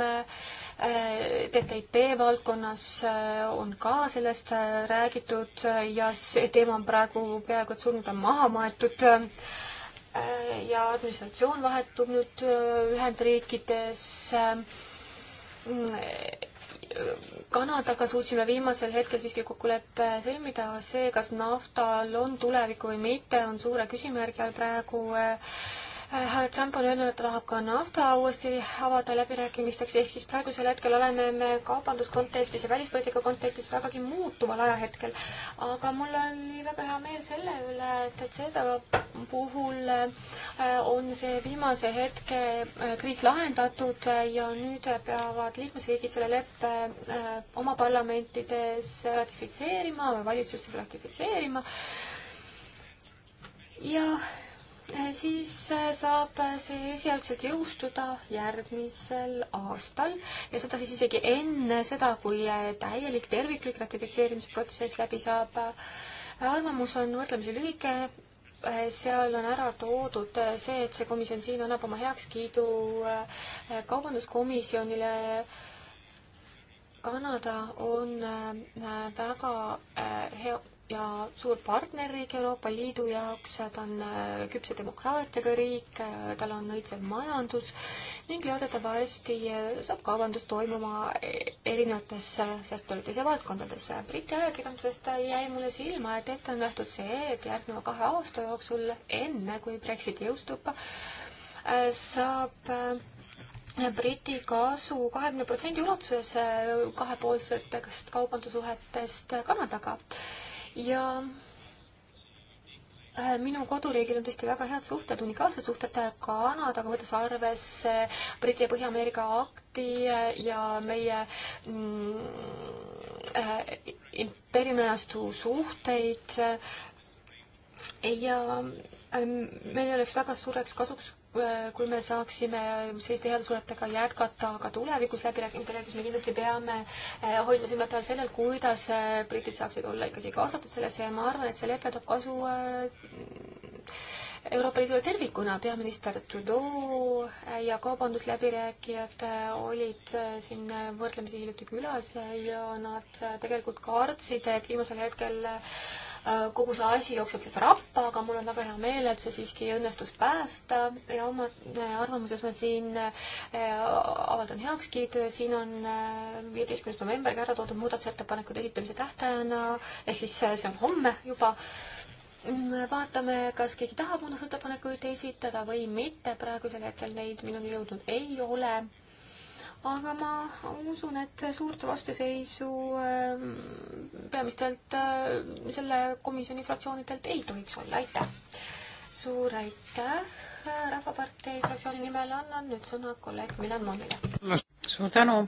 DTIP äh, valdkonnas äh, on ka sellest räägitud ja see teema on praegu peaaegu et surnud maha maetud ja administratsioon vahetub nüüd Ühendriikides mm, Kanadaga suutsime viimasel hetkel siiski kokkuleppe sõlmida, see, kas naftal on tulevik või mitte, on suure küsimärgi all praegu äh, härra Trump on öelnud, et ta tahab ka nafta uuesti avada läbirääkimisteks, ehk siis praegusel hetkel oleme me kaubanduskontekstis ja välispoliitika kontekstis vägagi muutuval ajahetkel. aga mul oli väga hea meel selle üle, et, et seda puhul äh, on see viimase hetke äh, kriis lahendatud äh, ja nüüd peavad liikmesriigid selle leppe oma parlamentides ratifitseerima või valitsustes ratifitseerima. ja Eh, siis eh, saab eh, see esialgselt jõustuda järgmisel aastal ja seda siis isegi enne seda, kui täielik terviklik ratifitseerimisprotsess läbi saab. arvamus on võrdlemisi lühike, seal on ära toodud see, et see komisjon siin annab oma heakskiidu kaubanduskomisjonile Kanada on väga hea, ja suur partnerriik Euroopa Liidu jaoks, ta on äh, küpse demokraatiaga riik, äh, tal on õitsev majandus ning loodetavasti äh, saab kaubandus toimuma erinevates sektorites ja valdkondades. Briti ajakirjandusest jäi mulle silma, et ette on nähtud see, et järgneva kahe aasta jooksul, enne kui Brexit jõustub, saab Briti kasu kahekümne protsendi ulatuses kahepoolsetest kaubandussuhetest Kanadaga. Ka ja äh, minu koduriigil on tõesti väga head suhted, unikaalsed suhted äh, Kanadaga, võttes arvesse Briti ja Põhja-Ameerika akti äh, ja meie mm, impeeriumiajastu suhteid ja meil oleks väga suureks kasuks Äh, kui me saaksime selliste headesuhetega jätkata ka tulevikus läbirääkimiste käigus, me kindlasti peame äh, hoidma silma peal sellel, kuidas äh, britid saaksid olla ikkagi kaasatud sellesse ja ma arvan, et see lepe toob kasu Euroopa Liidule tervikuna. peaminister Trudeau ja kaubandusläbirääkijad olid siin võrdlemisi hiljuti külas ja nad tegelikult kartsid, et viimasel hetkel äh, Äh, kogu see asi jookseb siit rappa, aga mul on väga hea meel, et see siiski õnnestus päästa ja oma äh, arvamuses ma siin äh, avaldan heakskiidu ja siin on viieteistkümnes november ära toodud muudatusettepanekute esitamise tähtajana, ehk siis see on homme juba mm, vaatame, kas keegi tahab muudatusettepanekuid esitada või mitte, praegusel hetkel neid minuni jõudnud ei ole aga ma usun, et suurt vastuseisu ähm, peamistelt äh, selle komisjoni fraktsioonidelt ei tohiks olla, aitäh! suur aitäh! Äh, Rahvapartei fraktsiooni nimel annan nüüd sõna kolleeg Milan Mannile. suur tänu!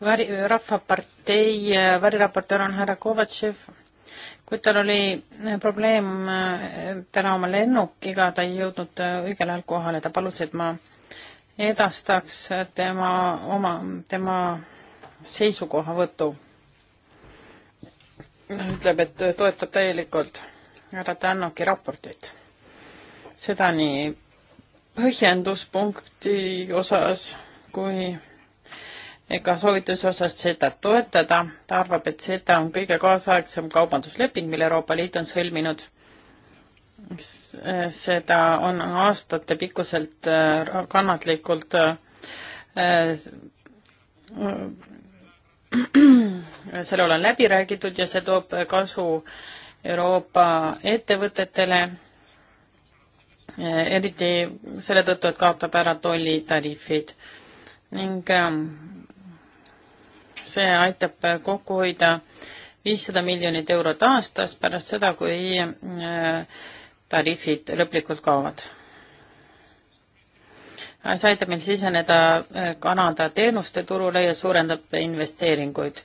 Vari-, Rahvapartei äh, variraportöör on härra Kovatšev, kuid tal oli probleem täna oma lennukiga, ta ei jõudnud õigel ajal kohale, ta palus, et ma edastaks tema oma, tema seisukohavõtu. ütleb, et toetab täielikult härra Tännoki raportit. seda nii põhjenduspunkti osas kui ega soovituse osas seda toetada. ta arvab, et seda on kõige kaasaegsem kaubandusleping, mille Euroopa Liit on sõlminud Eh, seda on aastatepikkuselt eh, kannatlikult eh, *clears throat* selle olen läbi räägitud ja see toob kasu Euroopa ettevõtetele, eriti selle tõttu, et kaotab ära tollitariifid ning see aitab kokku hoida viissada miljonit eurot aastas pärast seda, kui tariifid lõplikult kaovad. see aitab meil siseneda äh, Kanada teenuste turule ja suurendab investeeringuid.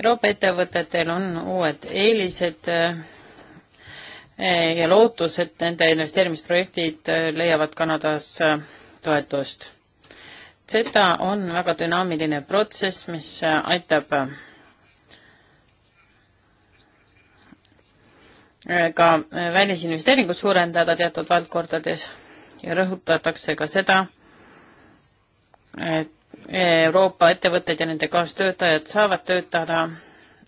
Euroopa ettevõtetel on uued eelised äh, äh, ja lootus, et nende investeerimisprojektid leiavad Kanadas toetust. seda on väga dünaamiline protsess, mis aitab Äh, ka äh, välisinvesteeringut suurendada teatud valdkordades ja rõhutatakse ka seda, et äh, Euroopa ettevõtted ja nende kaastöötajad saavad töötada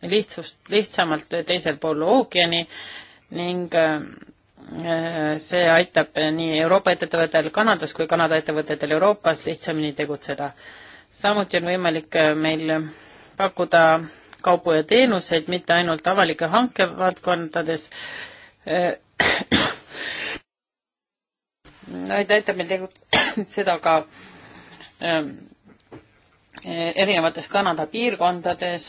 lihtsust, lihtsamalt teisel pool ookeani ning see aitab nii Euroopa ettevõtetel Kanadas kui Kanada ettevõtetel Euroopas lihtsamini tegutseda. samuti on võimalik meil pakkuda kaupu ja teenuseid, mitte ainult avalike hanke valdkondades no ta aitab meil tegelikult *coughs* seda ka ähm, erinevates Kanada piirkondades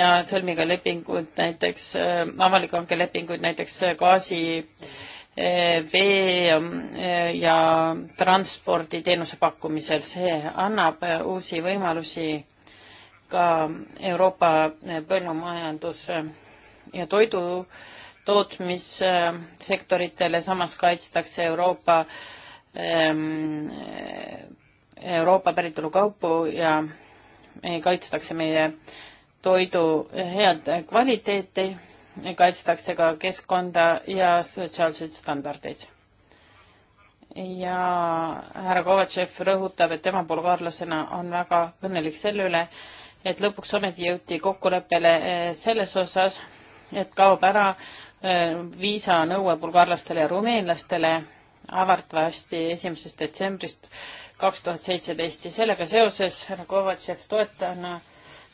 ja sõlmiga lepinguid, näiteks äh, avaliku hanke lepinguid, näiteks äh, gaasi, äh, vee ähm, ja transporditeenuse pakkumisel, see annab uusi võimalusi ka Euroopa põllumajandus ja toidu tootmissektoritele, samas kaitstakse Euroopa, ehm, Euroopa päritolu kaupu ja kaitstakse meie toidu head kvaliteeti, kaitstakse ka keskkonda ja sotsiaalseid standardeid. ja härra Kovatšev rõhutab, et tema bulgaarlasena on väga õnnelik selle üle, et lõpuks ometi jõuti kokkuleppele eh, selles osas, et kaob ära eh, viisanõue bulgaarlastele ja rumeenlastele avartavasti esimesest detsembrist kaks tuhat seitseteist ja sellega seoses härra Kovatšev toetajana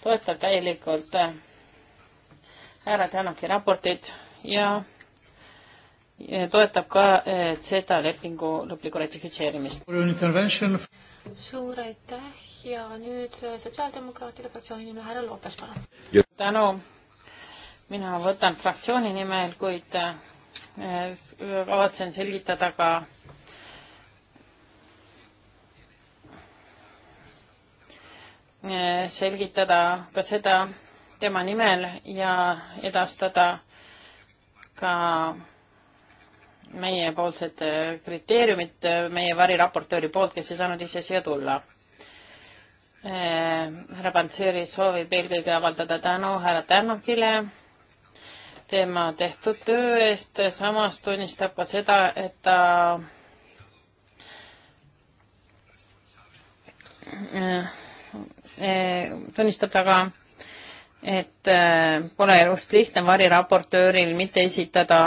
toetab täielikult eh, härra Tänaki raportit ja toetab ka eh, seda lepingu lõplikku ratifitseerimist. suur aitäh ja nüüd eh, Sotsiaaldemokraatide fraktsiooni nimel härra Lopes, palun. tänu, mina võtan fraktsiooni nimel, kuid eh, kavatsen selgitada ka selgitada ka seda tema nimel ja edastada ka meiepoolsed äh, kriteeriumid äh, meie variraportööri poolt, kes ei saanud ise siia tulla. Äh, härra Pantseri soovib eelkõige avaldada tänu härra Tänukile tema tehtud töö eest, samas tunnistab ka seda, et ta tunnistab ta ka, et pole just lihtne variraportööril mitte esitada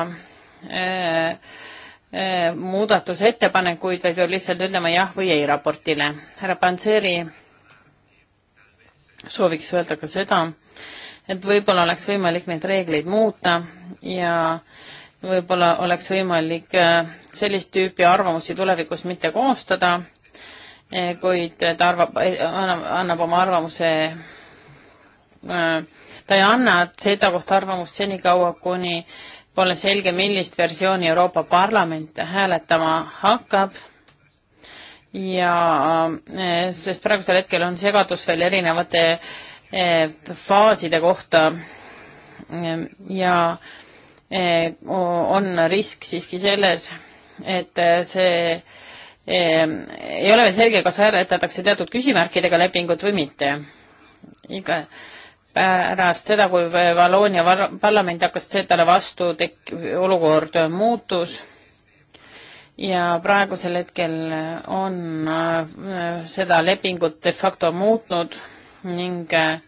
Äh, äh, muudatusettepanekuid, vaid peab lihtsalt ütlema jah või ei raportile. härra Panseri sooviks öelda ka seda, et võib-olla oleks võimalik neid reegleid muuta ja võib-olla oleks võimalik äh, sellist tüüpi arvamusi tulevikus mitte koostada, kuid ta arvab, annab, annab oma arvamuse ta ei anna seda kohta arvamust senikaua, kuni Pole selge, millist versiooni Euroopa Parlament hääletama hakkab ja äh, sest praegusel hetkel on segadus veel erinevate äh, faaside kohta äh, ja on risk siiski selles, et see ei ole veel selge, kas hääletatakse teatud küsimärkidega lepingut või mitte. iga, pärast seda, kui Valoonia parlament hakkas CETA-le vastu, tek-, olukord muutus ja praegusel hetkel on äh, seda lepingut de facto muutnud ning äh,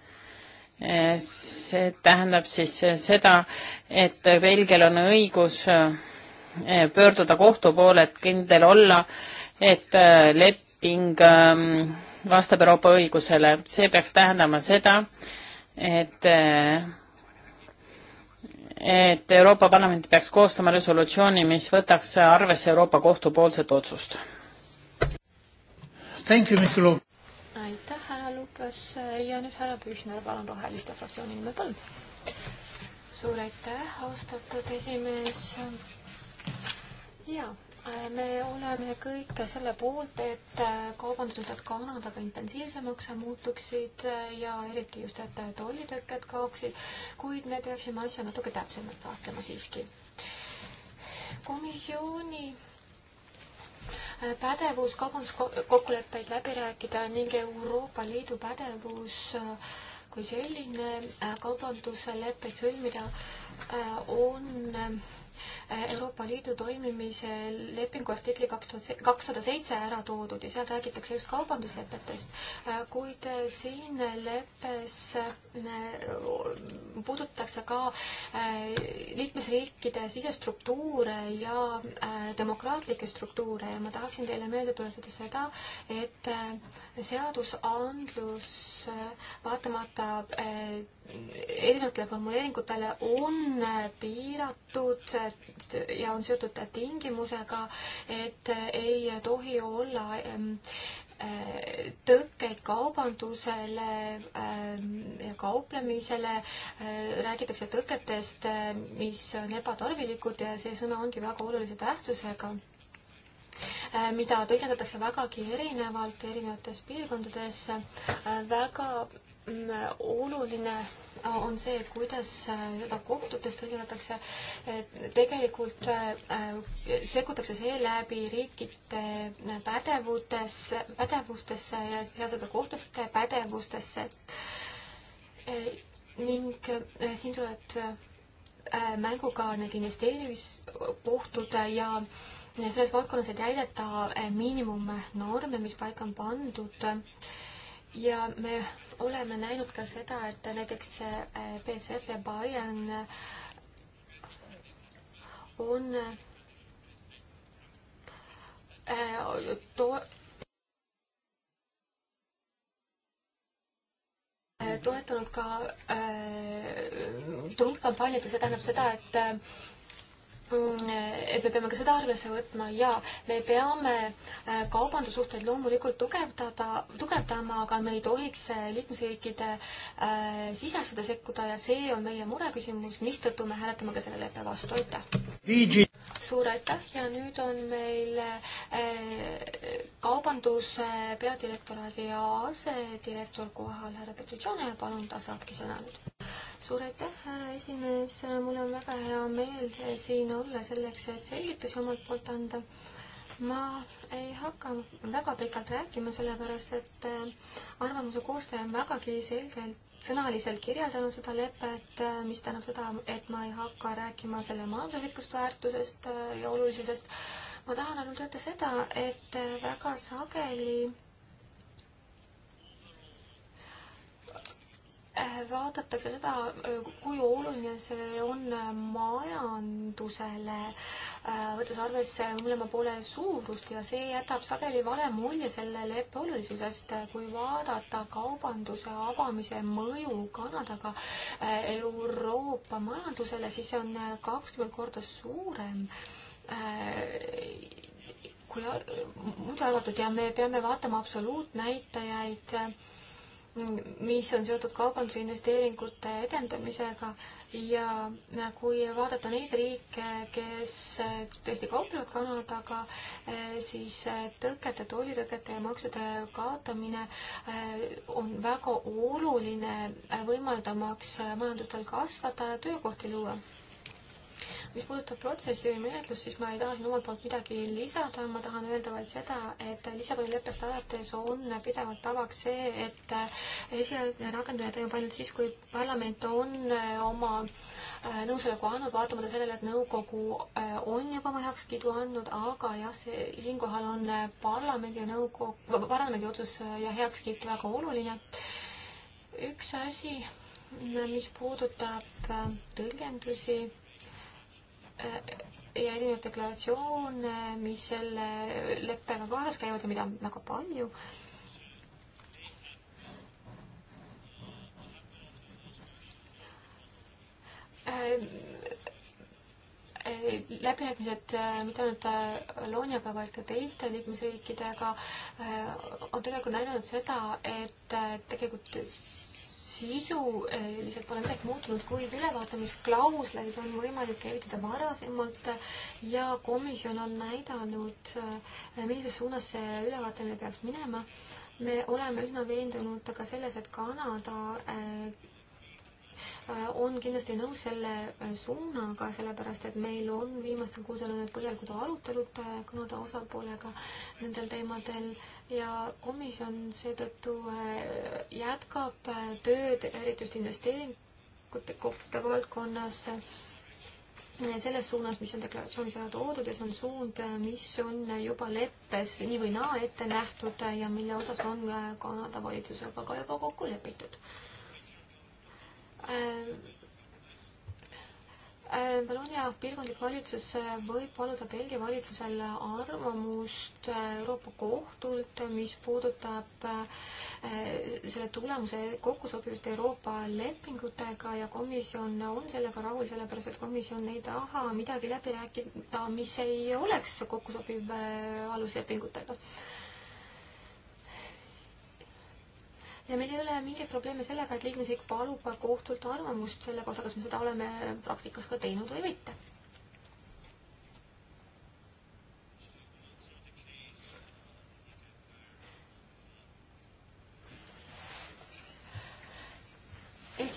see tähendab siis seda, et Belgial on õigus äh, pöörduda kohtu poole, et kindel olla, et leping ähm, vastab Euroopa õigusele. see peaks tähendama seda, et et Euroopa Parlament peaks koostama resolutsiooni, mis võtaks arvesse Euroopa Kohtu poolset otsust. aitäh, härra Lukas ja nüüd härra Pühner, palun Roheliste fraktsiooni nimel, palun. suur aitäh, austatud esimees. jaa me oleme kõik selle poolt, et kaubandused Kanadaga intensiivsemaks muutuksid ja eriti just, et tollitõkked kaoksid, kuid me peaksime asja natuke täpsemalt vaatama siiski. komisjoni pädevus kaubanduskokkuleppeid läbi rääkida ning Euroopa Liidu pädevus kui selline kaubandusleppeid sõlmida äh, on Euroopa Liidu toimimise lepingu artikli kaks tuhat kakssada seitse ära toodud ja seal räägitakse just kaubanduslepetest, äh, kuid äh, siin leppes äh, puudutatakse ka liikmesriikide sisestruktuure ja demokraatlikke struktuure ja ma tahaksin teile meelde tuletada seda, et seadusandlus vaatamata erinevatele formuleeringutele on piir seotud ja on seotud tingimusega, et ei tohi olla ähm, äh, tõkkeid kaubandusele, ähm, kauplemisele, äh, räägitakse tõketest, äh, mis on ebatarvilikud ja see sõna ongi väga olulise tähtsusega mida tõlgendatakse vägagi erinevalt erinevates piirkondades. väga mm, oluline on see, kuidas seda äh, kohtutes tõlgendatakse. tegelikult äh, sekkutakse seeläbi riikide äh, pädevudes, pädevustesse ja sealsete kohtute pädevustesse. ning siin tulevad mängu ka need investeerimiskohtud ja selles valdkonnas ei täideta miinimumnorme, mis paika on pandud ja me oleme näinud ka seda, et näiteks BSF äh, ja Bayern äh, on äh, to-, toetanud ka äh, trumpkampaaniat ja see tähendab seda, et äh, Mm, et me peame ka seda arvesse võtma ja me peame äh, kaubandussuhteid loomulikult tugevdada, tugevdama, aga me ei tohiks äh, liikmesriikide äh, siseasjade sekkuda ja see on meie mureküsimus, mistõttu me hääletame ka selle leppe vastu, aitäh! suur aitäh ja nüüd on meil äh, kaubanduse äh, peadirektoraadi ja asedirektor kohal, härra Petritšan ja palun, ta saabki sõna nüüd. suur aitäh, härra esimees, mul on väga hea meel siin olla selleks, et selgitusi omalt poolt anda. ma ei hakka väga pikalt rääkima, sellepärast et äh, arvamuse koostaja on vägagi selgelt sõnaliselt kirjeldanud seda lepet, äh, mis tähendab seda, et ma ei hakka rääkima selle majanduslikust väärtusest äh, ja olulisusest. ma tahan ainult öelda seda, et väga sageli Äh, vaadatakse seda, äh, kui oluline see on äh, majandusele, võttes arvesse mõlema poole suurust ja see jätab sageli vale mulje selle leppe olulisusest, kui vaadata kaubanduse avamise mõju Kanadaga Euroopa majandusele, siis see on kakskümmend korda suurem kui muidu arvatud ja me peame vaatama absoluutnäitajaid mis on seotud kaubandusinvesteeringute edendamisega ja kui vaadata neid riike, kes tõesti kauplevad Kanadaga, eh, siis eh, tõkete, tollitõkete ja maksude kaotamine eh, on väga oluline, võimaldamaks majandustel kasvada ja töökohti luua mis puudutab protsessi või menetlust, siis ma ei taha siin omalt poolt midagi lisada, ma tahan öelda vaid seda, et Lissaboni leppest alates on pidevalt tavaks see, et esialgne rakendamine toimub ainult siis, kui parlament on äh, oma äh, nõusoleku andnud, vaatamata sellele, et nõukogu äh, on juba oma heakskiidu andnud, aga jah, see siinkohal on parlamendi ja nõukogu, parlamendi otsus ja heakskiit väga oluline. üks asi, mis puudutab tõlgendusi Äh, ja erinevaid deklaratsioone, äh, mis selle leppega kaasas käivad ja mida on väga palju. Äh, läbirääkimised mitte ainult Looniaga, vaid ka teiste liikmesriikidega on tegelikult näidanud seda, et tegelikult sisuliselt pole midagi muutunud, kuid ülevaatamisklausleid on võimalik käivitada varasemalt ja komisjon on näidanud, millises suunas see ülevaatamine peaks minema. me oleme üsna veendunud ka selles, et Kanada äh, on kindlasti nõus selle suunaga, sellepärast et meil on viimastel kuudel olnud põhjalikud arutelud äh, Kanada osapoolega nendel teemadel ja komisjon seetõttu äh, jätkab äh, tööd, eriti just investeeringute kohta valdkonnas selles suunas, mis on deklaratsioonis ära toodud ja see on suund, äh, mis on juba leppes nii või naa ette nähtud ja mille osas on Kanada valitsusega ka juba kokku lepitud. Bologna piirkondlik valitsus võib paluda Belgia valitsusel arvamust Euroopa Kohtult, mis puudutab eh, selle tulemuse kokkusobivust Euroopa lepingutega ja komisjon on sellega rahul, sellepärast et komisjon ei taha midagi läbi rääkida, mis ei oleks kokkusobiv eh, aluslepingutega ja meil ei ole mingeid probleeme sellega, et liikmesriik palub kohtult arvamust selle kohta, kas me seda oleme praktikas ka teinud või mitte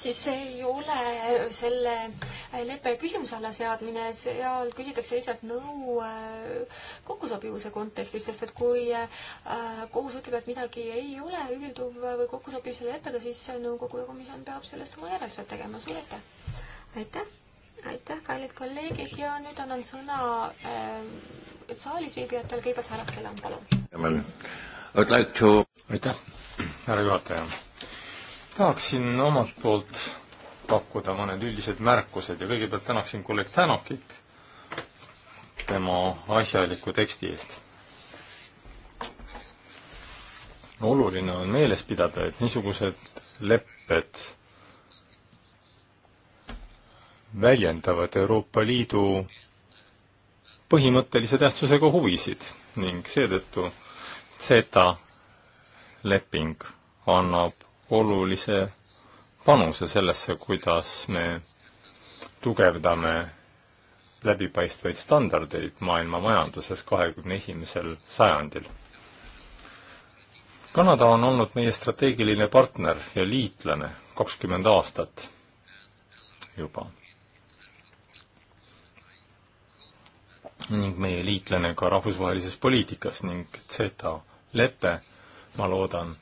siis see ei ole selle leppe küsimuse alla seadmine, seal küsitakse lihtsalt nõu äh, kokkusobivuse kontekstis, sest et kui äh, kohus ütleb, et midagi ei ole ühilduv või kokkusobiv selle leppega, siis nõukogu ja komisjon peab sellest oma järeldused tegema. suur aitäh! aitäh! aitäh, kallid kolleegid ja nüüd annan sõna äh, saalis viibijatele, kõigepealt härra Kelam, palun! aitäh, härra juhataja! tahaksin omalt poolt pakkuda mõned üldised märkused ja kõigepealt tänaksin kolleeg Tänakit tema asjaliku teksti eest. oluline on meeles pidada, et niisugused lepped väljendavad Euroopa Liidu põhimõttelise tähtsusega huvisid ning seetõttu CETA leping annab olulise panuse sellesse, kuidas me tugevdame läbipaistvaid standardeid maailma majanduses kahekümne esimesel sajandil. Kanada on olnud meie strateegiline partner ja liitlane kakskümmend aastat juba. ning meie liitlane ka rahvusvahelises poliitikas ning CETA lepe, ma loodan,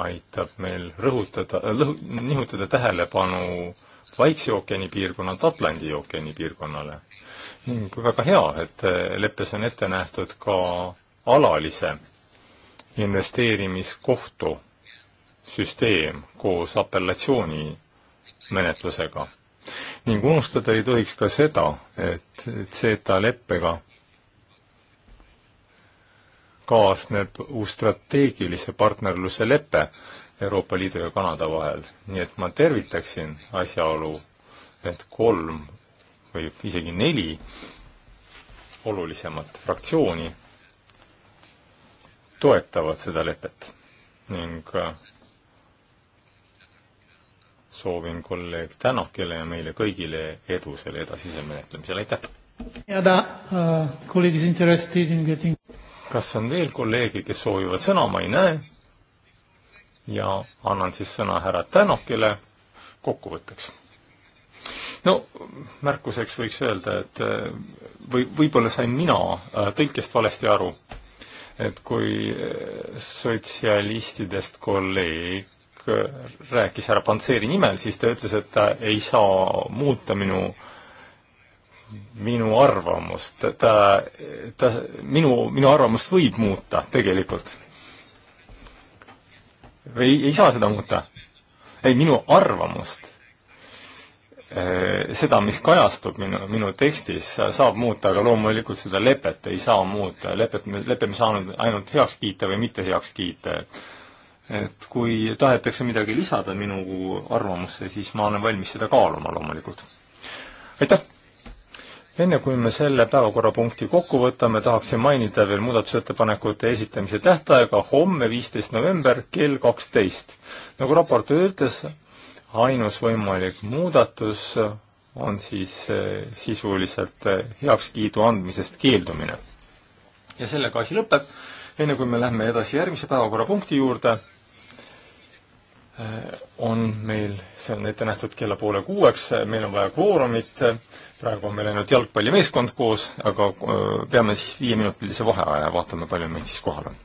aitab meil rõhutada, lõhu-, nihutada tähelepanu Vaikse ookeani piirkonnalt Atlandi ookeani piirkonnale. ning väga hea, et eh, leppes on ette nähtud ka alalise investeerimiskohtu süsteem koos apellatsiooni menetlusega. ning unustada ei tohiks ka seda, et CETA leppega kaasneb uus strateegilise partnerluse lepe Euroopa Liidu ja Kanada vahel. nii et ma tervitaksin asjaolu, et kolm või isegi neli olulisemat fraktsiooni toetavad seda lepet ning äh, soovin kolleeg Tänakile ja meile kõigile edu selle edasisel menetlemisel, aitäh! Äh, kas on veel kolleege, kes soovivad sõna, ma ei näe. ja annan siis sõna härra Tänokile kokkuvõtteks. no märkuseks võiks öelda, et äh, või võib-olla sain mina äh, tõlkest valesti aru, et kui äh, sotsialistidest kolleeg rääkis härra Pantseri nimel, siis ta ütles, et ta ei saa muuta minu äh, minu arvamust, ta, ta, minu, minu arvamust võib muuta tegelikult. või ei, ei saa seda muuta? ei, minu arvamust, eh, seda, mis kajastub minu, minu tekstis, saab muuta, aga loomulikult seda lepet ei saa muuta, lepet, lepe me saame ainult heaks kiita või mitte heaks kiita. et kui tahetakse midagi lisada minu arvamusse, siis ma olen valmis seda kaaluma loomulikult. aitäh! enne kui me selle päevakorrapunkti kokku võtame, tahaksin mainida veel muudatusettepanekute esitamise tähtaega homme, viisteist november kell kaksteist. nagu raportöö ütles, ainus võimalik muudatus on siis eh, sisuliselt eh, heakskiidu andmisest keeldumine. ja sellega asi lõpeb, enne kui me lähme edasi järgmise päevakorrapunkti juurde Äh, on meil, see on ette nähtud kella poole kuueks, äh, meil on vaja kvoorumit, äh, praegu on meil ainult jalgpallimeeskond koos, aga peame siis viieminutilise vaheaja ja vaatame, palju meid siis kohal on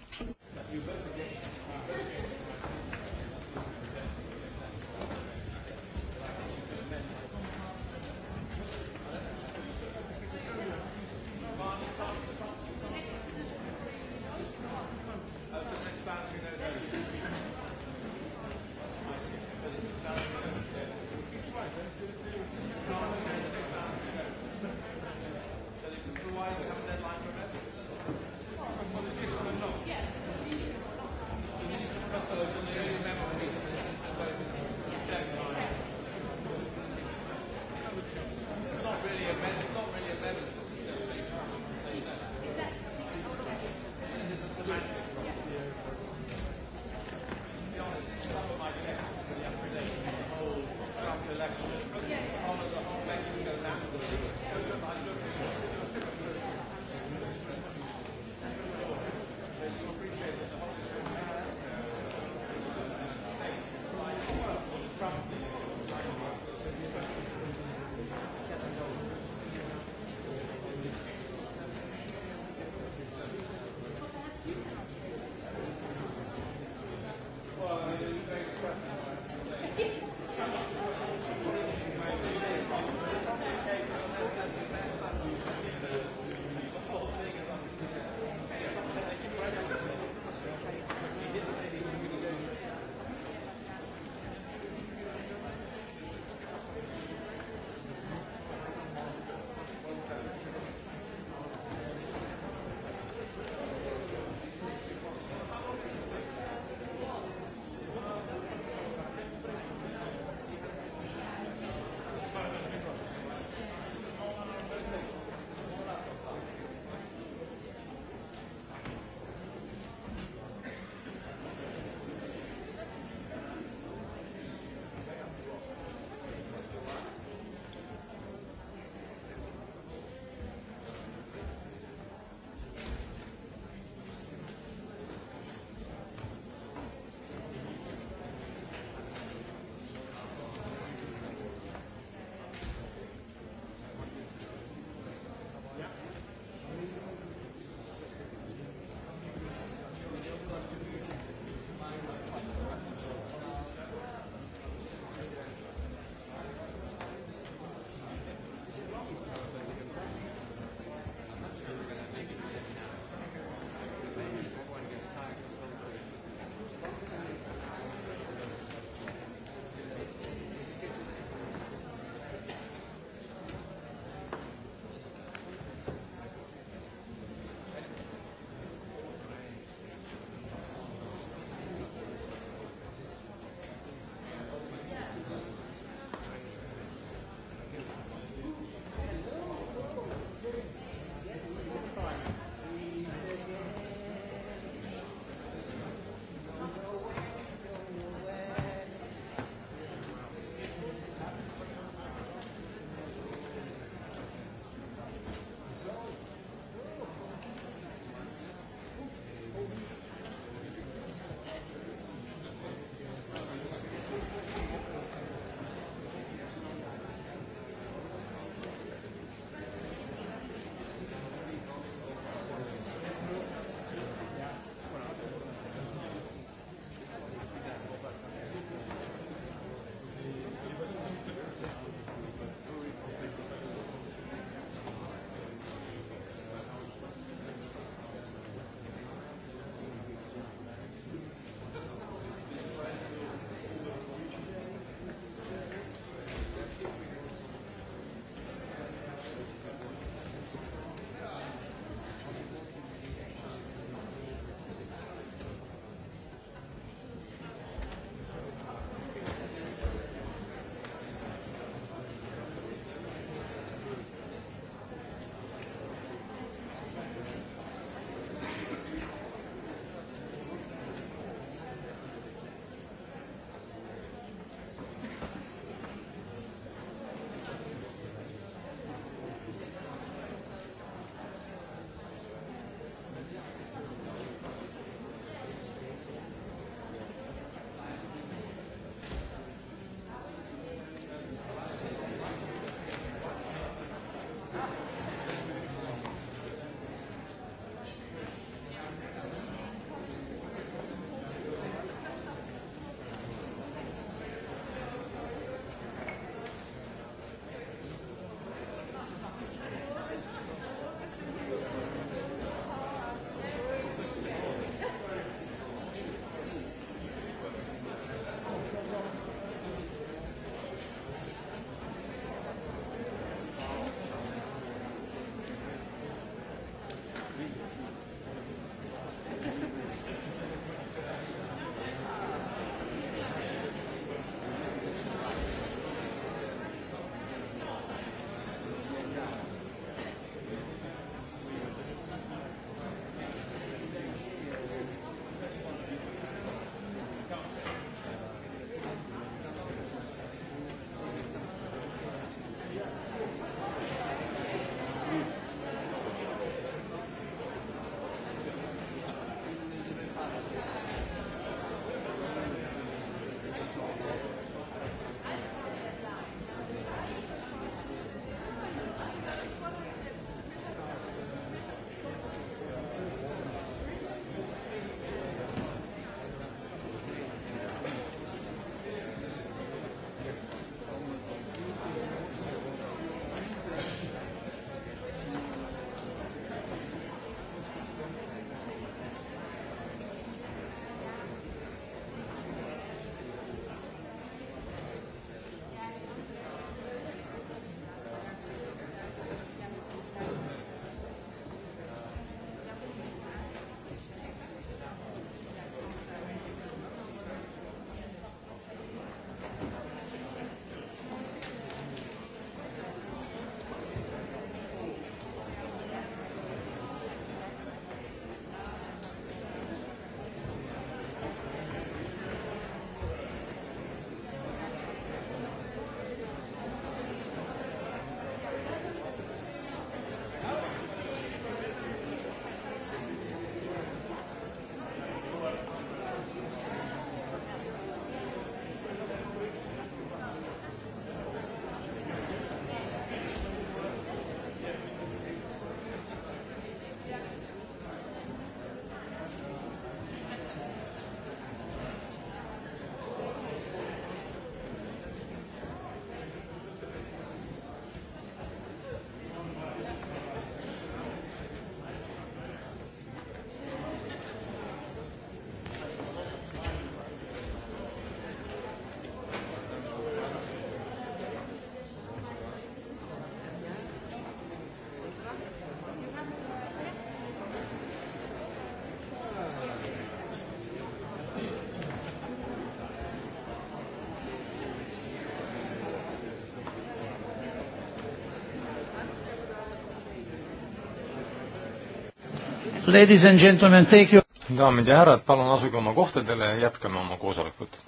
Ladies and gentlemen, take your daamid ja härrad, palun asuge oma kohtadele ja jätkame oma koosolekut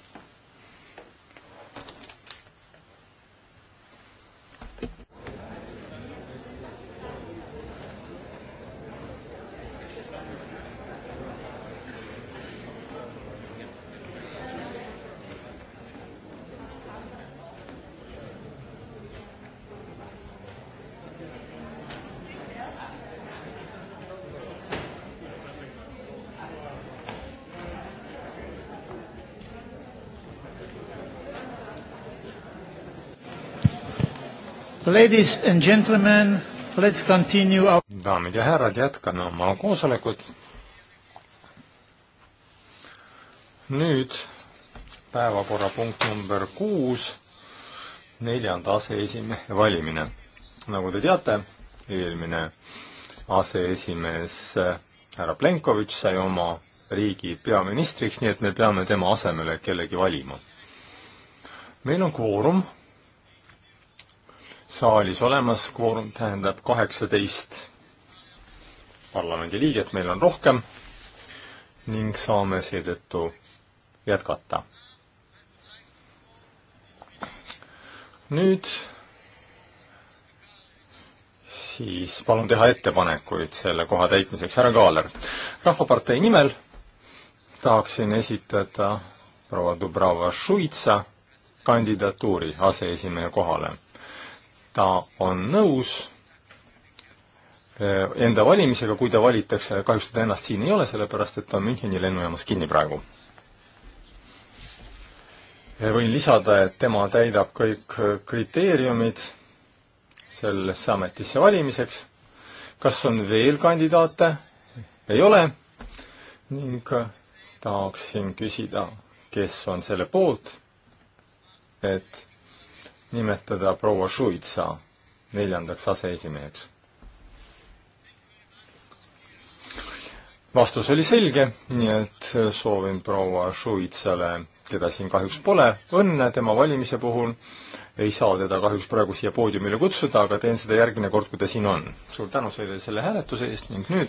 Ladies and gentlemen, let's continue our... daamid ja härrad, jätkame oma koosolekut. nüüd päevakorrapunkt number kuus, neljanda aseesimehe valimine. nagu te teate, eelmine aseesimees härra Plenkovitš sai oma riigi peaministriks, nii et me peame tema asemele kellegi valima. meil on kvoorum saalis olemas, kvoorum tähendab kaheksateist parlamendiliiget, meil on rohkem ning saame seetõttu jätkata. nüüd siis palun teha ettepanekuid selle koha täitmiseks, härra Kaaler. rahvapartei nimel tahaksin esitada proua Dubrava Šuitsa kandidatuuri aseesimehe kohale ta on nõus eh, enda valimisega, kui ta valitakse, kahjuks teda ennast siin ei ole, sellepärast et ta on Müncheni lennujaamas kinni praegu. Eh, võin lisada, et tema täidab kõik eh, kriteeriumid sellesse ametisse valimiseks. kas on veel kandidaate? ei ole. ning tahaksin küsida, kes on selle poolt, et nimetada proua Šuitsa neljandaks aseesimeheks. vastus oli selge, nii et soovin proua Šuitsale, keda siin kahjuks pole, õnne tema valimise puhul. ei saa teda kahjuks praegu siia poodiumile kutsuda, aga teen seda järgmine kord, kui ta siin on. suur tänu selle, selle hääletuse eest ning nüüd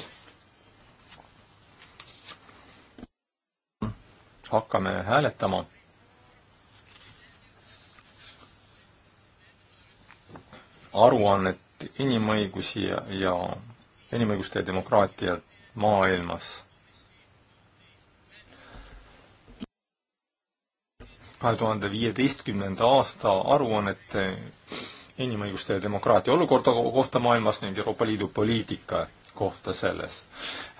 hakkame hääletama aruannet inimõigusi ja, ja inimõiguste ja demokraatia maailmas. kahe tuhande viieteistkümnenda aasta aruannet inimõiguste ja demokraatia olukorda kohta maailmas ning Euroopa Liidu poliitika kohta selles.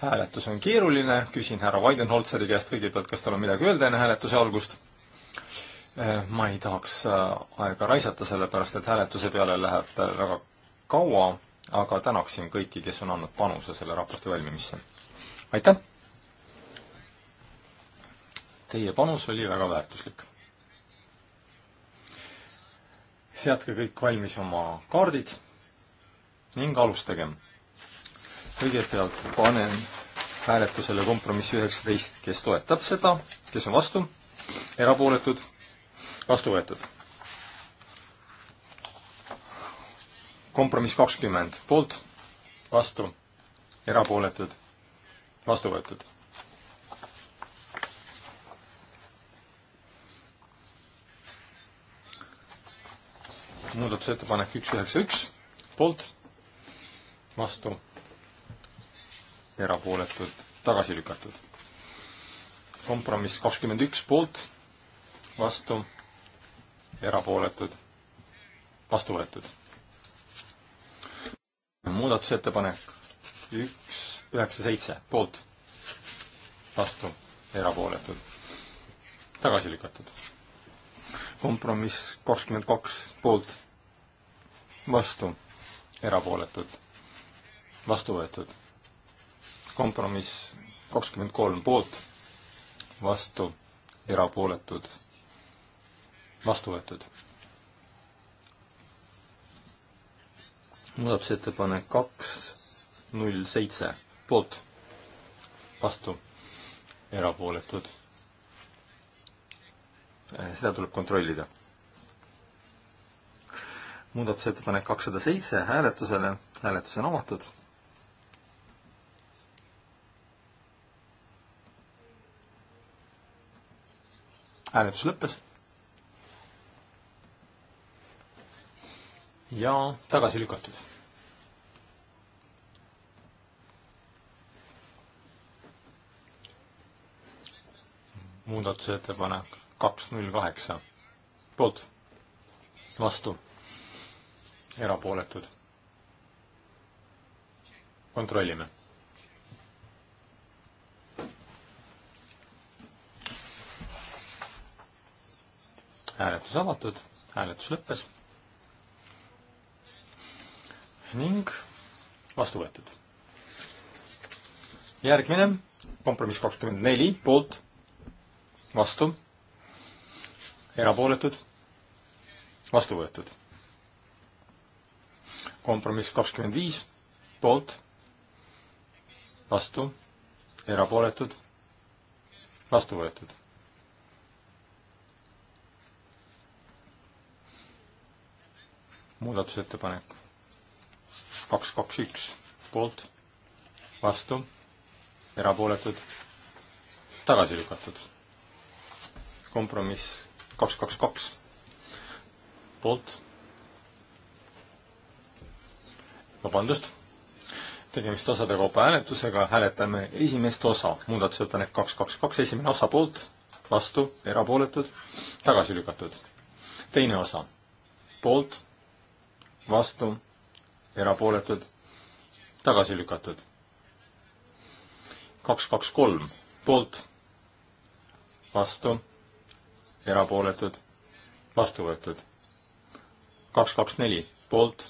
hääletus on keeruline, küsin härra Weidenholzeri käest kõigepealt, kas tal on midagi öelda enne hääletuse algust Eh, ma ei tahaks eh, aega raisata, sellepärast et hääletuse peale läheb eh, väga kaua, aga tänaksin kõiki, kes on andnud panuse selle raporti valmimisse. aitäh! Teie panus oli väga väärtuslik. seadke kõik valmis oma kaardid ning alustagem. kõigepealt panen hääletusele kompromissi üheksateist, kes toetab seda, kes on vastu, erapooletud vastu võetud. kompromiss kakskümmend, poolt, vastu, erapooletud, vastu võetud. muudatusettepanek üks üheksa üks, poolt, vastu, erapooletud, tagasi lükatud. kompromiss kakskümmend üks, poolt, vastu erapooletud, vastu võetud. muudatusettepanek üks, üheksa, seitse, poolt, vastu, erapooletud, tagasi lükatud. kompromiss kakskümmend kaks, poolt, vastu, erapooletud, vastu võetud. kompromiss kakskümmend kolm, poolt, vastu, erapooletud vastu võetud. muudatusettepanek kaks null seitse poolt, vastu, erapooletud. Äh, seda tuleb kontrollida. muudatusettepanek kakssada seitse hääletusele, hääletus on avatud hääletus lõppes ja tagasi lükatud. muudatusettepanek kaks null kaheksa, poolt, vastu, erapooletud. kontrollime hääletus avatud, hääletus lõppes ning vastu võetud. järgmine, kompromiss kakskümmend neli, poolt, vastu, erapooletud, vastu võetud. kompromiss kakskümmend viis, poolt, vastu, erapooletud, vastu võetud. muudatusettepanek kaks, kaks, üks poolt, vastu, erapooletud, tagasi lükatud. kompromiss kaks, kaks, kaks poolt. vabandust, tegemist osade kaupa hääletusega, hääletame esimest osa, muudatusettepanek kaks, kaks, kaks, esimene osa poolt, vastu, erapooletud, tagasi lükatud. teine osa poolt, vastu erapooletud, tagasi lükatud. kaks, kaks, kolm poolt, vastu, erapooletud, vastu võetud. kaks, kaks, neli poolt,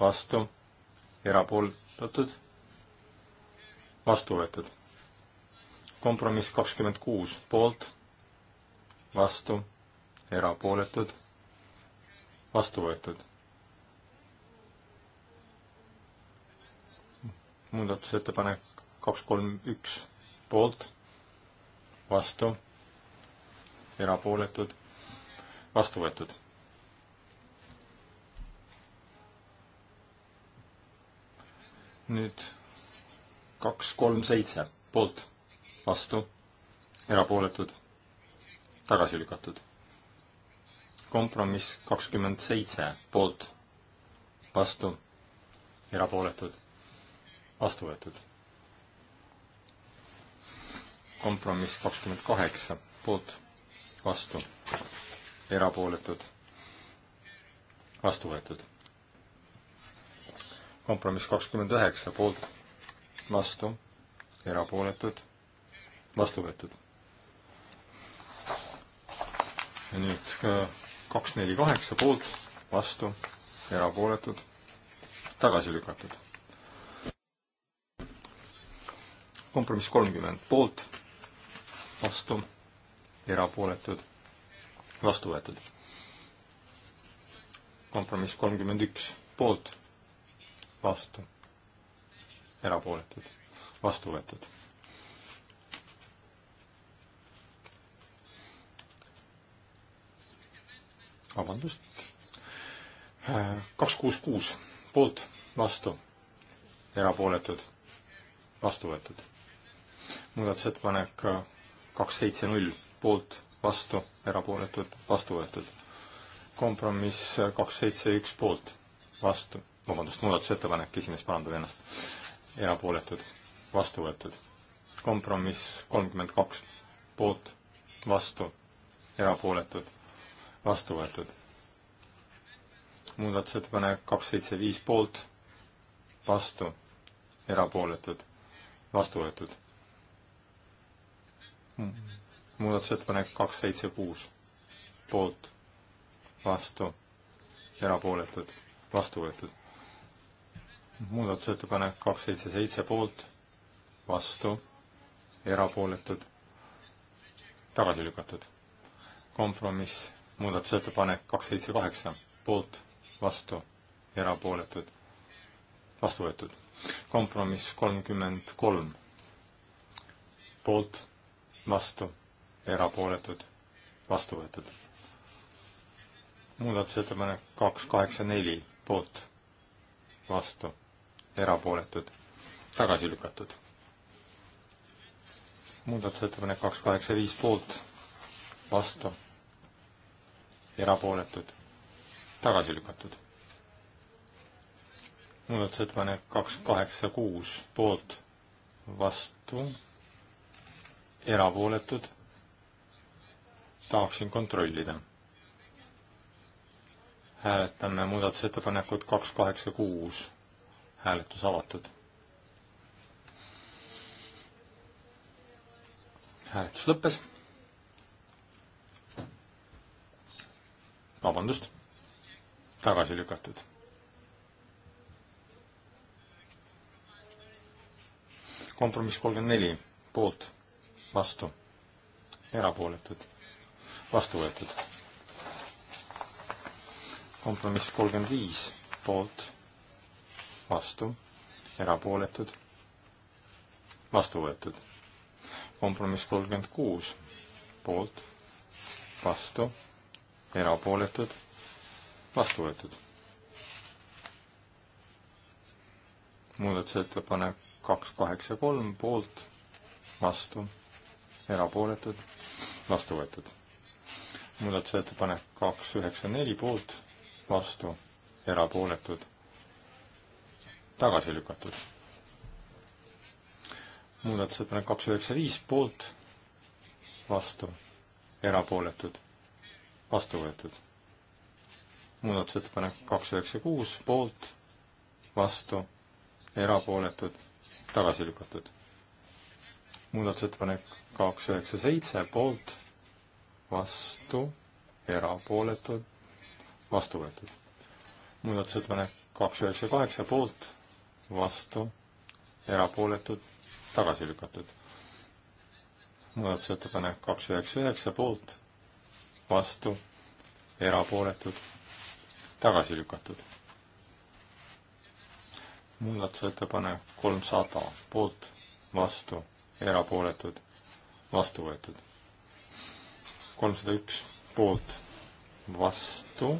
vastu, erapooletud, vastu võetud. kompromiss kakskümmend kuus poolt, vastu, erapooletud, vastu võetud muudatusettepanek kaks, kolm, üks poolt, vastu, erapooletud, vastu võetud. nüüd kaks, kolm, seitse poolt, vastu, erapooletud, tagasi lükatud. kompromiss kakskümmend seitse poolt, vastu, erapooletud vastu võetud. kompromiss kakskümmend kaheksa, poolt, vastu, erapooletud, vastu võetud. kompromiss kakskümmend üheksa, poolt, vastu, erapooletud, vastu võetud. ja nüüd äh, kaks, neli, kaheksa, poolt, vastu, erapooletud, tagasi lükatud kompromiss kolmkümmend poolt, vastu, erapooletud, vastu võetud. kompromiss kolmkümmend üks poolt, vastu, erapooletud, vastu võetud. vabandust, kaks kuus kuus poolt, vastu, erapooletud, vastu võetud muudatusettepanek kaks seitse null, poolt, vastu, erapooletud, vastu võetud. kompromiss kaks seitse üks poolt, vastu, vabandust, muudatusettepanek, esimees parandab ennast, erapooletud, vastu võetud. kompromiss kolmkümmend kaks poolt, vastu, erapooletud, vastu võetud. muudatusettepanek kaks seitse viis poolt, vastu, erapooletud, vastu võetud muudatusettepanek kaks, seitse, kuus. poolt, vastu, erapooletud, vastu võetud. muudatusettepanek kaks, seitse, seitse poolt, vastu, erapooletud, tagasi lükatud. kompromiss, muudatusettepanek kaks, seitse, kaheksa, poolt, vastu, erapooletud, vastu võetud. kompromiss kolmkümmend kolm, poolt vastu, erapooletud, vastu võetud. muudatusettepanek kaks kaheksa neli poolt, vastu, erapooletud, tagasi lükatud. muudatusettepanek kaks kaheksa viis poolt, vastu, erapooletud, tagasi lükatud. muudatusettepanek kaks kaheksa kuus poolt, vastu erapooletud, tahaksin kontrollida. hääletame muudatusettepanekut kaks kaheksa kuus, hääletus avatud. hääletus lõppes. vabandust, tagasi lükatud kompromiss kolmkümmend neli poolt vastu, erapooletud, vastu võetud. kompromiss kolmkümmend viis, poolt, vastu, erapooletud, vastu võetud. kompromiss kolmkümmend kuus, poolt, vastu, erapooletud, vastu võetud. muudatusettepanek kaks kaheksa kolm, poolt, vastu erapooletud, vastu võetud. muudatusettepanek kaks üheksa neli poolt, vastu, erapooletud, tagasi lükatud. muudatusettepanek kaks üheksa viis poolt, vastu, erapooletud, vastu võetud. muudatusettepanek kaks üheksa kuus poolt, vastu, erapooletud, tagasi lükatud muudatusettepanek kaks üheksa seitse poolt, vastu, erapooletud, vastu võetud. muudatusettepanek kaks üheksa kaheksa poolt, vastu, erapooletud, tagasi lükatud. muudatusettepanek kaks üheksa üheksa poolt, vastu, erapooletud, tagasi lükatud. muudatusettepanek kolmsada poolt, vastu erapooletud, vastu võetud. kolmsada üks poolt, vastu,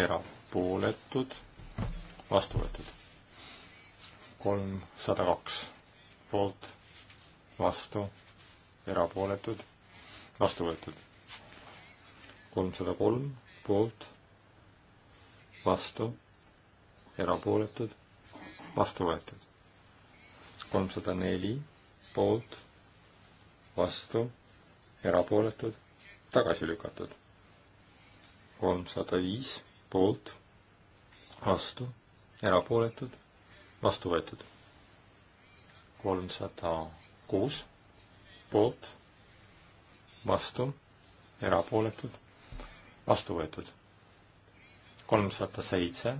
erapooletud, vastu võetud. kolmsada kaks poolt, vastu, erapooletud, vastu võetud. kolmsada kolm poolt, vastu, erapooletud, vastu võetud. kolmsada neli poolt, vastu, erapooletud, tagasi lükatud. kolmsada viis poolt, vastu, erapooletud, vastu võetud. kolmsada kuus poolt, vastu, erapooletud, vastu võetud. kolmsada seitse,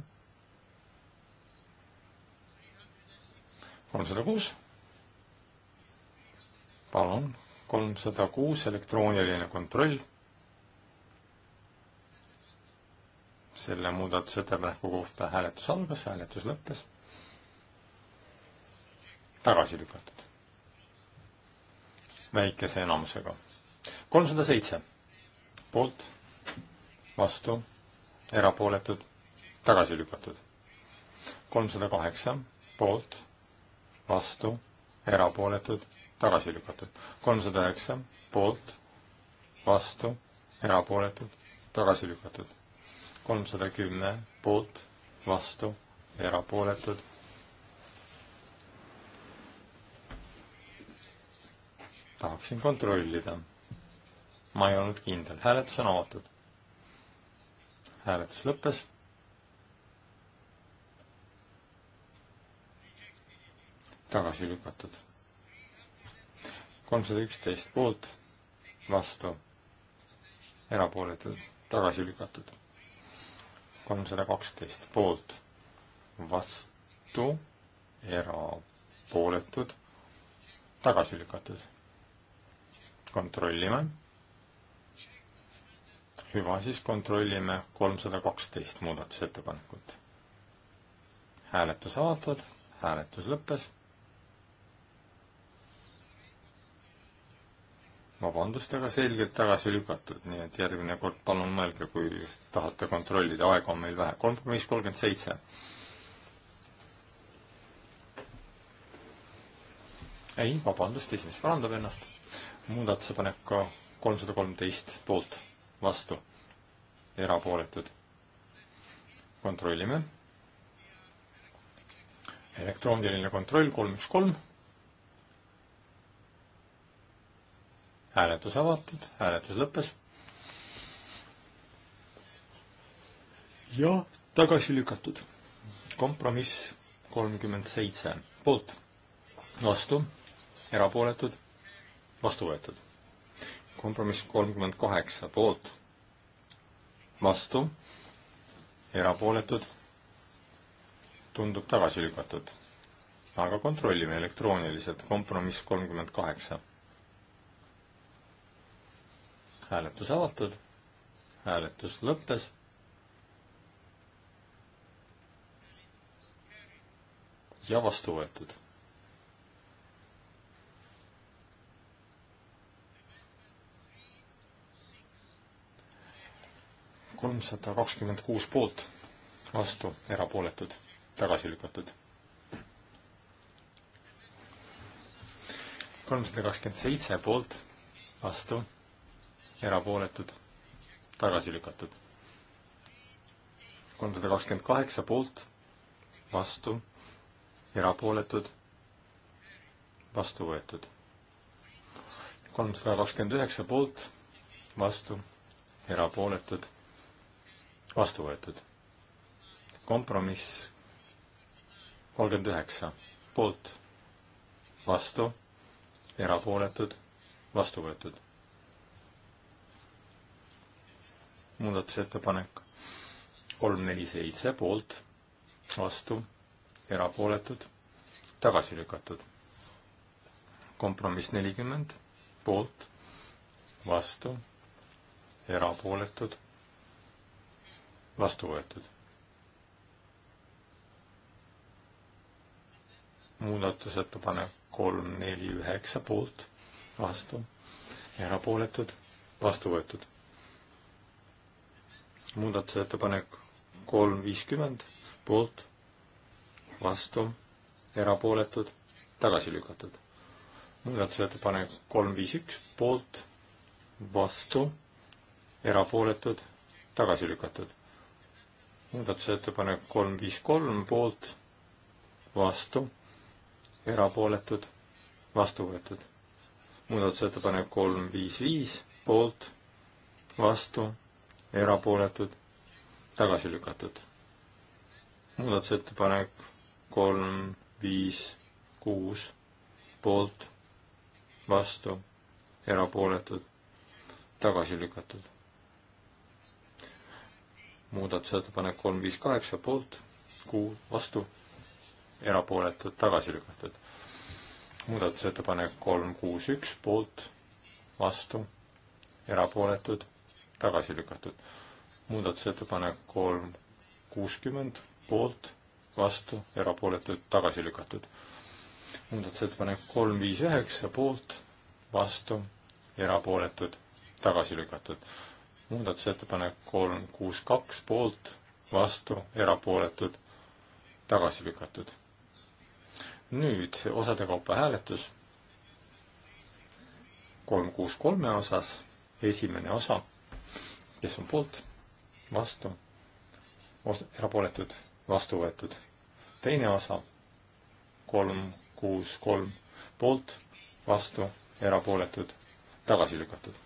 kolmsada kuus palun, kolmsada kuus elektrooniline kontroll. selle muudatusettepaneku kohta hääletus algas, hääletus lõppes. tagasi lükatud. väikese enamusega. kolmsada seitse poolt, vastu, erapooletud, tagasi lükatud. kolmsada kaheksa poolt, vastu, erapooletud tagasi lükatud. kolmsada üheksa poolt, vastu, erapooletud, tagasi lükatud. kolmsada kümme poolt, vastu, erapooletud. tahaksin kontrollida. ma ei olnud kindel, hääletus on avatud. hääletus lõppes. tagasi lükatud kolmsada üksteist poolt, vastu, erapooletud, tagasi lükatud. kolmsada kaksteist poolt, vastu, erapooletud, tagasi lükatud. kontrollime. hüva, siis kontrollime kolmsada kaksteist muudatusettepanekut. hääletus avatud, hääletus lõppes vabandust, aga selgelt tagasi lükatud, nii et järgmine kord palun mõelge, kui tahate kontrollida, aega on meil vähe. kompromiss kolmkümmend seitse. ei, vabandust, esimees parandab ennast. muudatusepanek ka kolmsada kolmteist poolt, vastu, erapooletud. kontrollime. elektrooniline kontroll kolm, üks, kolm hääletus avatud, hääletus lõppes. ja tagasi lükatud. kompromiss kolmkümmend seitse poolt, vastu, erapooletud, vastu võetud. kompromiss kolmkümmend kaheksa poolt, vastu, erapooletud, tundub tagasi lükatud. aga kontrollime elektrooniliselt, kompromiss kolmkümmend kaheksa hääletus avatud, hääletus lõppes. ja vastu võetud. kolmsada kakskümmend kuus poolt, vastu, erapooletud, tagasi lükatud kolmsada kakskümmend seitse poolt, vastu, erapooletud, tagasi lükatud. kolmsada kakskümmend kaheksa poolt, vastu, erapooletud, vastu võetud. kolmsada kakskümmend üheksa poolt, vastu, erapooletud, vastu võetud. kompromiss kolmkümmend üheksa poolt, vastu, erapooletud, vastu võetud muudatusettepanek kolm, neli, seitse poolt, vastu, erapooletud, tagasi lükatud. kompromiss nelikümmend poolt, vastu, erapooletud, vastu võetud. muudatusettepanek kolm, neli, üheksa poolt, vastu, erapooletud, vastu võetud muudatusettepanek kolm viiskümmend, poolt, vastu, erapooletud, tagasi lükatud. muudatusettepanek kolm viis üks, poolt, vastu, erapooletud, tagasi lükatud. muudatusettepanek kolm viis kolm, poolt, vastu, erapooletud, vastu võetud. muudatusettepanek kolm viis viis, poolt, vastu erapooletud, tagasi lükatud. muudatusettepanek kolm, viis, kuus, poolt, vastu, erapooletud, tagasi lükatud. muudatusettepanek kolm, viis, kaheksa, poolt, kuu, vastu, erapooletud, tagasi lükatud. muudatusettepanek kolm, kuus, üks, poolt, vastu, erapooletud tagasi lükatud. muudatusettepanek kolm kuuskümmend, poolt, vastu, erapooletud, tagasi lükatud. muudatusettepanek kolm viis üheksa, poolt, vastu, erapooletud, tagasi lükatud. muudatusettepanek kolm kuus kaks, poolt, vastu, erapooletud, tagasi lükatud. nüüd osade kaupa hääletus kolm kuus kolme osas, esimene osa kes on poolt, vastu, erapooletud, vastu võetud. teine osa, kolm, kuus, kolm, poolt, vastu, erapooletud, tagasi lükatud.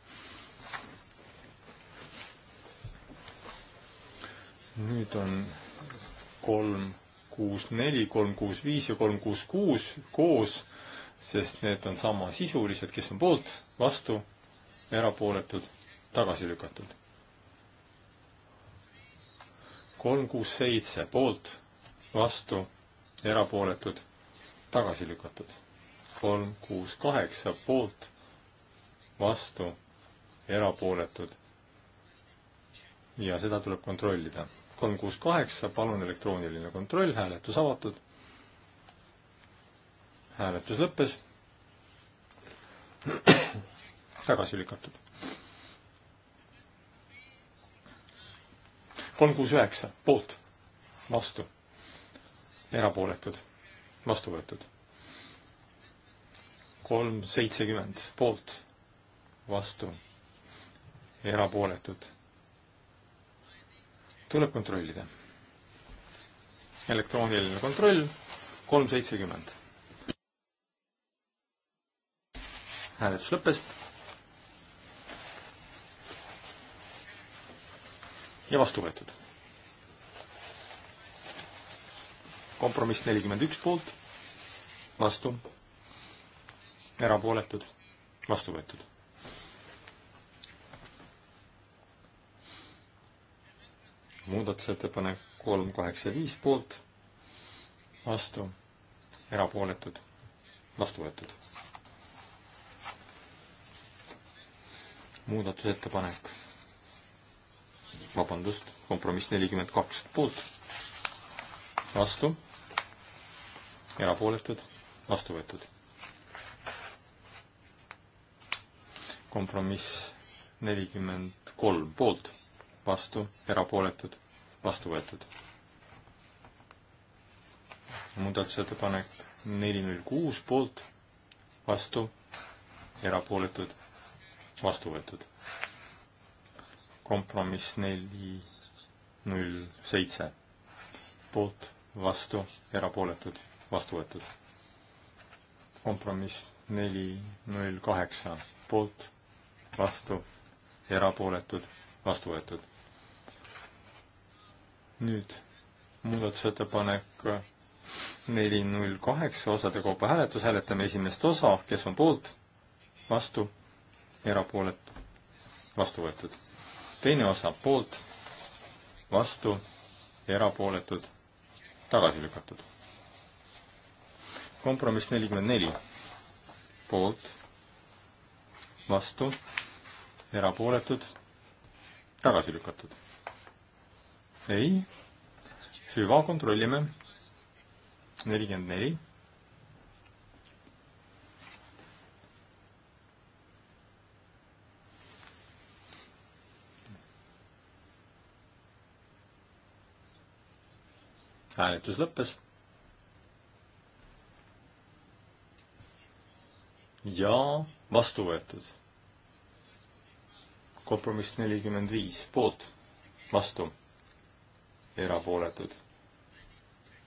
nüüd on kolm, kuus, neli, kolm, kuus, viis ja kolm, kuus, kuus koos, sest need on samasisulised, kes on poolt, vastu, erapooletud, tagasi lükatud kolm, kuus, seitse poolt, vastu, erapooletud, tagasi lükatud. kolm, kuus, kaheksa poolt, vastu, erapooletud. ja seda tuleb kontrollida. kolm, kuus, kaheksa, palun elektrooniline kontroll, hääletus avatud. hääletus lõppes. *clears throat* tagasi lükatud kolm, kuus, üheksa poolt, vastu, erapooletud, vastu võetud. kolm, seitsekümmend poolt, vastu, erapooletud. tuleb kontrollida. elektrooniline kontroll, kolm, seitsekümmend. hääletus lõppes ja vastu võetud. kompromiss nelikümmend üks poolt, vastu, erapooletud, vastu võetud. muudatusettepanek kolm kaheksa viis poolt, vastu, erapooletud, vastu võetud. muudatusettepanek vabandust, kompromiss nelikümmend kaks poolt, vastu, erapooletud, vastu võetud. kompromiss nelikümmend kolm poolt, vastu, erapooletud, vastu võetud. muudatusettepanek neli null kuus poolt, vastu, erapooletud, vastu võetud kompromiss neli null seitse. poolt, vastu, erapooletud, vastu võetud. kompromiss neli null kaheksa, poolt, vastu, erapooletud, vastu võetud. nüüd muudatusettepanek neli null kaheksa osade kaupa hääletus, hääletame esimest osa, kes on poolt, vastu, erapooletu, vastu võetud teine osa poolt, vastu, erapooletud, tagasi lükatud. kompromiss nelikümmend neli, poolt, vastu, erapooletud, tagasi lükatud. ei, süvakontrollime, nelikümmend neli hääletus lõppes. ja vastu võetud. kompromiss nelikümmend viis, poolt, vastu, erapooletud.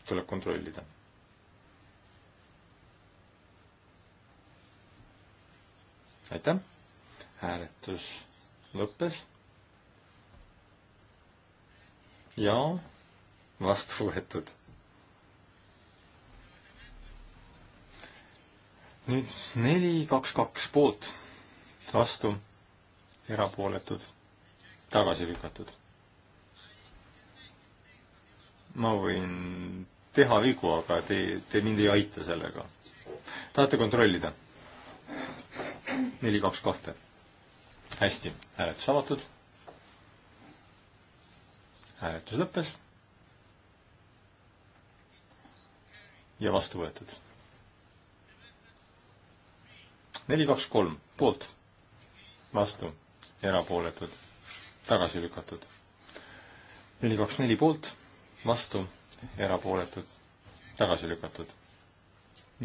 tuleb kontrollida. aitäh, hääletus lõppes. ja vastu võetud. nüüd neli, kaks, kaks poolt, vastu, erapooletud, tagasi lükatud. ma võin teha vigu, aga te, te mind ei aita sellega. tahate kontrollida? neli, kaks, kahte. hästi, hääletus avatud. hääletus lõppes ja vastu võetud. neli, kaks, kolm poolt, vastu, erapooletud, tagasi lükatud. neli, kaks, neli poolt, vastu, erapooletud, tagasi lükatud.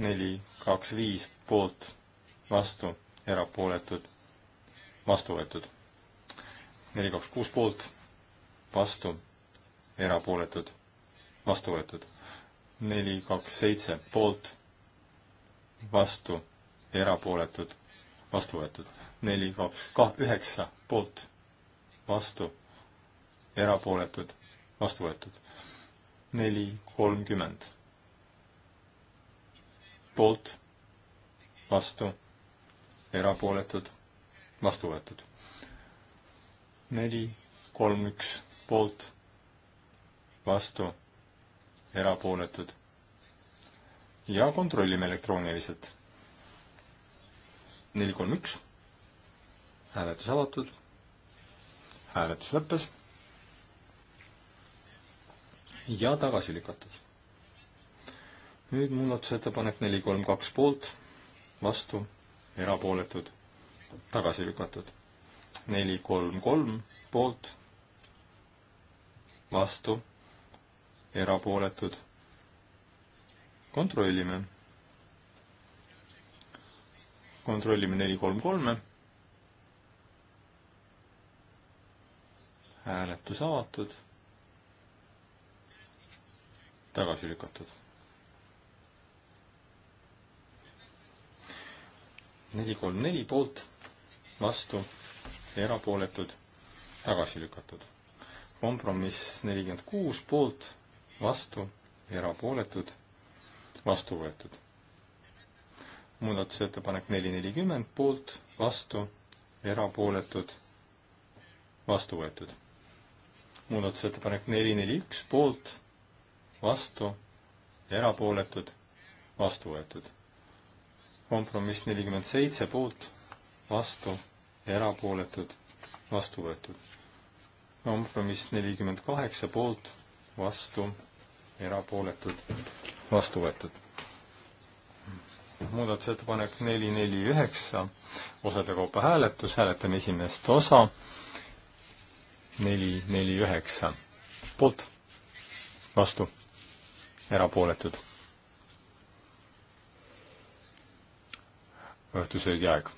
neli, kaks, viis poolt, vastu, erapooletud, vastu võetud. neli, kaks, kuus poolt, vastu, erapooletud, vastu võetud neli, kaks, seitse poolt, vastu, erapooletud, vastu võetud. neli, kaks, üheksa poolt, vastu, erapooletud, vastu võetud. neli, kolmkümmend poolt, vastu, erapooletud, vastu võetud. neli, kolm, üks poolt, vastu erapooletud. ja kontrollime elektrooniliselt. neli, kolm, üks. hääletus avatud. hääletus lõppes. ja tagasi lükatud. nüüd muudatusettepanek neli, kolm, kaks poolt, vastu, erapooletud, tagasi lükatud. neli, kolm, kolm poolt, vastu erapooletud. kontrollime. kontrollime neli, kolm, kolme. hääletus avatud. tagasi lükatud. neli, kolm, neli poolt, vastu, erapooletud, tagasi lükatud. kompromiss nelikümmend kuus poolt vastu, erapooletud, vastu võetud. muudatusettepanek neli nelikümmend poolt, vastu, erapooletud, vastu võetud. muudatusettepanek neli neli üks poolt, vastu, erapooletud, vastu võetud. kompromiss nelikümmend seitse poolt, vastu, erapooletud, vastu võetud kompromiss nelikümmend kaheksa poolt, vastu, erapooletud, vastu võetud. muudatusettepanek neli, neli, üheksa, osade kaupa hääletus, hääletame esimest osa, neli, neli, üheksa, poolt, vastu, erapooletud. õhtusöögiaeg.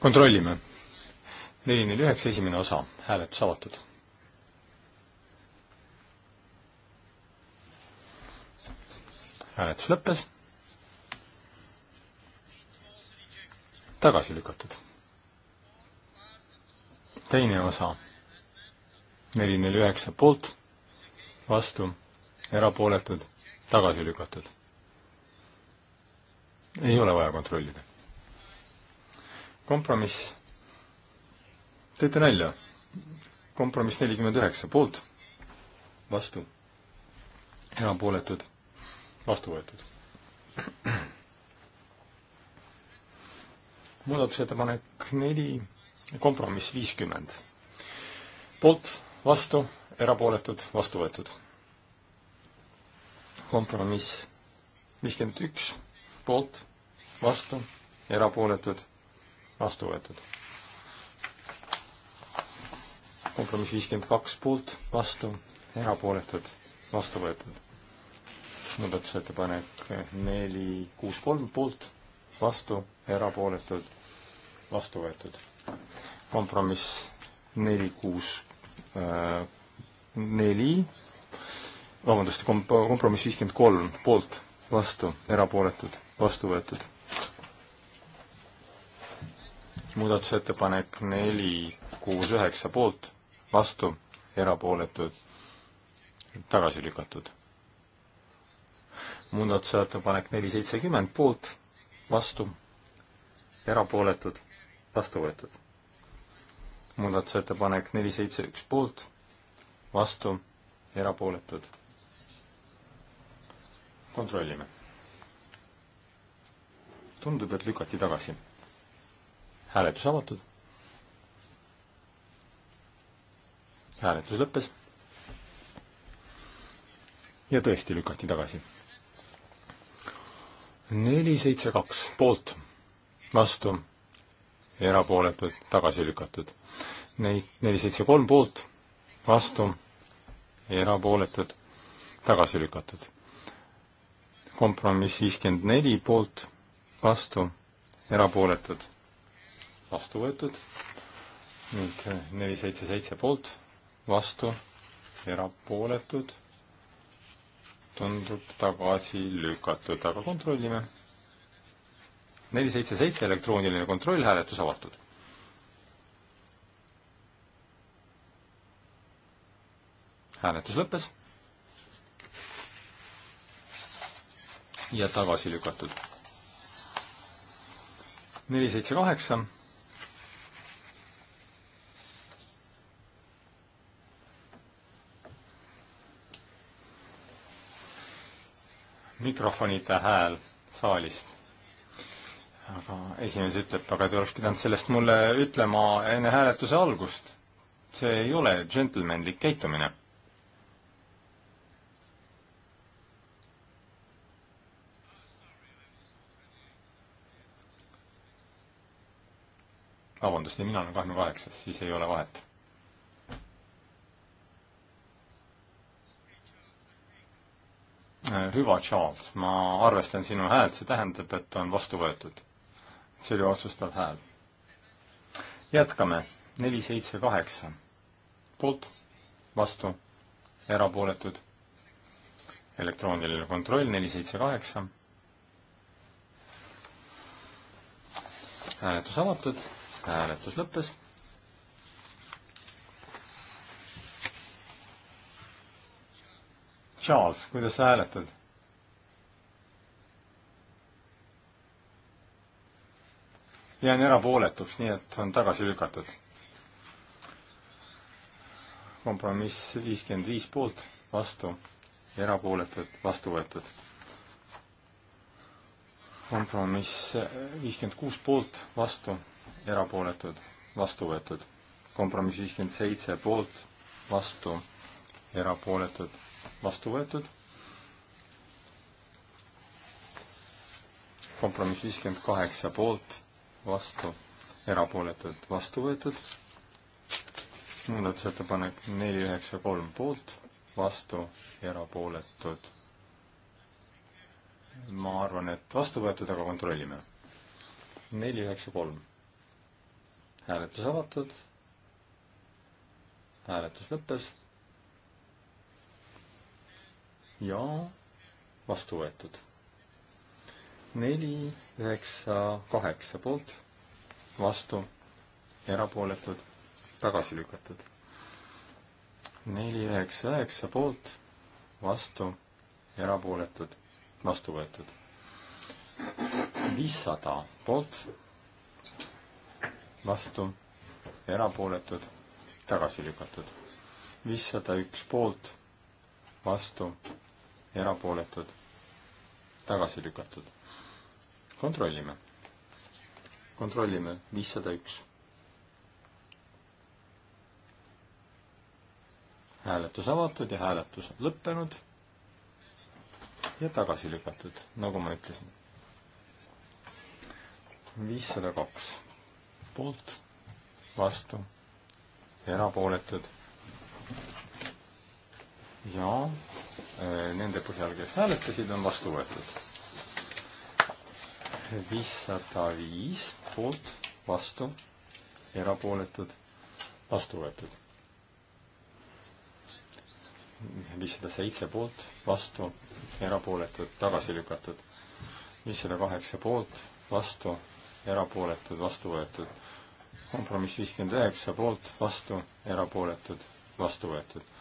kontrollime. neli, neli, üheksa, esimene osa, hääletus avatud hääletus lõppes. tagasi lükatud. teine osa, neli, neli, üheksa poolt, vastu, erapooletud, tagasi lükatud. ei ole vaja kontrollida. kompromiss, teete nalja, kompromiss nelikümmend üheksa poolt, vastu, erapooletud vastu võetud. muudatusettepanek neli, kompromiss viiskümmend. poolt, vastu, erapooletud, vastu võetud. kompromiss viiskümmend üks, poolt, vastu, erapooletud, vastu võetud. kompromiss viiskümmend kaks, poolt, vastu, erapooletud, vastu võetud muudatusettepanek neli, kuus, kolm poolt, vastu, erapooletud, vastu võetud. kompromiss neli, kuus, äh, neli, vabandust, komp-, kompromiss viiskümmend kolm, poolt, vastu, erapooletud, vastu võetud. muudatusettepanek neli, kuus, üheksa, poolt, vastu, erapooletud, tagasi lükatud muudatusettepanek neli seitsekümmend poolt, vastu, erapooletud, vastu võetud. muudatusettepanek neli seitse üks poolt, vastu, erapooletud. kontrollime. tundub, et lükati tagasi. hääletus avatud. hääletus lõppes. ja tõesti lükati tagasi neli, seitse, kaks poolt, vastu, erapooletud, tagasi lükatud. Neid neli, seitse, kolm poolt, vastu, erapooletud, tagasi lükatud. kompromiss viiskümmend neli poolt, vastu, erapooletud, vastu võetud ning neli, seitse, seitse poolt, vastu, erapooletud tundub tagasi lükatud, aga kontrollime. neli, seitse, seitse elektrooniline kontroll, hääletus avatud. hääletus lõppes. ja tagasi lükatud. neli, seitse, kaheksa mikrofonita hääl saalist. aga esimees ütleb, aga te oleks pidanud sellest mulle ütlema enne hääletuse algust. see ei ole džentelmenlik käitumine. vabandust, ei, mina olen kahekümne kaheksas, siis ei ole vahet Äh, hüva, Charles, ma arvestan sinu häält, see tähendab, et on vastu võetud. see oli otsustav hääl. jätkame, neli, seitse, kaheksa. poolt, vastu, erapooletud, elektrooniline kontroll, neli, seitse, kaheksa. hääletus avatud, hääletus lõppes Charles, kuidas sa hääletad? jään erapooletuks, nii et on tagasi lükatud. kompromiss viiskümmend viis poolt, vastu, erapooletud, vastu võetud. kompromiss viiskümmend kuus poolt, vastu, erapooletud, vastu võetud. kompromiss viiskümmend seitse poolt, vastu, erapooletud vastu võetud. kompromiss viiskümmend kaheksa poolt, vastu, erapooletult vastu võetud. muudatusettepanek neli üheksa kolm poolt, vastu, erapooletud. ma arvan, et vastu võetud, aga kontrollime. neli üheksa kolm. hääletus avatud. hääletus lõppes ja vastu võetud. neli, üheksa, kaheksa poolt, vastu, erapooletud, tagasi lükatud. neli, üheksa, üheksa poolt, vastu, erapooletud, vastu võetud. viissada poolt, vastu, erapooletud, tagasi lükatud. viissada üks poolt, vastu, erapooletud, tagasi lükatud. kontrollime. kontrollime, viissada üks. hääletus avatud ja hääletus lõppenud ja tagasi lükatud, nagu ma ütlesin. viissada kaks poolt, vastu, erapooletud ja Äh, nende põhjal, kes hääletasid, on vastu võetud. viissada viis poolt, vastu, erapooletud, vastu võetud. viissada seitse poolt, vastu, erapooletud, tagasi lükatud. viissada kaheksa poolt, vastu, erapooletud, vastu võetud. kompromiss viiskümmend üheksa poolt, vastu, erapooletud, vastu võetud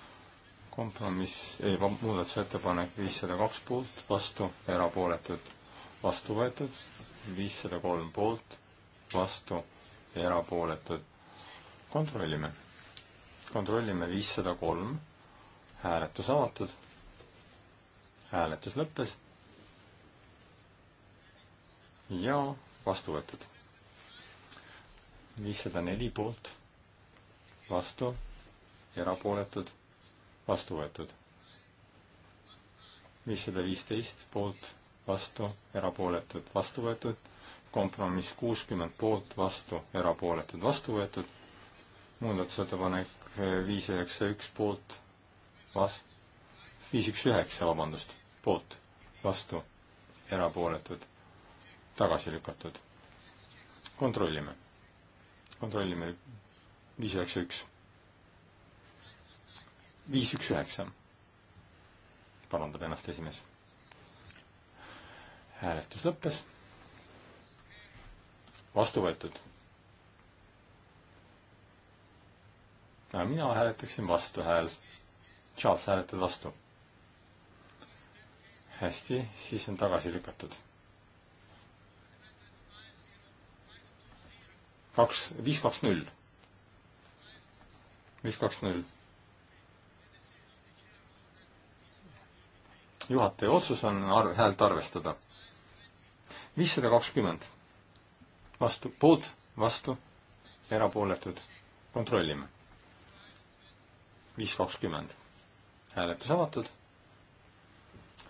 kompromiss, ei, muudatusettepanek viissada kaks poolt, vastu, erapooletud, vastu võetud, viissada kolm poolt, vastu, erapooletud. kontrollime. kontrollime viissada kolm, hääletus avatud, hääletus lõppes ja vastu võetud. viissada neli poolt, vastu, erapooletud vastu võetud. viissada viisteist poolt, vastu, erapooletud, vastu võetud. kompromiss kuuskümmend poolt, vastu, erapooletud, vastu võetud. muudatusettepanek viis üheksa üks poolt, vas-, viis üks üheksa, vabandust, poolt, vastu, erapooletud, tagasi lükatud. kontrollime. kontrollime viis üheksa üks viis, üks, üheksa. parandab ennast esimees. hääletus lõppes. vastu võetud. mina hääletaksin vastu hääl. Charles hääletab vastu. hästi, siis on tagasi lükatud. kaks, viis, kaks, null. viis, kaks, null juhataja otsus on arv, häält arvestada. viissada kakskümmend. vastu, poolt, vastu, erapooletud. kontrollime. viis kakskümmend. hääletus avatud.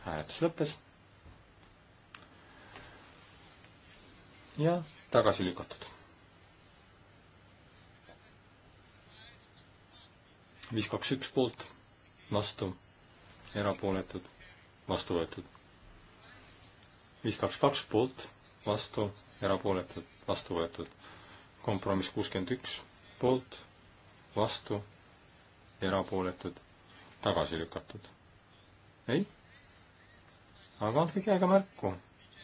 hääletus lõppes. ja tagasi lükatud. viis kaks üks poolt, vastu, erapooletud vastu võetud. viis, kaks, kaks poolt, vastu, erapooletud, vastu võetud. kompromiss kuuskümmend üks, poolt, vastu, erapooletud, tagasi lükatud. ei? aga andke käega märku.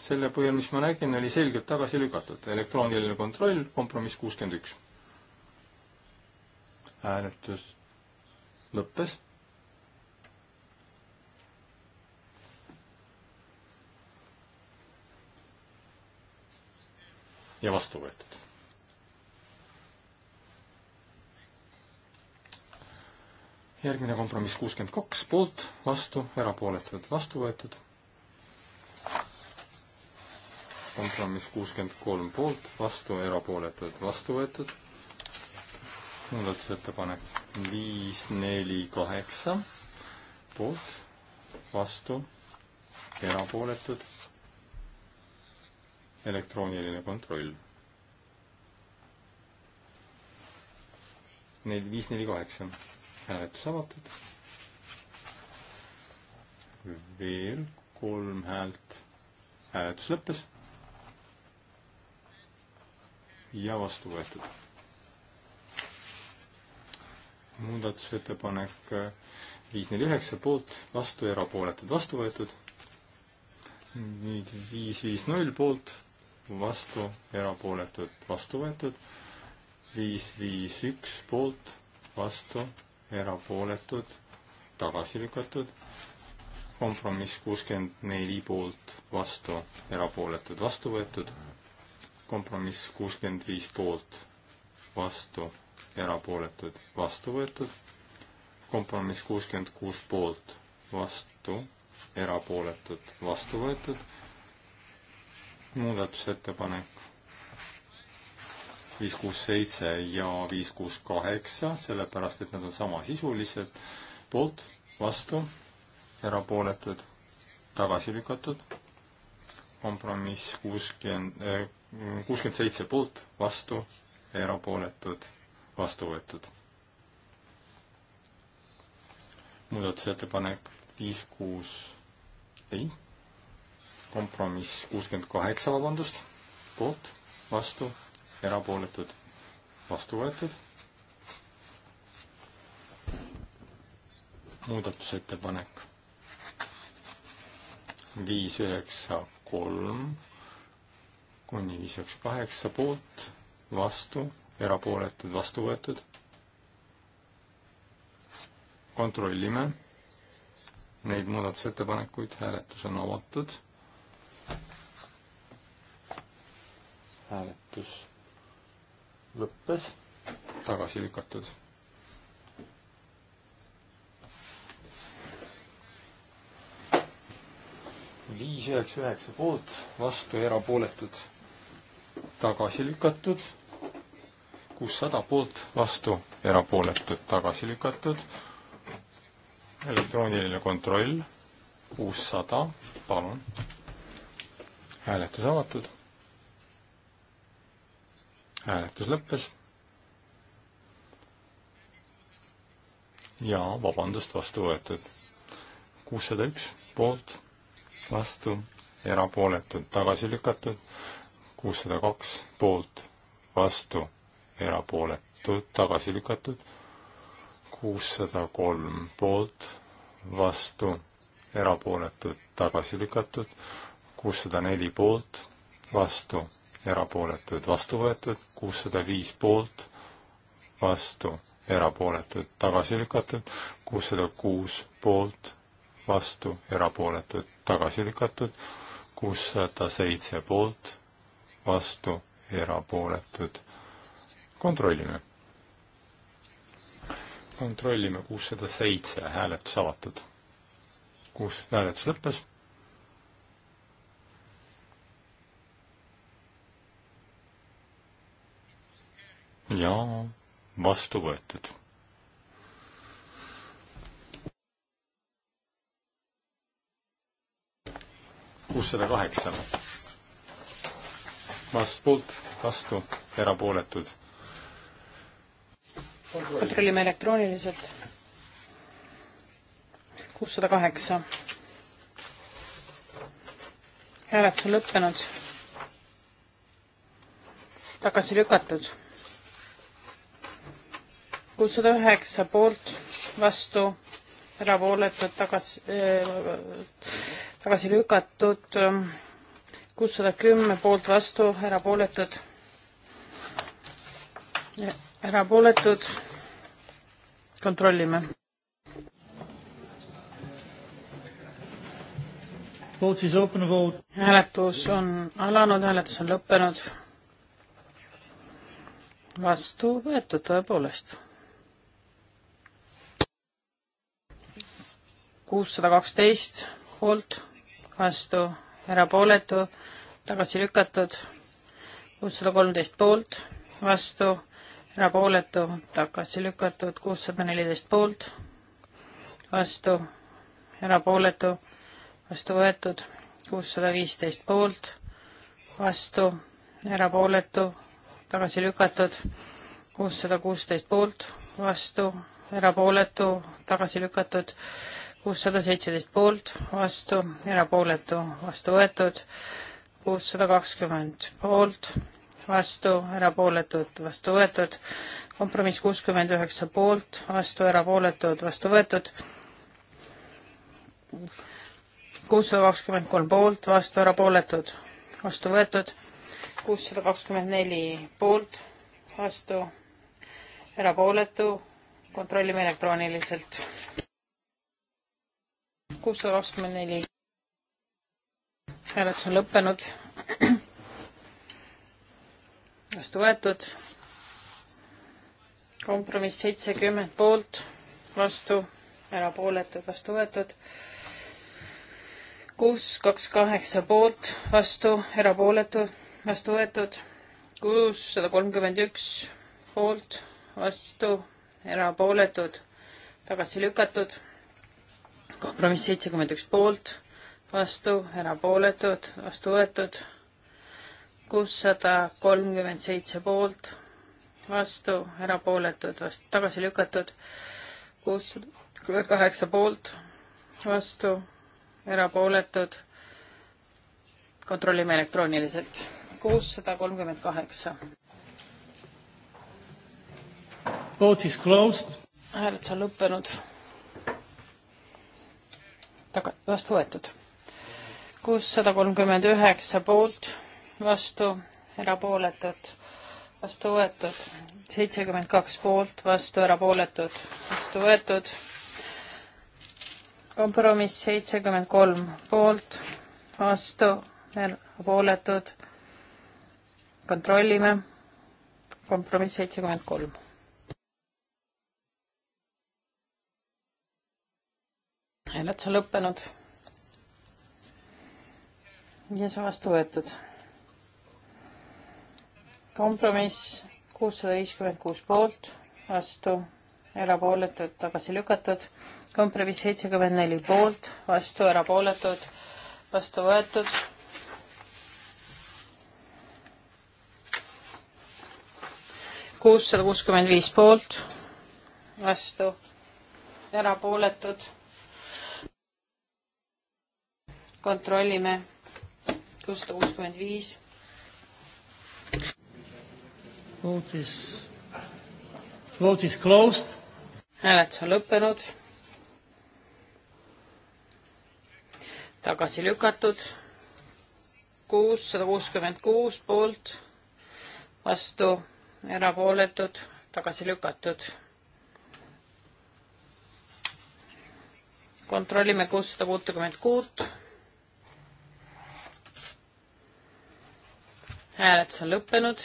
selle põhjal, mis ma nägin, oli selgelt tagasi lükatud. elektrooniline kontroll, kompromiss kuuskümmend üks. hääletus lõppes ja vastu võetud. järgmine kompromiss kuuskümmend kaks, poolt, vastu, erapooletud, vastu võetud. kompromiss kuuskümmend kolm, poolt, vastu, erapooletud, vastu võetud. muudatusettepanek viis, neli, kaheksa, poolt, vastu, erapooletud elektrooniline kontroll. neli, viis, neli, kaheksa. hääletus avatud. veel kolm häält. hääletus lõppes. ja vastu võetud. muudatusettepanek viis, neli, üheksa poolt, vastu, erapooletud, vastu võetud. nüüd viis, viis, null poolt vastu, erapooletud, vastu võetud, viis, viis, üks poolt, vastu, erapooletud, tagasi lükatud, kompromiss kuuskümmend neli poolt, vastu, erapooletud, vastu võetud, kompromiss kuuskümmend viis poolt, vastu, erapooletud, vastu võetud, kompromiss kuuskümmend kuus poolt, vastu, erapooletud, vastu võetud muudatusettepanek viis, kuus, seitse ja viis, kuus, kaheksa, sellepärast et nad on samasisulised. poolt, vastu, erapooletud, tagasi lükatud. kompromiss kuuskümmend, äh, kuuskümmend seitse poolt, vastu, erapooletud, vastu võetud. muudatusettepanek viis, kuus, ei kompromiss kuuskümmend kaheksa, vabandust, poolt, vastu, erapooletud, vastu võetud. muudatusettepanek viis üheksa kolm kuni viis üheksa kaheksa poolt, vastu, erapooletud, vastu võetud. kontrollime neid muudatusettepanekuid, hääletus on avatud hääletus lõppes, tagasi lükatud. viis üheksa üheksa poolt, vastu erapooletud, tagasi lükatud, kuussada poolt, vastu erapooletud, tagasi lükatud, elektrooniline kontroll, kuussada, palun, hääletus avatud hääletus lõppes. ja vabandust, vastu võetud. kuussada üks poolt, vastu, erapooletud, tagasi lükatud. kuussada kaks poolt, vastu, erapooletud, tagasi lükatud. kuussada kolm poolt, vastu, erapooletud, tagasi lükatud. kuussada neli poolt, vastu erapooletud, vastu võetud, kuussada viis poolt, vastu, erapooletud, tagasi lükatud, kuussada kuus poolt, vastu, erapooletud, tagasi lükatud, kuussada seitse poolt, vastu, erapooletud. kontrollime. kontrollime kuussada seitse, hääletus avatud. kuus, hääletus lõppes ja vastu võetud. kuussada kaheksa. vastu, poolt, vastu, erapooletud. kontrollime elektrooniliselt. kuussada kaheksa. hääletus on lõppenud. tagasi lükatud kuussada üheksa poolt, vastu, erapooletud, tagasi äh,, tagasi lükatud, kuussada kümme poolt, vastu, erapooletud, erapooletud, kontrollime. hääletus on alanud, hääletus on lõppenud. vastu võetud tõepoolest kuussada kaksteist poolt, vastu, erapooletu, tagasi lükatud, kuussada kolmteist poolt, vastu, erapooletu, tagasi lükatud, kuussada neliteist poolt, vastu, erapooletu, vastu võetud, kuussada viisteist poolt, vastu, erapooletu, tagasi lükatud, kuussada kuusteist poolt, vastu, erapooletu, tagasi lükatud, kuussada seitseteist poolt, vastu, erapooletu, vastu võetud, kuussada kakskümmend poolt, vastu, erapooletud, vastu võetud, kompromiss kuuskümmend üheksa poolt, vastu, erapooletud, vastu võetud, kuussada kakskümmend kolm poolt, vastu, erapooletud, vastu võetud, kuussada kakskümmend neli poolt, vastu, erapooletu, kontrollime elektrooniliselt kuussada kakskümmend neli. hääletus on lõppenud. vastu võetud. kompromiss seitsekümmend poolt, vastu, erapooletud, vastu võetud kuus, kaks, kaheksa poolt, vastu, erapooletud, vastu võetud, kuussada kolmkümmend üks poolt, vastu, erapooletud, tagasi lükatud kompromiss seitsekümmend üks poolt, vastu, erapooletud, vastu võetud, kuussada kolmkümmend seitse poolt, vastu, erapooletud, vastu, tagasi lükatud, kuussada kaheksa poolt, vastu, erapooletud, kontrollime elektrooniliselt, kuussada kolmkümmend kaheksa. Vote is closed. hääletus on lõppenud taga, vastu võetud. kuussada kolmkümmend üheksa poolt, vastu, erapooletud, vastu võetud. seitsekümmend kaks poolt, vastu, erapooletud, vastu võetud. kompromiss seitsekümmend kolm poolt, vastu, erapooletud. kontrollime. kompromiss seitsekümmend kolm hääletus on lõppenud. ja see vastu võetud. kompromiss kuussada viiskümmend kuus poolt, vastu, erapooletud, tagasi lükatud. kompromiss seitsekümmend neli poolt, vastu, erapooletud, vastu võetud kuussada kuuskümmend viis poolt, vastu erapooletud kontrollime kuussada kuuskümmend viis. Vote is, vote is closed. hääletus on lõppenud. tagasi lükatud. kuussada kuuskümmend kuus poolt, vastu, erapooletud, tagasi lükatud kontrollime kuussada kuutekümmet kuut. hääletus on lõppenud.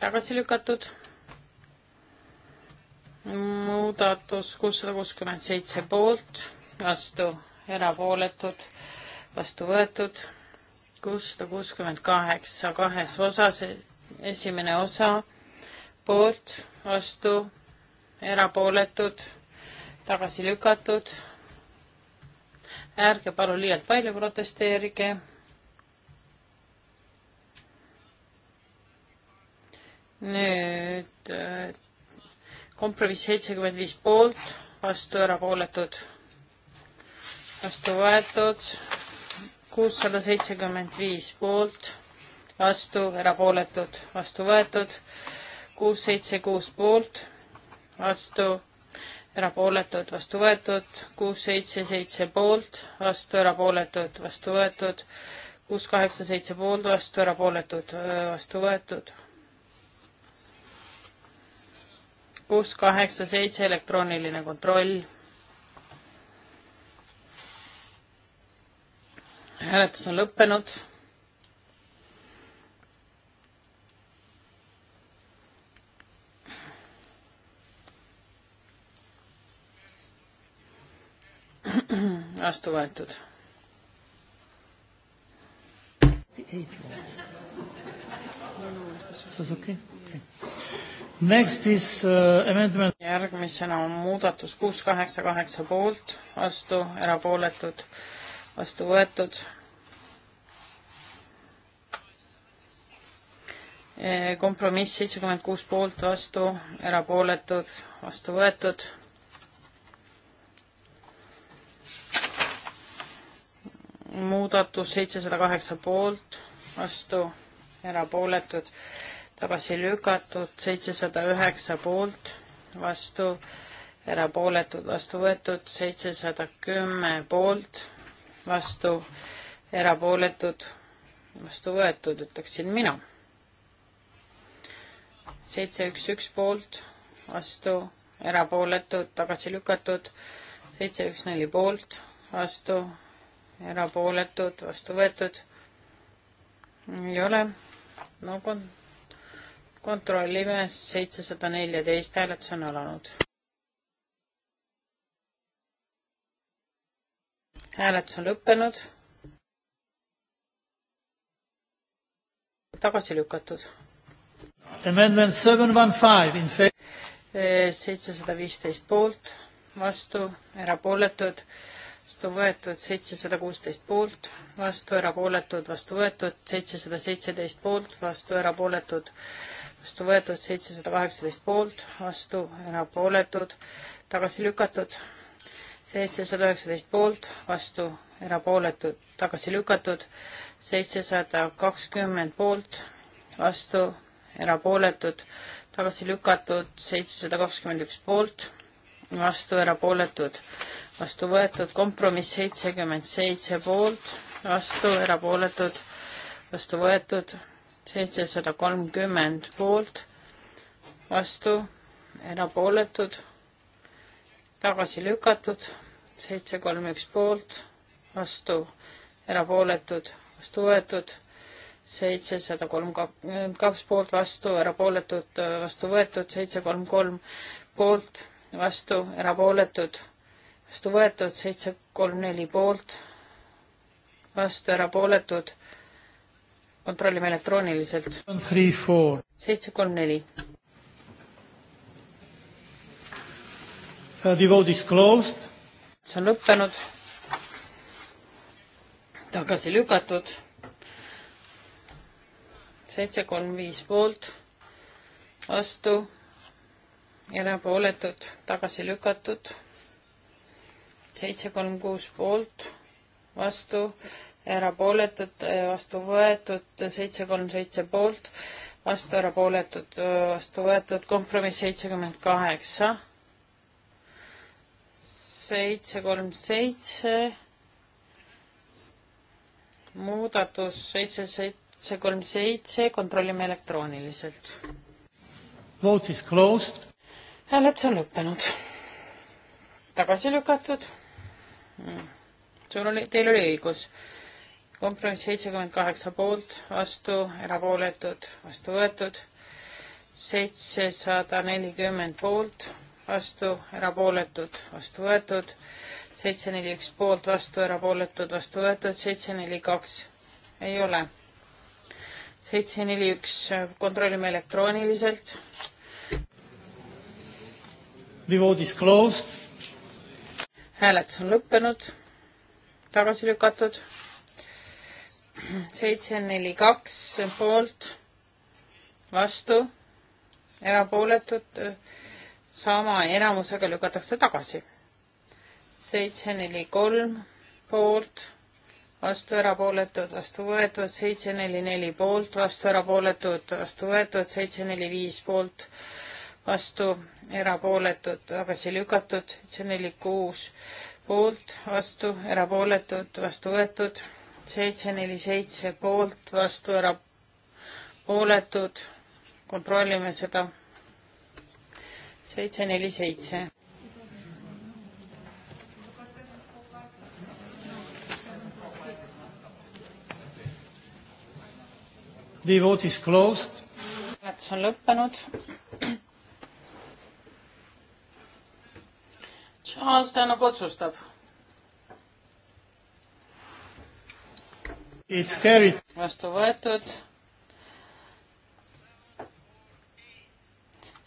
tagasi lükatud. muudatus kuussada kuuskümmend seitse poolt, vastu erapooletud, vastu võetud. kuussada kuuskümmend kaheksa kahes osas, esimene osa poolt, vastu, erapooletud, tagasi lükatud. ärge palun liialt palju protesteerige nüüd äh, kompromiss seitsekümmend viis poolt, vastu erapooletud, vastu võetud, kuussada seitsekümmend viis poolt, vastu erapooletud, vastu võetud, kuus seitse kuus poolt, vastu erapooletud, vastu võetud, kuus seitse seitse poolt, vastu erapooletud, vastu võetud, kuus kaheksa seitse poolt, vastu erapooletud, vastu võetud kuus, kaheksa, seitse elektrooniline kontroll. hääletus on lõppenud. vastu võetud. Eight votes. So it's okay? okay. Next is uh, amendment. järgmisena on muudatus kuus kaheksa kaheksa poolt, vastu, erapooletud, vastu võetud. Eh, kompromiss seitsekümmend kuus poolt, vastu, erapooletud, vastu võetud. muudatus seitsesada kaheksa poolt, vastu, erapooletud tagasi lükatud, seitsesada üheksa poolt, vastu, erapooletud, vastu võetud, seitsesada kümme poolt, vastu, erapooletud, vastu võetud, ütleksin mina. seitse, üks, üks poolt, vastu, erapooletud, tagasi lükatud, seitse, üks, neli poolt, vastu, erapooletud, vastu võetud. ei ole, no kon-, kontrollime, seitsesada neljateist hääletus on alanud. hääletus on lõppenud. tagasi lükatud. Amendment seven one five in favor. Eh, seitsesada viisteist poolt, vastu, erapooletud, vastu võetud seitsesada kuusteist poolt, vastu erapooletud, vastu võetud seitsesada seitseteist poolt, vastu erapooletud vastu võetud, seitsesada kaheksateist poolt, vastu erapooletud, tagasi lükatud, seitsesada üheksateist poolt, vastu erapooletud, tagasi lükatud, seitsesada kakskümmend poolt, vastu erapooletud, tagasi lükatud, seitsesada kakskümmend üks poolt, vastu erapooletud, vastu võetud, kompromiss seitsekümmend seitse poolt, vastu erapooletud, vastu võetud seitsesada kolmkümmend poolt, vastu, erapooletud, tagasi lükatud, seitse kolm üks poolt, vastu, erapooletud, vastu võetud, seitsesada kolm kaks poolt, vastu, erapooletud, vastu võetud, seitse kolm kolm poolt, vastu, erapooletud, vastu võetud, seitse kolm neli poolt, vastu, erapooletud kontrollime elektrooniliselt. seitse, kolm, neli. Uh, the vote is closed. see on lõppenud. tagasi lükatud. seitse, kolm, viis poolt, vastu, erapooletud, tagasi lükatud. seitse, kolm, kuus poolt, vastu, erapooletud, äh, vastu võetud, seitse kolm seitse poolt, vastu erapooletud, äh, vastu võetud, kompromiss seitsekümmend kaheksa, seitse kolm seitse, muudatus seitse seitse kolm seitse, kontrollime elektrooniliselt. Vote is closed. hääletus on lõppenud. tagasi lükatud. Hmm. sul oli, teil oli õigus kompromiss seitsekümmend kaheksa poolt, vastu, erapooletud, vastu võetud. seitsesada nelikümmend poolt, vastu, erapooletud, vastu võetud. seitse, neli, üks poolt, vastu, erapooletud, vastu võetud. seitse, neli, kaks ei ole. seitse, neli, üks, kontrollime elektrooniliselt. The vote is closed. hääletus on lõppenud, tagasi lükatud seitse, neli, kaks poolt, vastu, erapooletud, sama enamusega lükatakse tagasi. seitse, neli, kolm poolt, vastu, erapooletud, vastu võetud, seitse, neli, neli poolt, vastu, erapooletud, vastu võetud, seitse, neli, viis poolt, vastu, erapooletud, tagasi lükatud, seitse, neli, kuus poolt, vastu, erapooletud, vastu võetud seitse, neli, seitse poolt, vastu, erapooletud. kontrollime seda. seitse, neli, seitse. The vote is closed. hääletus on lõppenud. Charles Tänak otsustab vastu võetud.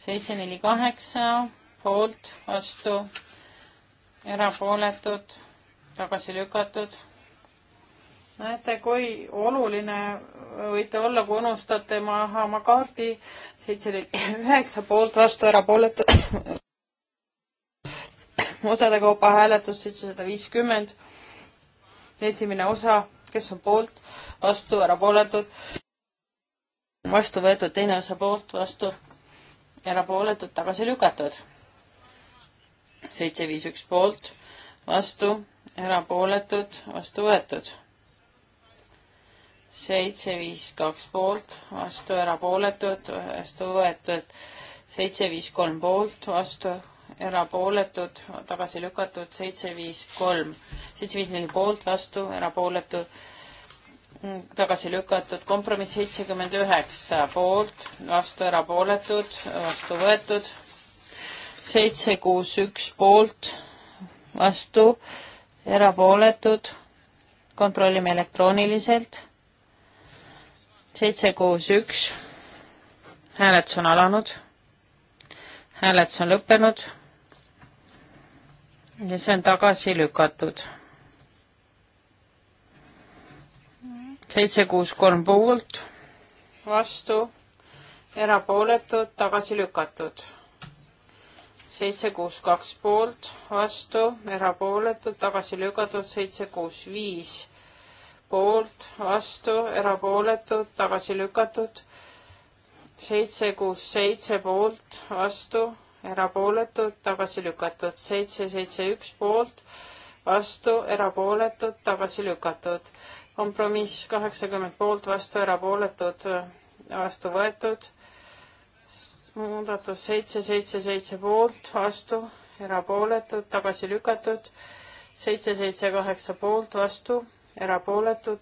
seitse, neli, kaheksa poolt, vastu, erapooletud, tagasi lükatud. näete, kui oluline võite olla, kui unustate maha oma kaardi. seitse, neli, üheksa poolt, vastu, erapooletud. osade kaupa hääletus seitsesada viiskümmend. esimene osa kes on poolt, vastu, erapooletud, vastu võetud, teine osa poolt, vastu, erapooletud, tagasi lükatud. seitse, viis, üks poolt, vastu, erapooletud, vastu võetud. seitse, viis, kaks poolt, vastu, erapooletud, vastu võetud. seitse, viis, kolm poolt, vastu, erapooletud, tagasi lükatud, seitse, viis, kolm, seitse, viis, neli poolt, vastu, erapooletu, tagasi lükatud, kompromiss seitsekümmend üheksa poolt, vastu, erapooletud, vastu võetud, seitse, kuus, üks poolt, vastu, erapooletud, kontrollime elektrooniliselt, seitse, kuus, üks, hääletus on alanud hääletus on lõppenud ja see on tagasi lükatud. seitse, kuus, kolm poolt, vastu, erapooletud, tagasi lükatud. seitse, kuus, kaks poolt, vastu, erapooletud, tagasi lükatud, seitse, kuus, viis poolt, vastu, erapooletud, tagasi lükatud, seitse, kuus, seitse poolt, vastu, erapooletud, tagasi lükatud, seitse, seitse, üks poolt, vastu, erapooletud, tagasi lükatud. kompromiss kaheksakümmend poolt, vastu, erapooletud, vastu võetud. muudatus seitse, seitse, seitse poolt, vastu, erapooletud, tagasi lükatud. seitse, seitse, kaheksa poolt, vastu, erapooletud,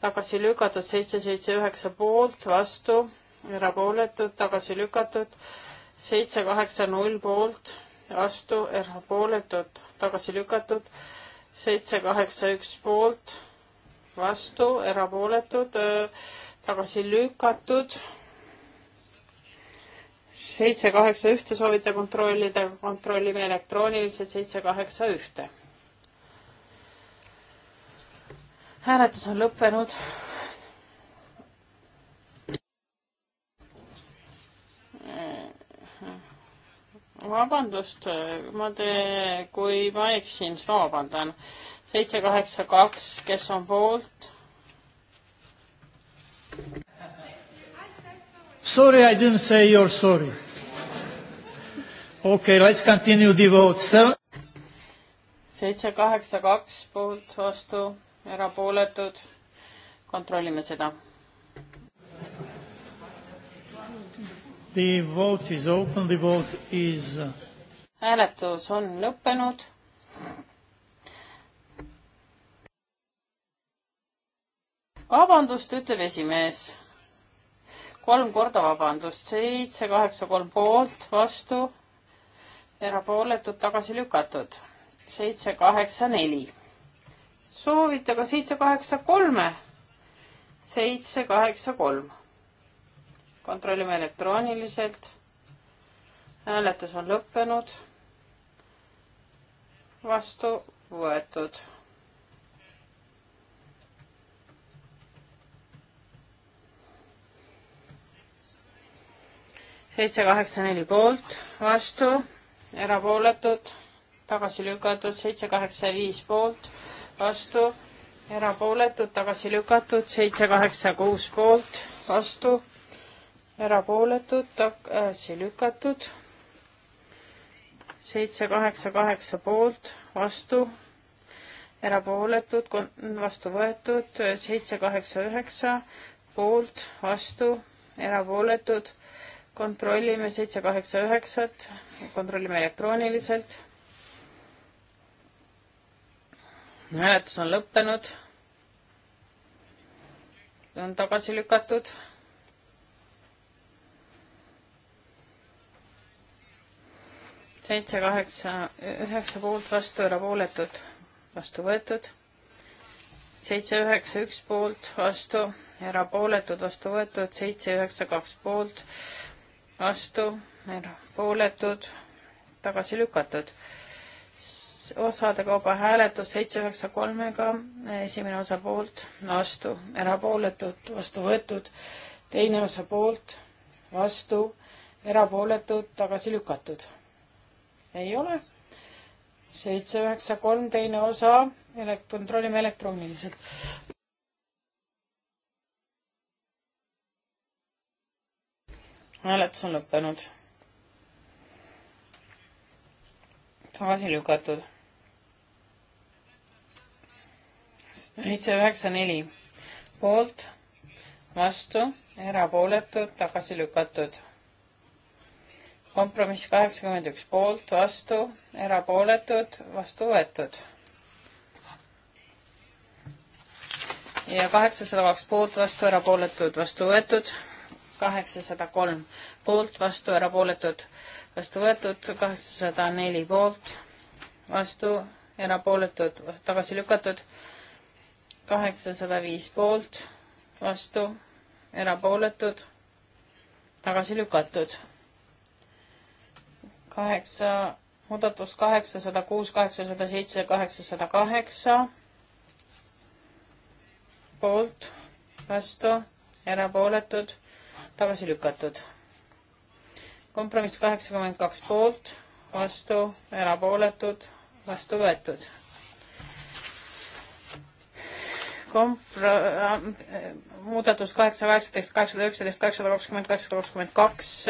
tagasi lükatud, seitse, seitse, üheksa poolt, vastu, erapooletud, tagasi lükatud seitse, kaheksa, null poolt, vastu, erapooletud, tagasi lükatud, seitse, kaheksa, üks poolt, vastu, erapooletud, äh, tagasi lükatud, seitse, kaheksa, ühte soovite kontrollida, kontrollime elektrooniliselt seitse, kaheksa, ühte. hääletus on lõppenud vabandust, ma te, kui ma eksin, siis ma vabandan. seitse, kaheksa, kaks, kes on poolt? Sorry, I didn't say you are sorry. Okay, let's continue the vote. seitse, kaheksa, kaks poolt, vastu, erapooletud. kontrollime seda The vote is open, the vote is uh, hääletus on lõppenud. vabandust, ütleb esimees. kolm korda vabandust, seitse, kaheksa, kolm poolt, vastu, erapooletud, tagasi lükatud. seitse, kaheksa, neli. soovite ka seitse, kaheksa, kolme. seitse, kaheksa, kolm kontrollime elektrooniliselt. hääletus on lõppenud. vastu võetud. seitse, kaheksa, neli poolt, vastu, erapooletud, tagasi lükatud, seitse, kaheksa, viis poolt, vastu, erapooletud, tagasi lükatud, seitse, kaheksa, kuus poolt, vastu erapooletud, tagasi äh, lükatud. seitse, kaheksa, kaheksa poolt, vastu, erapooletud, vastu võetud, seitse, kaheksa, üheksa poolt, vastu, erapooletud. kontrollime seitse, kaheksa, üheksat, kontrollime elektrooniliselt. hääletus on lõppenud. on tagasi lükatud seitse, kaheksa, üheksa poolt vastu, erapooletud, vastu võetud. seitse, üheksa, üks poolt vastu, erapooletud, vastu võetud, seitse, üheksa, kaks poolt vastu, erapooletud, tagasi lükatud. osade kauba hääletus seitse, üheksa, kolmega, esimene osa poolt, vastu, erapooletud, vastu võetud, teine osa poolt, vastu, erapooletud, tagasi lükatud ei ole. seitse, üheksa, kolm, teine osa, kontrollime elektrooniliselt. hääletus on lõppenud. tagasi lükatud. seitse, üheksa, neli poolt, vastu, erapooletud, tagasi lükatud kompromiss kaheksakümmend üks poolt, vastu, erapooletud, vastu võetud. ja kaheksasada kaks poolt, vastu, erapooletud, vastu võetud. kaheksasada kolm poolt, vastu, erapooletud, vastu võetud. kaheksasada neli poolt, vastu, erapooletud, tagasi lükatud. kaheksasada viis poolt, vastu, erapooletud, tagasi lükatud kaheksa, muudatus kaheksasada kuus, kaheksasada seitse, kaheksasada kaheksa. poolt, vastu, erapooletud, tagasi lükatud. kompromiss kaheksakümmend kaks poolt, vastu, erapooletud, vastu võetud. kompro-, äh, muudatus kaheksa, kaheksateist, kaheksasada üheksateist, kaheksasada kakskümmend, kaheksasada kakskümmend kaks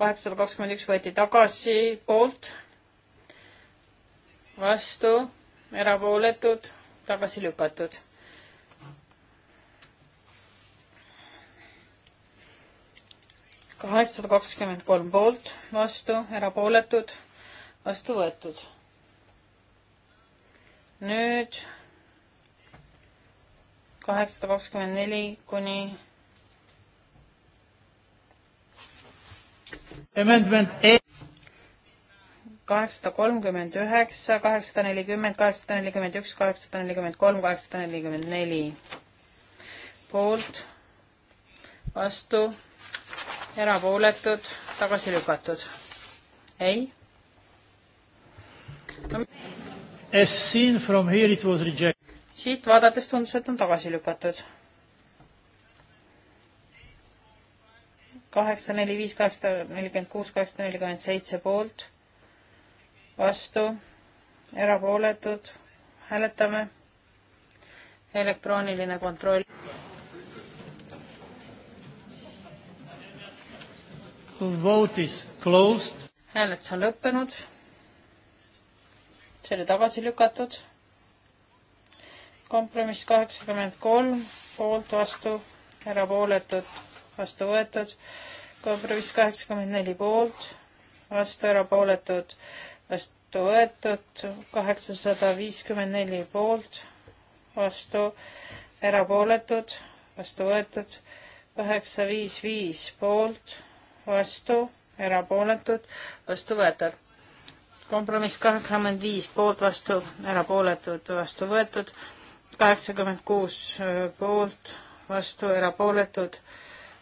kaheksasada kakskümmend üks võeti tagasi poolt, vastu, erapooletud, tagasi lükatud. kaheksasada kakskümmend kolm poolt, vastu, erapooletud, vastu võetud. nüüd kaheksasada kakskümmend neli kuni kaheksasada kolmkümmend üheksa, kaheksasada nelikümmend, kaheksasada nelikümmend üks, kaheksasada nelikümmend kolm, kaheksasada nelikümmend neli. poolt, vastu, erapooletud, tagasi lükatud. ei no.? As seen from here it was rejected. siit vaadates tundus, et on tagasi lükatud kaheksa, neli, viis, kaheksasada nelikümmend kuus, kaheksasada nelikümmend seitse poolt, vastu, erapooletud, hääletame. elektrooniline kontroll. Vote is closed. hääletus on lõppenud. see oli tagasi lükatud. kompromiss kaheksakümmend kolm, poolt, vastu, erapooletud vastu võetud, kompromiss kaheksakümmend neli poolt, vastu erapooletud, vastu võetud, kaheksasada viiskümmend neli poolt, vastu erapooletud, vastu võetud, kaheksa viis viis poolt, vastu erapooletud, vastu võetud. kompromiss kaheksakümmend viis poolt, vastu erapooletud, vastu võetud, kaheksakümmend kuus poolt, vastu erapooletud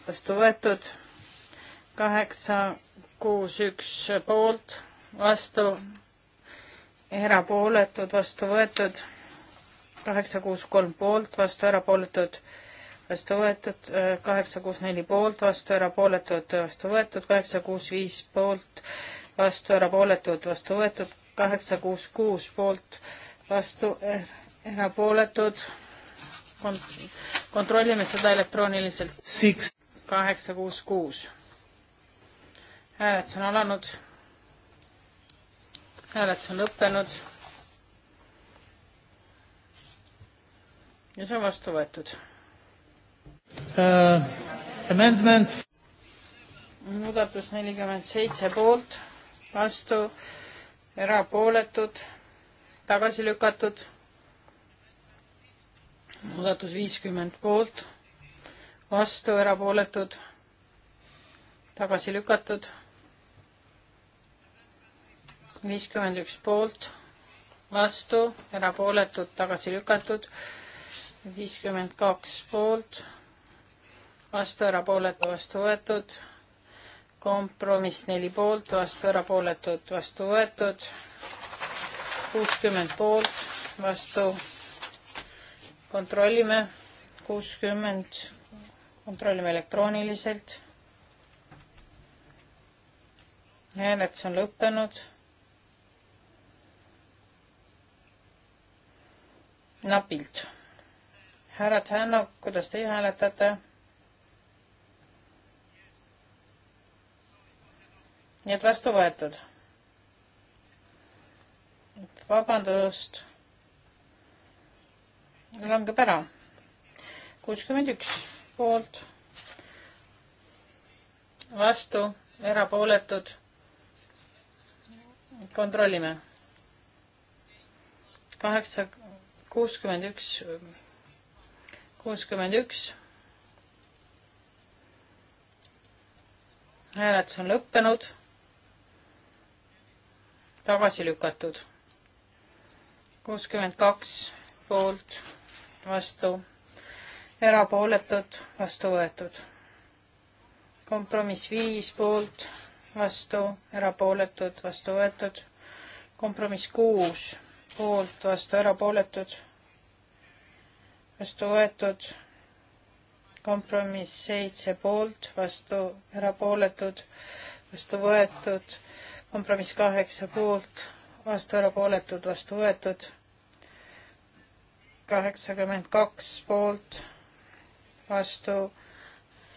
vastu võetud, kaheksa, kuus, üks poolt, vastu, erapooletud, vastu võetud, kaheksa, kuus, kolm poolt, vastu, erapooletud, vastu võetud, kaheksa, kuus, neli poolt, vastu, erapooletud, vastu võetud, kaheksa, kuus, viis poolt, vastu, erapooletud, vastu võetud, kaheksa, kuus, kuus poolt, vastu, er-, erapooletud kont-, kontrollime seda elektrooniliselt kaheksa, kuus, kuus. hääletus on alanud. hääletus on lõppenud. ja see on vastu võetud uh,. Amendment. muudatus nelikümmend seitse poolt, vastu, erapooletud, tagasi lükatud. muudatus viiskümmend poolt vastu, erapooletud, tagasi lükatud. viiskümmend üks poolt, vastu, erapooletud, tagasi lükatud. viiskümmend kaks poolt, vastu, erapooletu, vastu võetud. kompromiss neli poolt, vastu, erapooletud, vastu võetud. kuuskümmend poolt, vastu, kontrollime, kuuskümmend kontrollime elektrooniliselt. hääletus on lõppenud. napilt. härra Tänno, kuidas teie hääletate? nii et vastu võetud. vabandust. langeb ära. kuuskümmend üks poolt, vastu, erapooletud. kontrollime. kaheksa, kuuskümmend üks, kuuskümmend üks. hääletus on lõppenud. tagasi lükatud. kuuskümmend kaks poolt, vastu erapooletud, vastu võetud. kompromiss viis poolt, vastu, erapooletud, vastu võetud. kompromiss kuus poolt, vastu, erapooletud, vastu võetud. kompromiss seitse poolt, vastu, erapooletud, vastu võetud. kompromiss kaheksa poolt, vastu, erapooletud, vastu võetud kaheksakümmend kaks poolt vastu,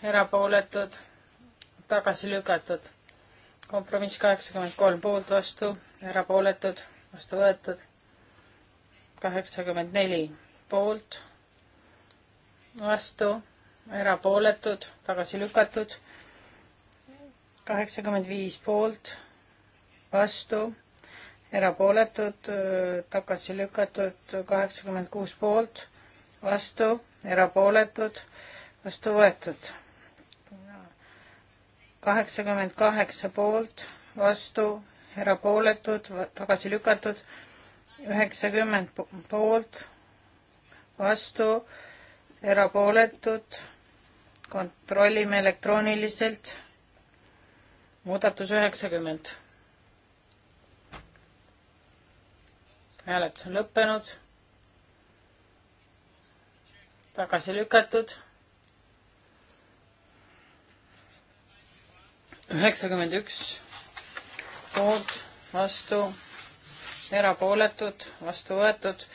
erapooletud, tagasi lükatud. kompromiss kaheksakümmend kolm poolt, vastu, erapooletud, vastu võetud. kaheksakümmend neli poolt, vastu, erapooletud, tagasi lükatud. kaheksakümmend viis poolt, vastu erapooletud, tagasi lükatud kaheksakümmend kuus poolt, vastu, erapooletud, vastu võetud. kaheksakümmend kaheksa poolt, vastu, erapooletud, tagasi lükatud, üheksakümmend poolt, vastu, erapooletud, kontrollime elektrooniliselt, muudatus üheksakümmend. hääletus on lõppenud tagasi lükatud. üheksakümmend üks poolt, vastu, erapooletud, vastu võetud.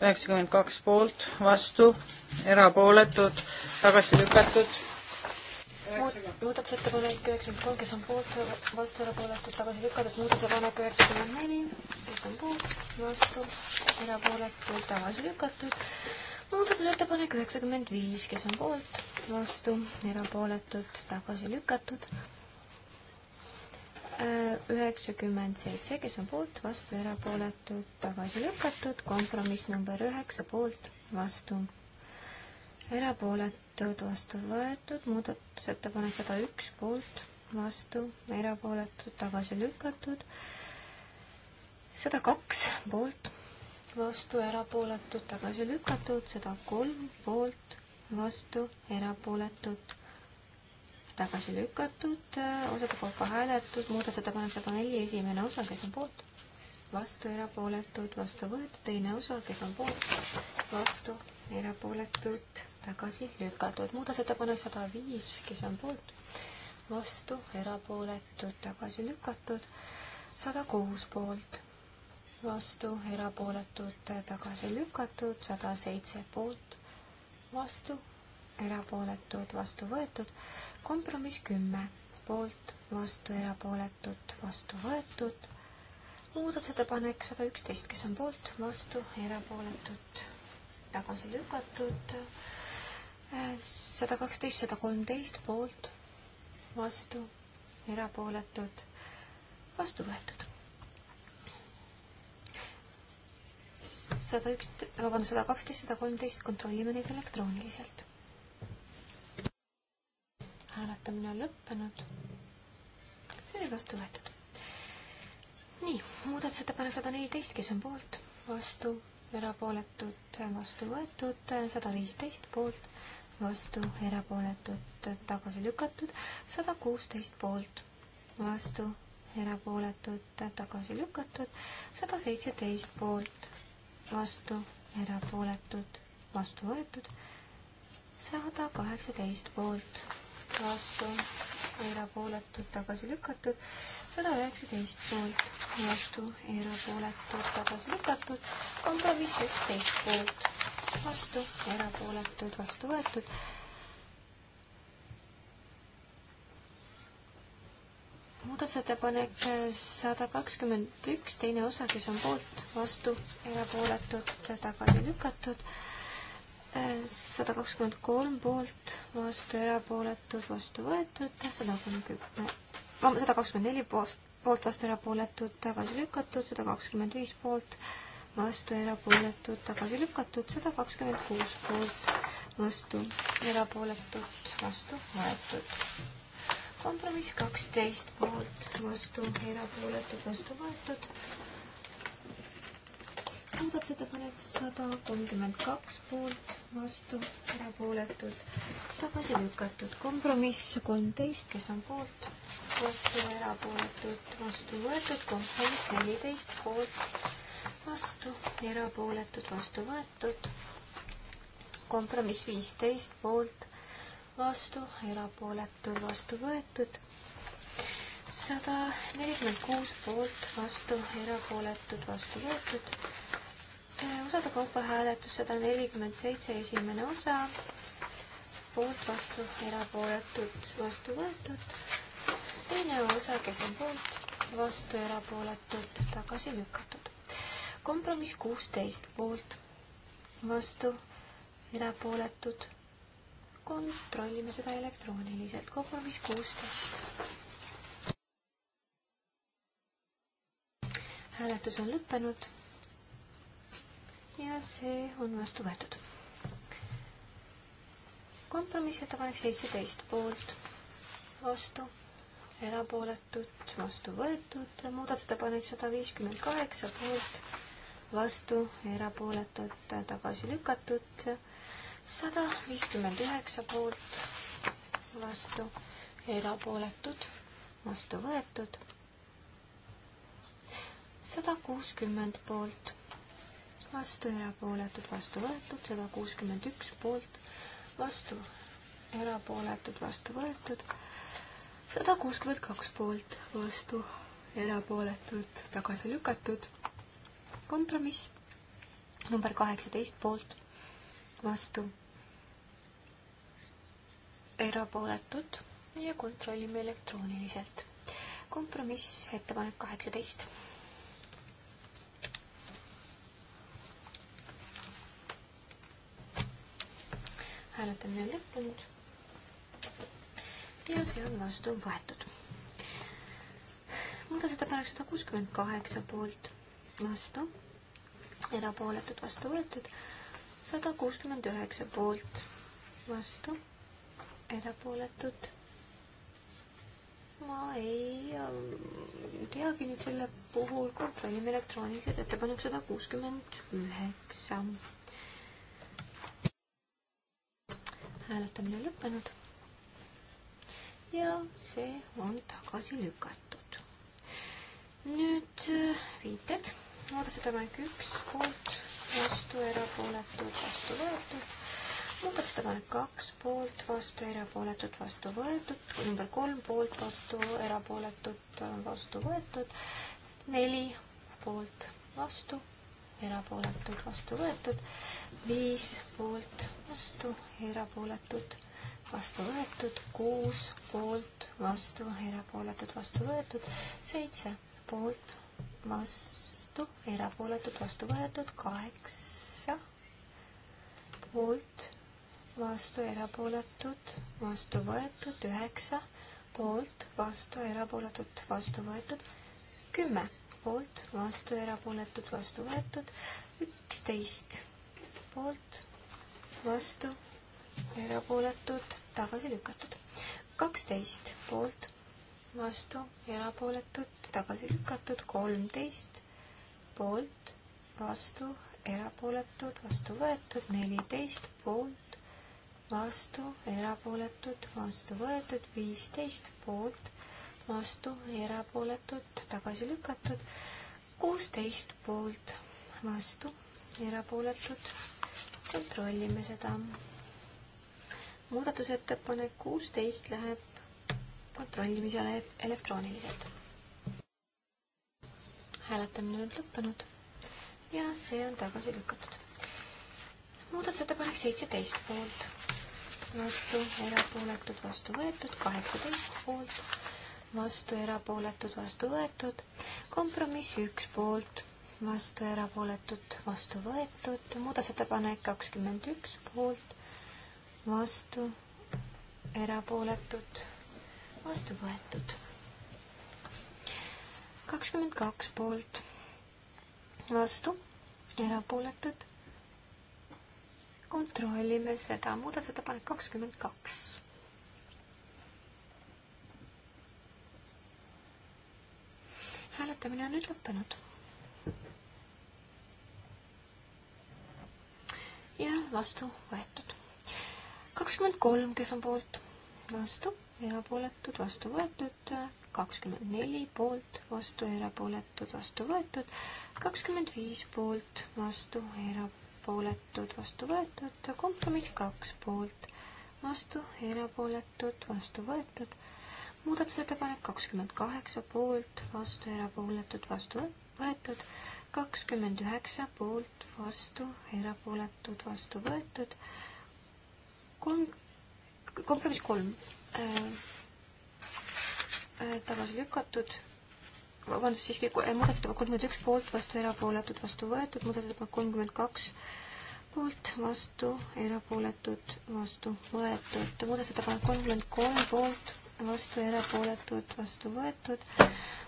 üheksakümmend kaks poolt, vastu, erapooletud, tagasi lükatud muudatusettepanek üheksakümmend kolm, kes on poolt, vastu, erapooletud, tagasi lükatud, muudatusettepanek üheksakümmend neli, kes on poolt, vastu, erapooletud, tagasi lükatud, muudatusettepanek üheksakümmend viis, kes on poolt, vastu, erapooletud, tagasi lükatud, äh, üheksakümmend seitse, kes on poolt, vastu, erapooletud, tagasi lükatud, kompromiss number üheksa, poolt, vastu, erapooletud, erapooletud, vastu võetud, muudatusettepanek sada üks poolt, vastu, erapooletud, tagasi lükatud, sada kaks poolt, vastu, erapooletud, tagasi lükatud, sada kolm poolt, vastu, erapooletud, tagasi lükatud, osade kaupa hääletus, muudatusettepanek sada neli, esimene osa, kes on poolt? vastu, erapooletud, vastu võetud, teine osa, kes on poolt, vastu, erapooletud tagasi lükatud. muudatusettepanek sada viis, kes on poolt, vastu, erapooletud, tagasi lükatud. sada kuus poolt, vastu, erapooletud, tagasi lükatud. sada seitse poolt, vastu, erapooletud, vastu võetud. kompromiss kümme poolt, vastu, erapooletud, vastu võetud muudatusettepanek sada üksteist, kes on poolt, vastu, erapooletud, tagasi lükatud, sada kaksteist, sada kolmteist poolt, vastu, erapooletud, vastu võetud. sada üks, vabandust, sada kaksteist, sada kolmteist, kontrollime neid elektrooniliselt. hääletamine on lõppenud. see oli vastu võetud. nii, muudatusettepanek sada neliteist, kes on poolt, vastu, erapooletud, vastu võetud, sada viisteist poolt vastu, erapooletud, tagasi lükatud, sada kuusteist poolt, vastu, erapooletud, tagasi lükatud, sada seitseteist poolt, vastu, erapooletud, vastu võetud, sada kaheksateist poolt, vastu, erapooletud, tagasi lükatud, sada üheksateist poolt, vastu, erapooletud, tagasi lükatud, kompromiss üksteist poolt vastu, erapooletud, vastu võetud. muudatusettepanek sada kakskümmend üks, teine osa, kes on poolt, vastu, erapooletud, tagasi lükatud. sada kakskümmend kolm poolt, vastu, erapooletud, vastu võetud, sada kolmkümmend, sada kakskümmend neli poolt, poolt, vastu, erapooletud, tagasi lükatud, sada kakskümmend viis poolt vastu, erapooletud, tagasi lükatud, sada kakskümmend kuus poolt vastu, erapooletud, vastu võetud. kompromiss kaksteist poolt vastu, erapooletud, vastu võetud muudatusettepanek sada kolmkümmend kaks poolt, vastu, erapooletud, tagasi lükatud. kompromiss kolmteist, kes on poolt, vastu, erapooletud, vastu võetud. kompromiss neliteist poolt, vastu, erapooletud, vastu võetud. kompromiss viisteist poolt, vastu, erapooletud, vastu võetud sada nelikümmend kuus poolt, vastu, erapooletud, vastu võetud. Äh, osade kaupa hääletus sada nelikümmend seitse, esimene osa, poolt, vastu, erapooletud, vastu võetud. teine osa, kes on poolt, vastu, erapooletud, tagasi lükatud. kompromiss kuusteist, poolt, vastu, erapooletud. kontrollime seda elektrooniliselt, kompromiss kuusteist. hääletus on lõppenud ja see on vastu võetud. kompromissettepanek seitseteist poolt, vastu, erapooletud, vastu võetud, muudatusettepanek sada viiskümmend kaheksa poolt, vastu, erapooletud, tagasi lükatud, sada viiskümmend üheksa poolt, vastu, erapooletud, vastu võetud, sada kuuskümmend poolt vastu, erapooletud, vastu võetud, sada kuuskümmend üks poolt, vastu, erapooletud, vastu võetud, sada kuuskümmend kaks poolt, vastu, erapooletud, tagasi lükatud, kompromiss number kaheksateist poolt, vastu, erapooletud ja kontrollime elektrooniliselt. kompromiss, ettepanek kaheksateist hääletamine on lõppenud. ja see on vastu võetud. muudatusettepanek sada kuuskümmend kaheksa poolt vastu, erapooletud vastu võetud, sada kuuskümmend üheksa poolt vastu, erapooletud ma ei ähm, teagi nüüd selle puhul, kontrollime elektrooniliselt ettepanek sada kuuskümmend üheksa. hääletamine lõppenud. ja see on tagasi lükatud. nüüd äh, viited, muudatusettepanek üks poolt, vastu erapooletud, vastu võetud muudatusettepanek kaks poolt, vastu, erapooletud, vastu võetud, number kolm poolt, vastu, erapooletud, vastu võetud, neli poolt, vastu, erapooletud, vastu võetud, viis poolt, vastu, erapooletud, vastu võetud, kuus poolt, vastu, erapooletud, vastu võetud, seitse poolt, vastu, erapooletud, vastu võetud, kaheksa poolt, vastu, erapooletud, vastu võetud, üheksa poolt, vastu, erapooletud, vastu võetud, kümme poolt, vastu, erapooletud, vastu võetud, üksteist poolt, vastu, erapooletud, tagasi lükatud. kaksteist poolt, vastu, erapooletud, tagasi lükatud, kolmteist poolt, vastu, erapooletud, vastu võetud, neliteist poolt, vastu, erapooletud, vastu võetud, viisteist poolt vastu, erapooletud, tagasi lükatud, kuusteist poolt, vastu, erapooletud, kontrollime seda. muudatusettepanek kuusteist läheb kontrollimisele elektrooniliselt. hääletamine on nüüd lõppenud ja see on tagasi lükatud. muudatusettepanek seitseteist poolt, vastu, erapooletud, vastu võetud, kaheksateist poolt vastu erapooletud, vastu võetud. kompromiss üks poolt, vastu erapooletud, vastu võetud. muudatusettepanek kakskümmend üks poolt, vastu erapooletud, vastu võetud. kakskümmend kaks poolt, vastu erapooletud. kontrollime seda, muudatusettepanek kakskümmend kaks hääletamine on nüüd lõppenud. ja vastu võetud. kakskümmend kolm, kes on poolt, vastu, erapooletud, vastu võetud, kakskümmend neli poolt, vastu, erapooletud, vastu võetud, kakskümmend viis poolt, vastu, erapooletud, vastu võetud, kompromiss kaks poolt, vastu, erapooletud, vastu võetud muudatusettepanek kakskümmend kaheksa poolt, vastu, erapooletud, vastu võetud, kakskümmend üheksa poolt, vastu, erapooletud, vastu võetud, kolm, kompromiss kolm äh, äh tagasi lükatud vabandust, siiski äh, muudatusettepanek kolmkümmend üks poolt, vastu erapooletud, vastu võetud, muudatusettepanek kolmkümmend kaks poolt, vastu erapooletud, vastu võetud, muudatusettepanek kolmkümmend kolm poolt, vastu, erapooletud, vastu võetud.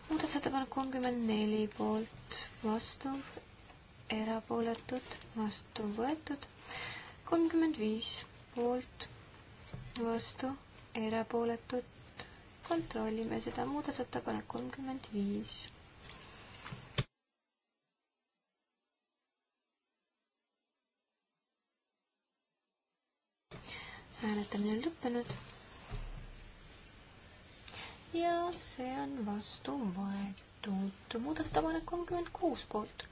muudatusettepanek kolmkümmend neli poolt, vastu, erapooletud, vastu võetud. kolmkümmend viis poolt, vastu, erapooletud. kontrollime seda muudatusettepanek kolmkümmend viis hääletamine on lõppenud ja see on vastu võetud. muudatusettepanek kolmkümmend kuus poolt,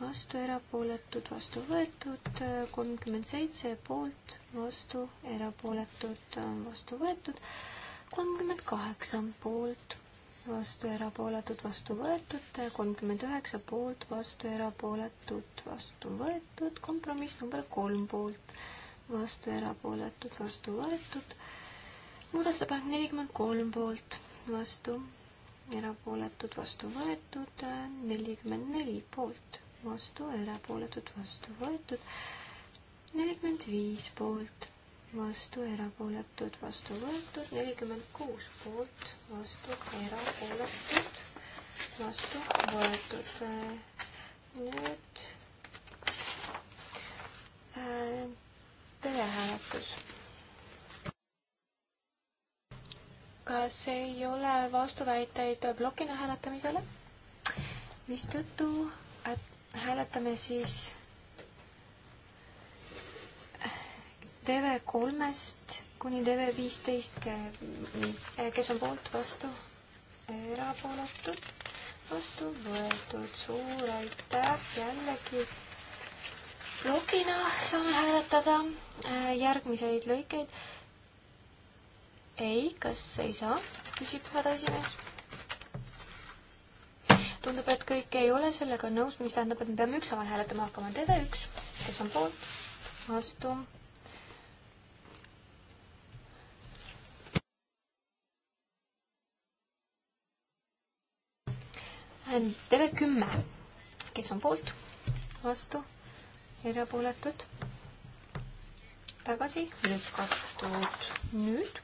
vastu erapooletud, vastu võetud, kolmkümmend seitse poolt, vastu erapooletud, vastu võetud, kolmkümmend kaheksa poolt, vastu erapooletud, vastu võetud, kolmkümmend üheksa poolt, vastu erapooletud, vastu võetud, kompromiss number kolm poolt, vastu erapooletud, vastu võetud muudatusettepanek nelikümmend kolm poolt, vastu, erapooletud, vastu võetud, nelikümmend neli poolt, vastu, erapooletud, vastu võetud, nelikümmend viis poolt, vastu, erapooletud, vastu võetud, nelikümmend kuus poolt, vastu, erapooletud, vastu võetud. nüüd äh, telehääletus kas ei ole vastuväiteid plokina hääletamisele? mistõttu hääletame siis TV3-st kuni TV15, eh, kes on poolt, vastu, erapooletud, vastu võetud, suur aitäh jällegi blogina saame hääletada eh, järgmiseid lõikeid ei, kas ei saa, küsib härra esimees. tundub, et kõik ei ole sellega nõus, mis tähendab, et me peame ükshaaval hääletama hakkama. TV1, kes on poolt, vastu. TV10, kes on poolt, vastu, erapooletud, tagasi lükatud. nüüd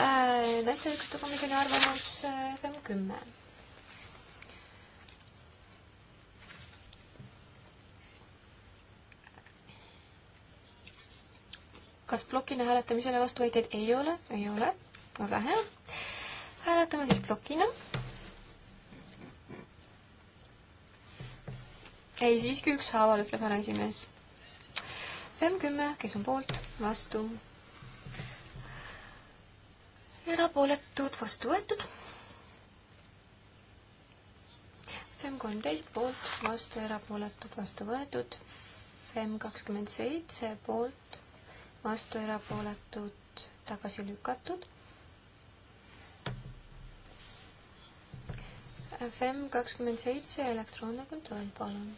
Äh, naiste õiguste komisjoni arvamus FM äh, kümme. kas plokina hääletamisele vastuväiteid ei ole? ei ole, väga hea. hääletame siis plokina. ei, siiski ükshaaval, ütleb härra esimees. FM kümme, kes on poolt, vastu erapooletud, vastu võetud. FEM kolmteist poolt, vastu erapooletud, vastu võetud. FEM kakskümmend seitse poolt, vastu erapooletud, tagasi lükatud. FM kakskümmend seitse elektroonne kontroll, palun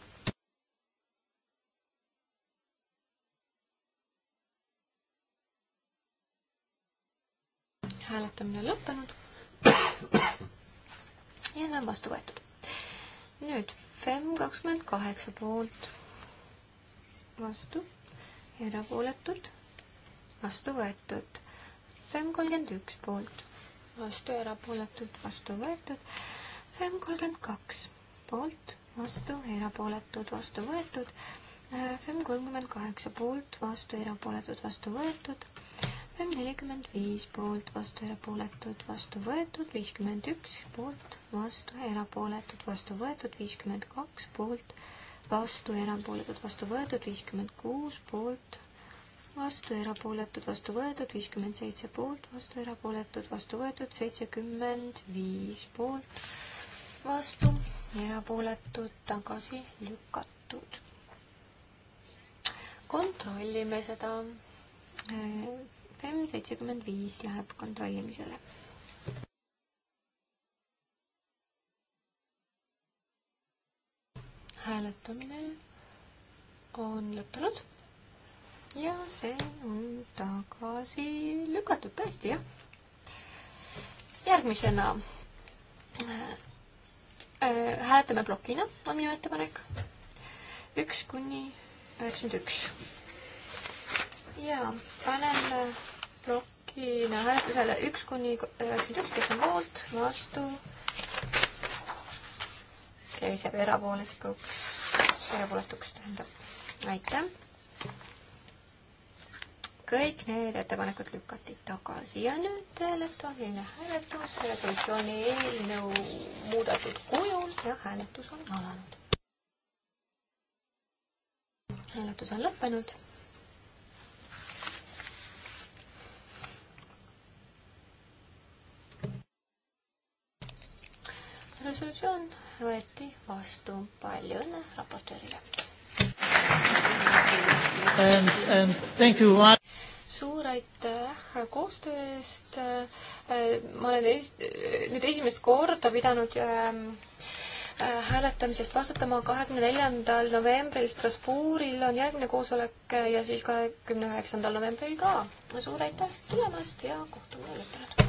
hääletamine lõppenud. ja see on vastu võetud. nüüd FEM kakskümmend kaheksa poolt, vastu, erapooletud, vastu võetud. FEM kolmkümmend üks poolt, vastu, erapooletud, vastu võetud. FEM kolmkümmend kaks poolt, vastu, erapooletud, vastu võetud. FEM kolmkümmend kaheksa poolt, vastu, erapooletud, vastu võetud FM nelikümmend viis poolt, vastu erapooletud, vastu võetud, viiskümmend üks poolt, vastu erapooletud, vastu võetud, viiskümmend kaks poolt, vastu erapooletud, vastu võetud, viiskümmend kuus poolt, vastu erapooletud, vastu võetud, viiskümmend seitse poolt, vastu erapooletud, vastu võetud, seitsekümmend viis poolt, vastu erapooletud, tagasi lükatud. kontrollime seda eh, FEM seitsekümmend viis läheb kontrollimisele. hääletamine on lõppenud ja see on tagasi lükatud, tõesti jah. järgmisena äh, äh, hääletame plokina, on minu ettepanek. üks kuni üheksakümmend üks ja panen äh, plokina hääletusele üks kuni äh, üheksakümmend üks, kes on poolt, vastu. kes jääb erapooletuks, erapooletuks tähendab. aitäh. kõik need ettepanekud lükati tagasi ja nüüd elektrooniline hääletus resolutsiooni eelnõu muudetud kujul ja hääletus on alanud. hääletus on lõppenud resolutsioon võeti vastu. palju õnne raportöörile! suur aitäh koostöö eest. Äh, ma olen es nüüd esimest korda pidanud ähm, äh, hääletamisest vastutama kahekümne neljandal novembril Strasbourgil on järgmine koosolek ja siis kahekümne üheksandal novembril ka. suur aitäh tulemast ja kohtume lõpuni.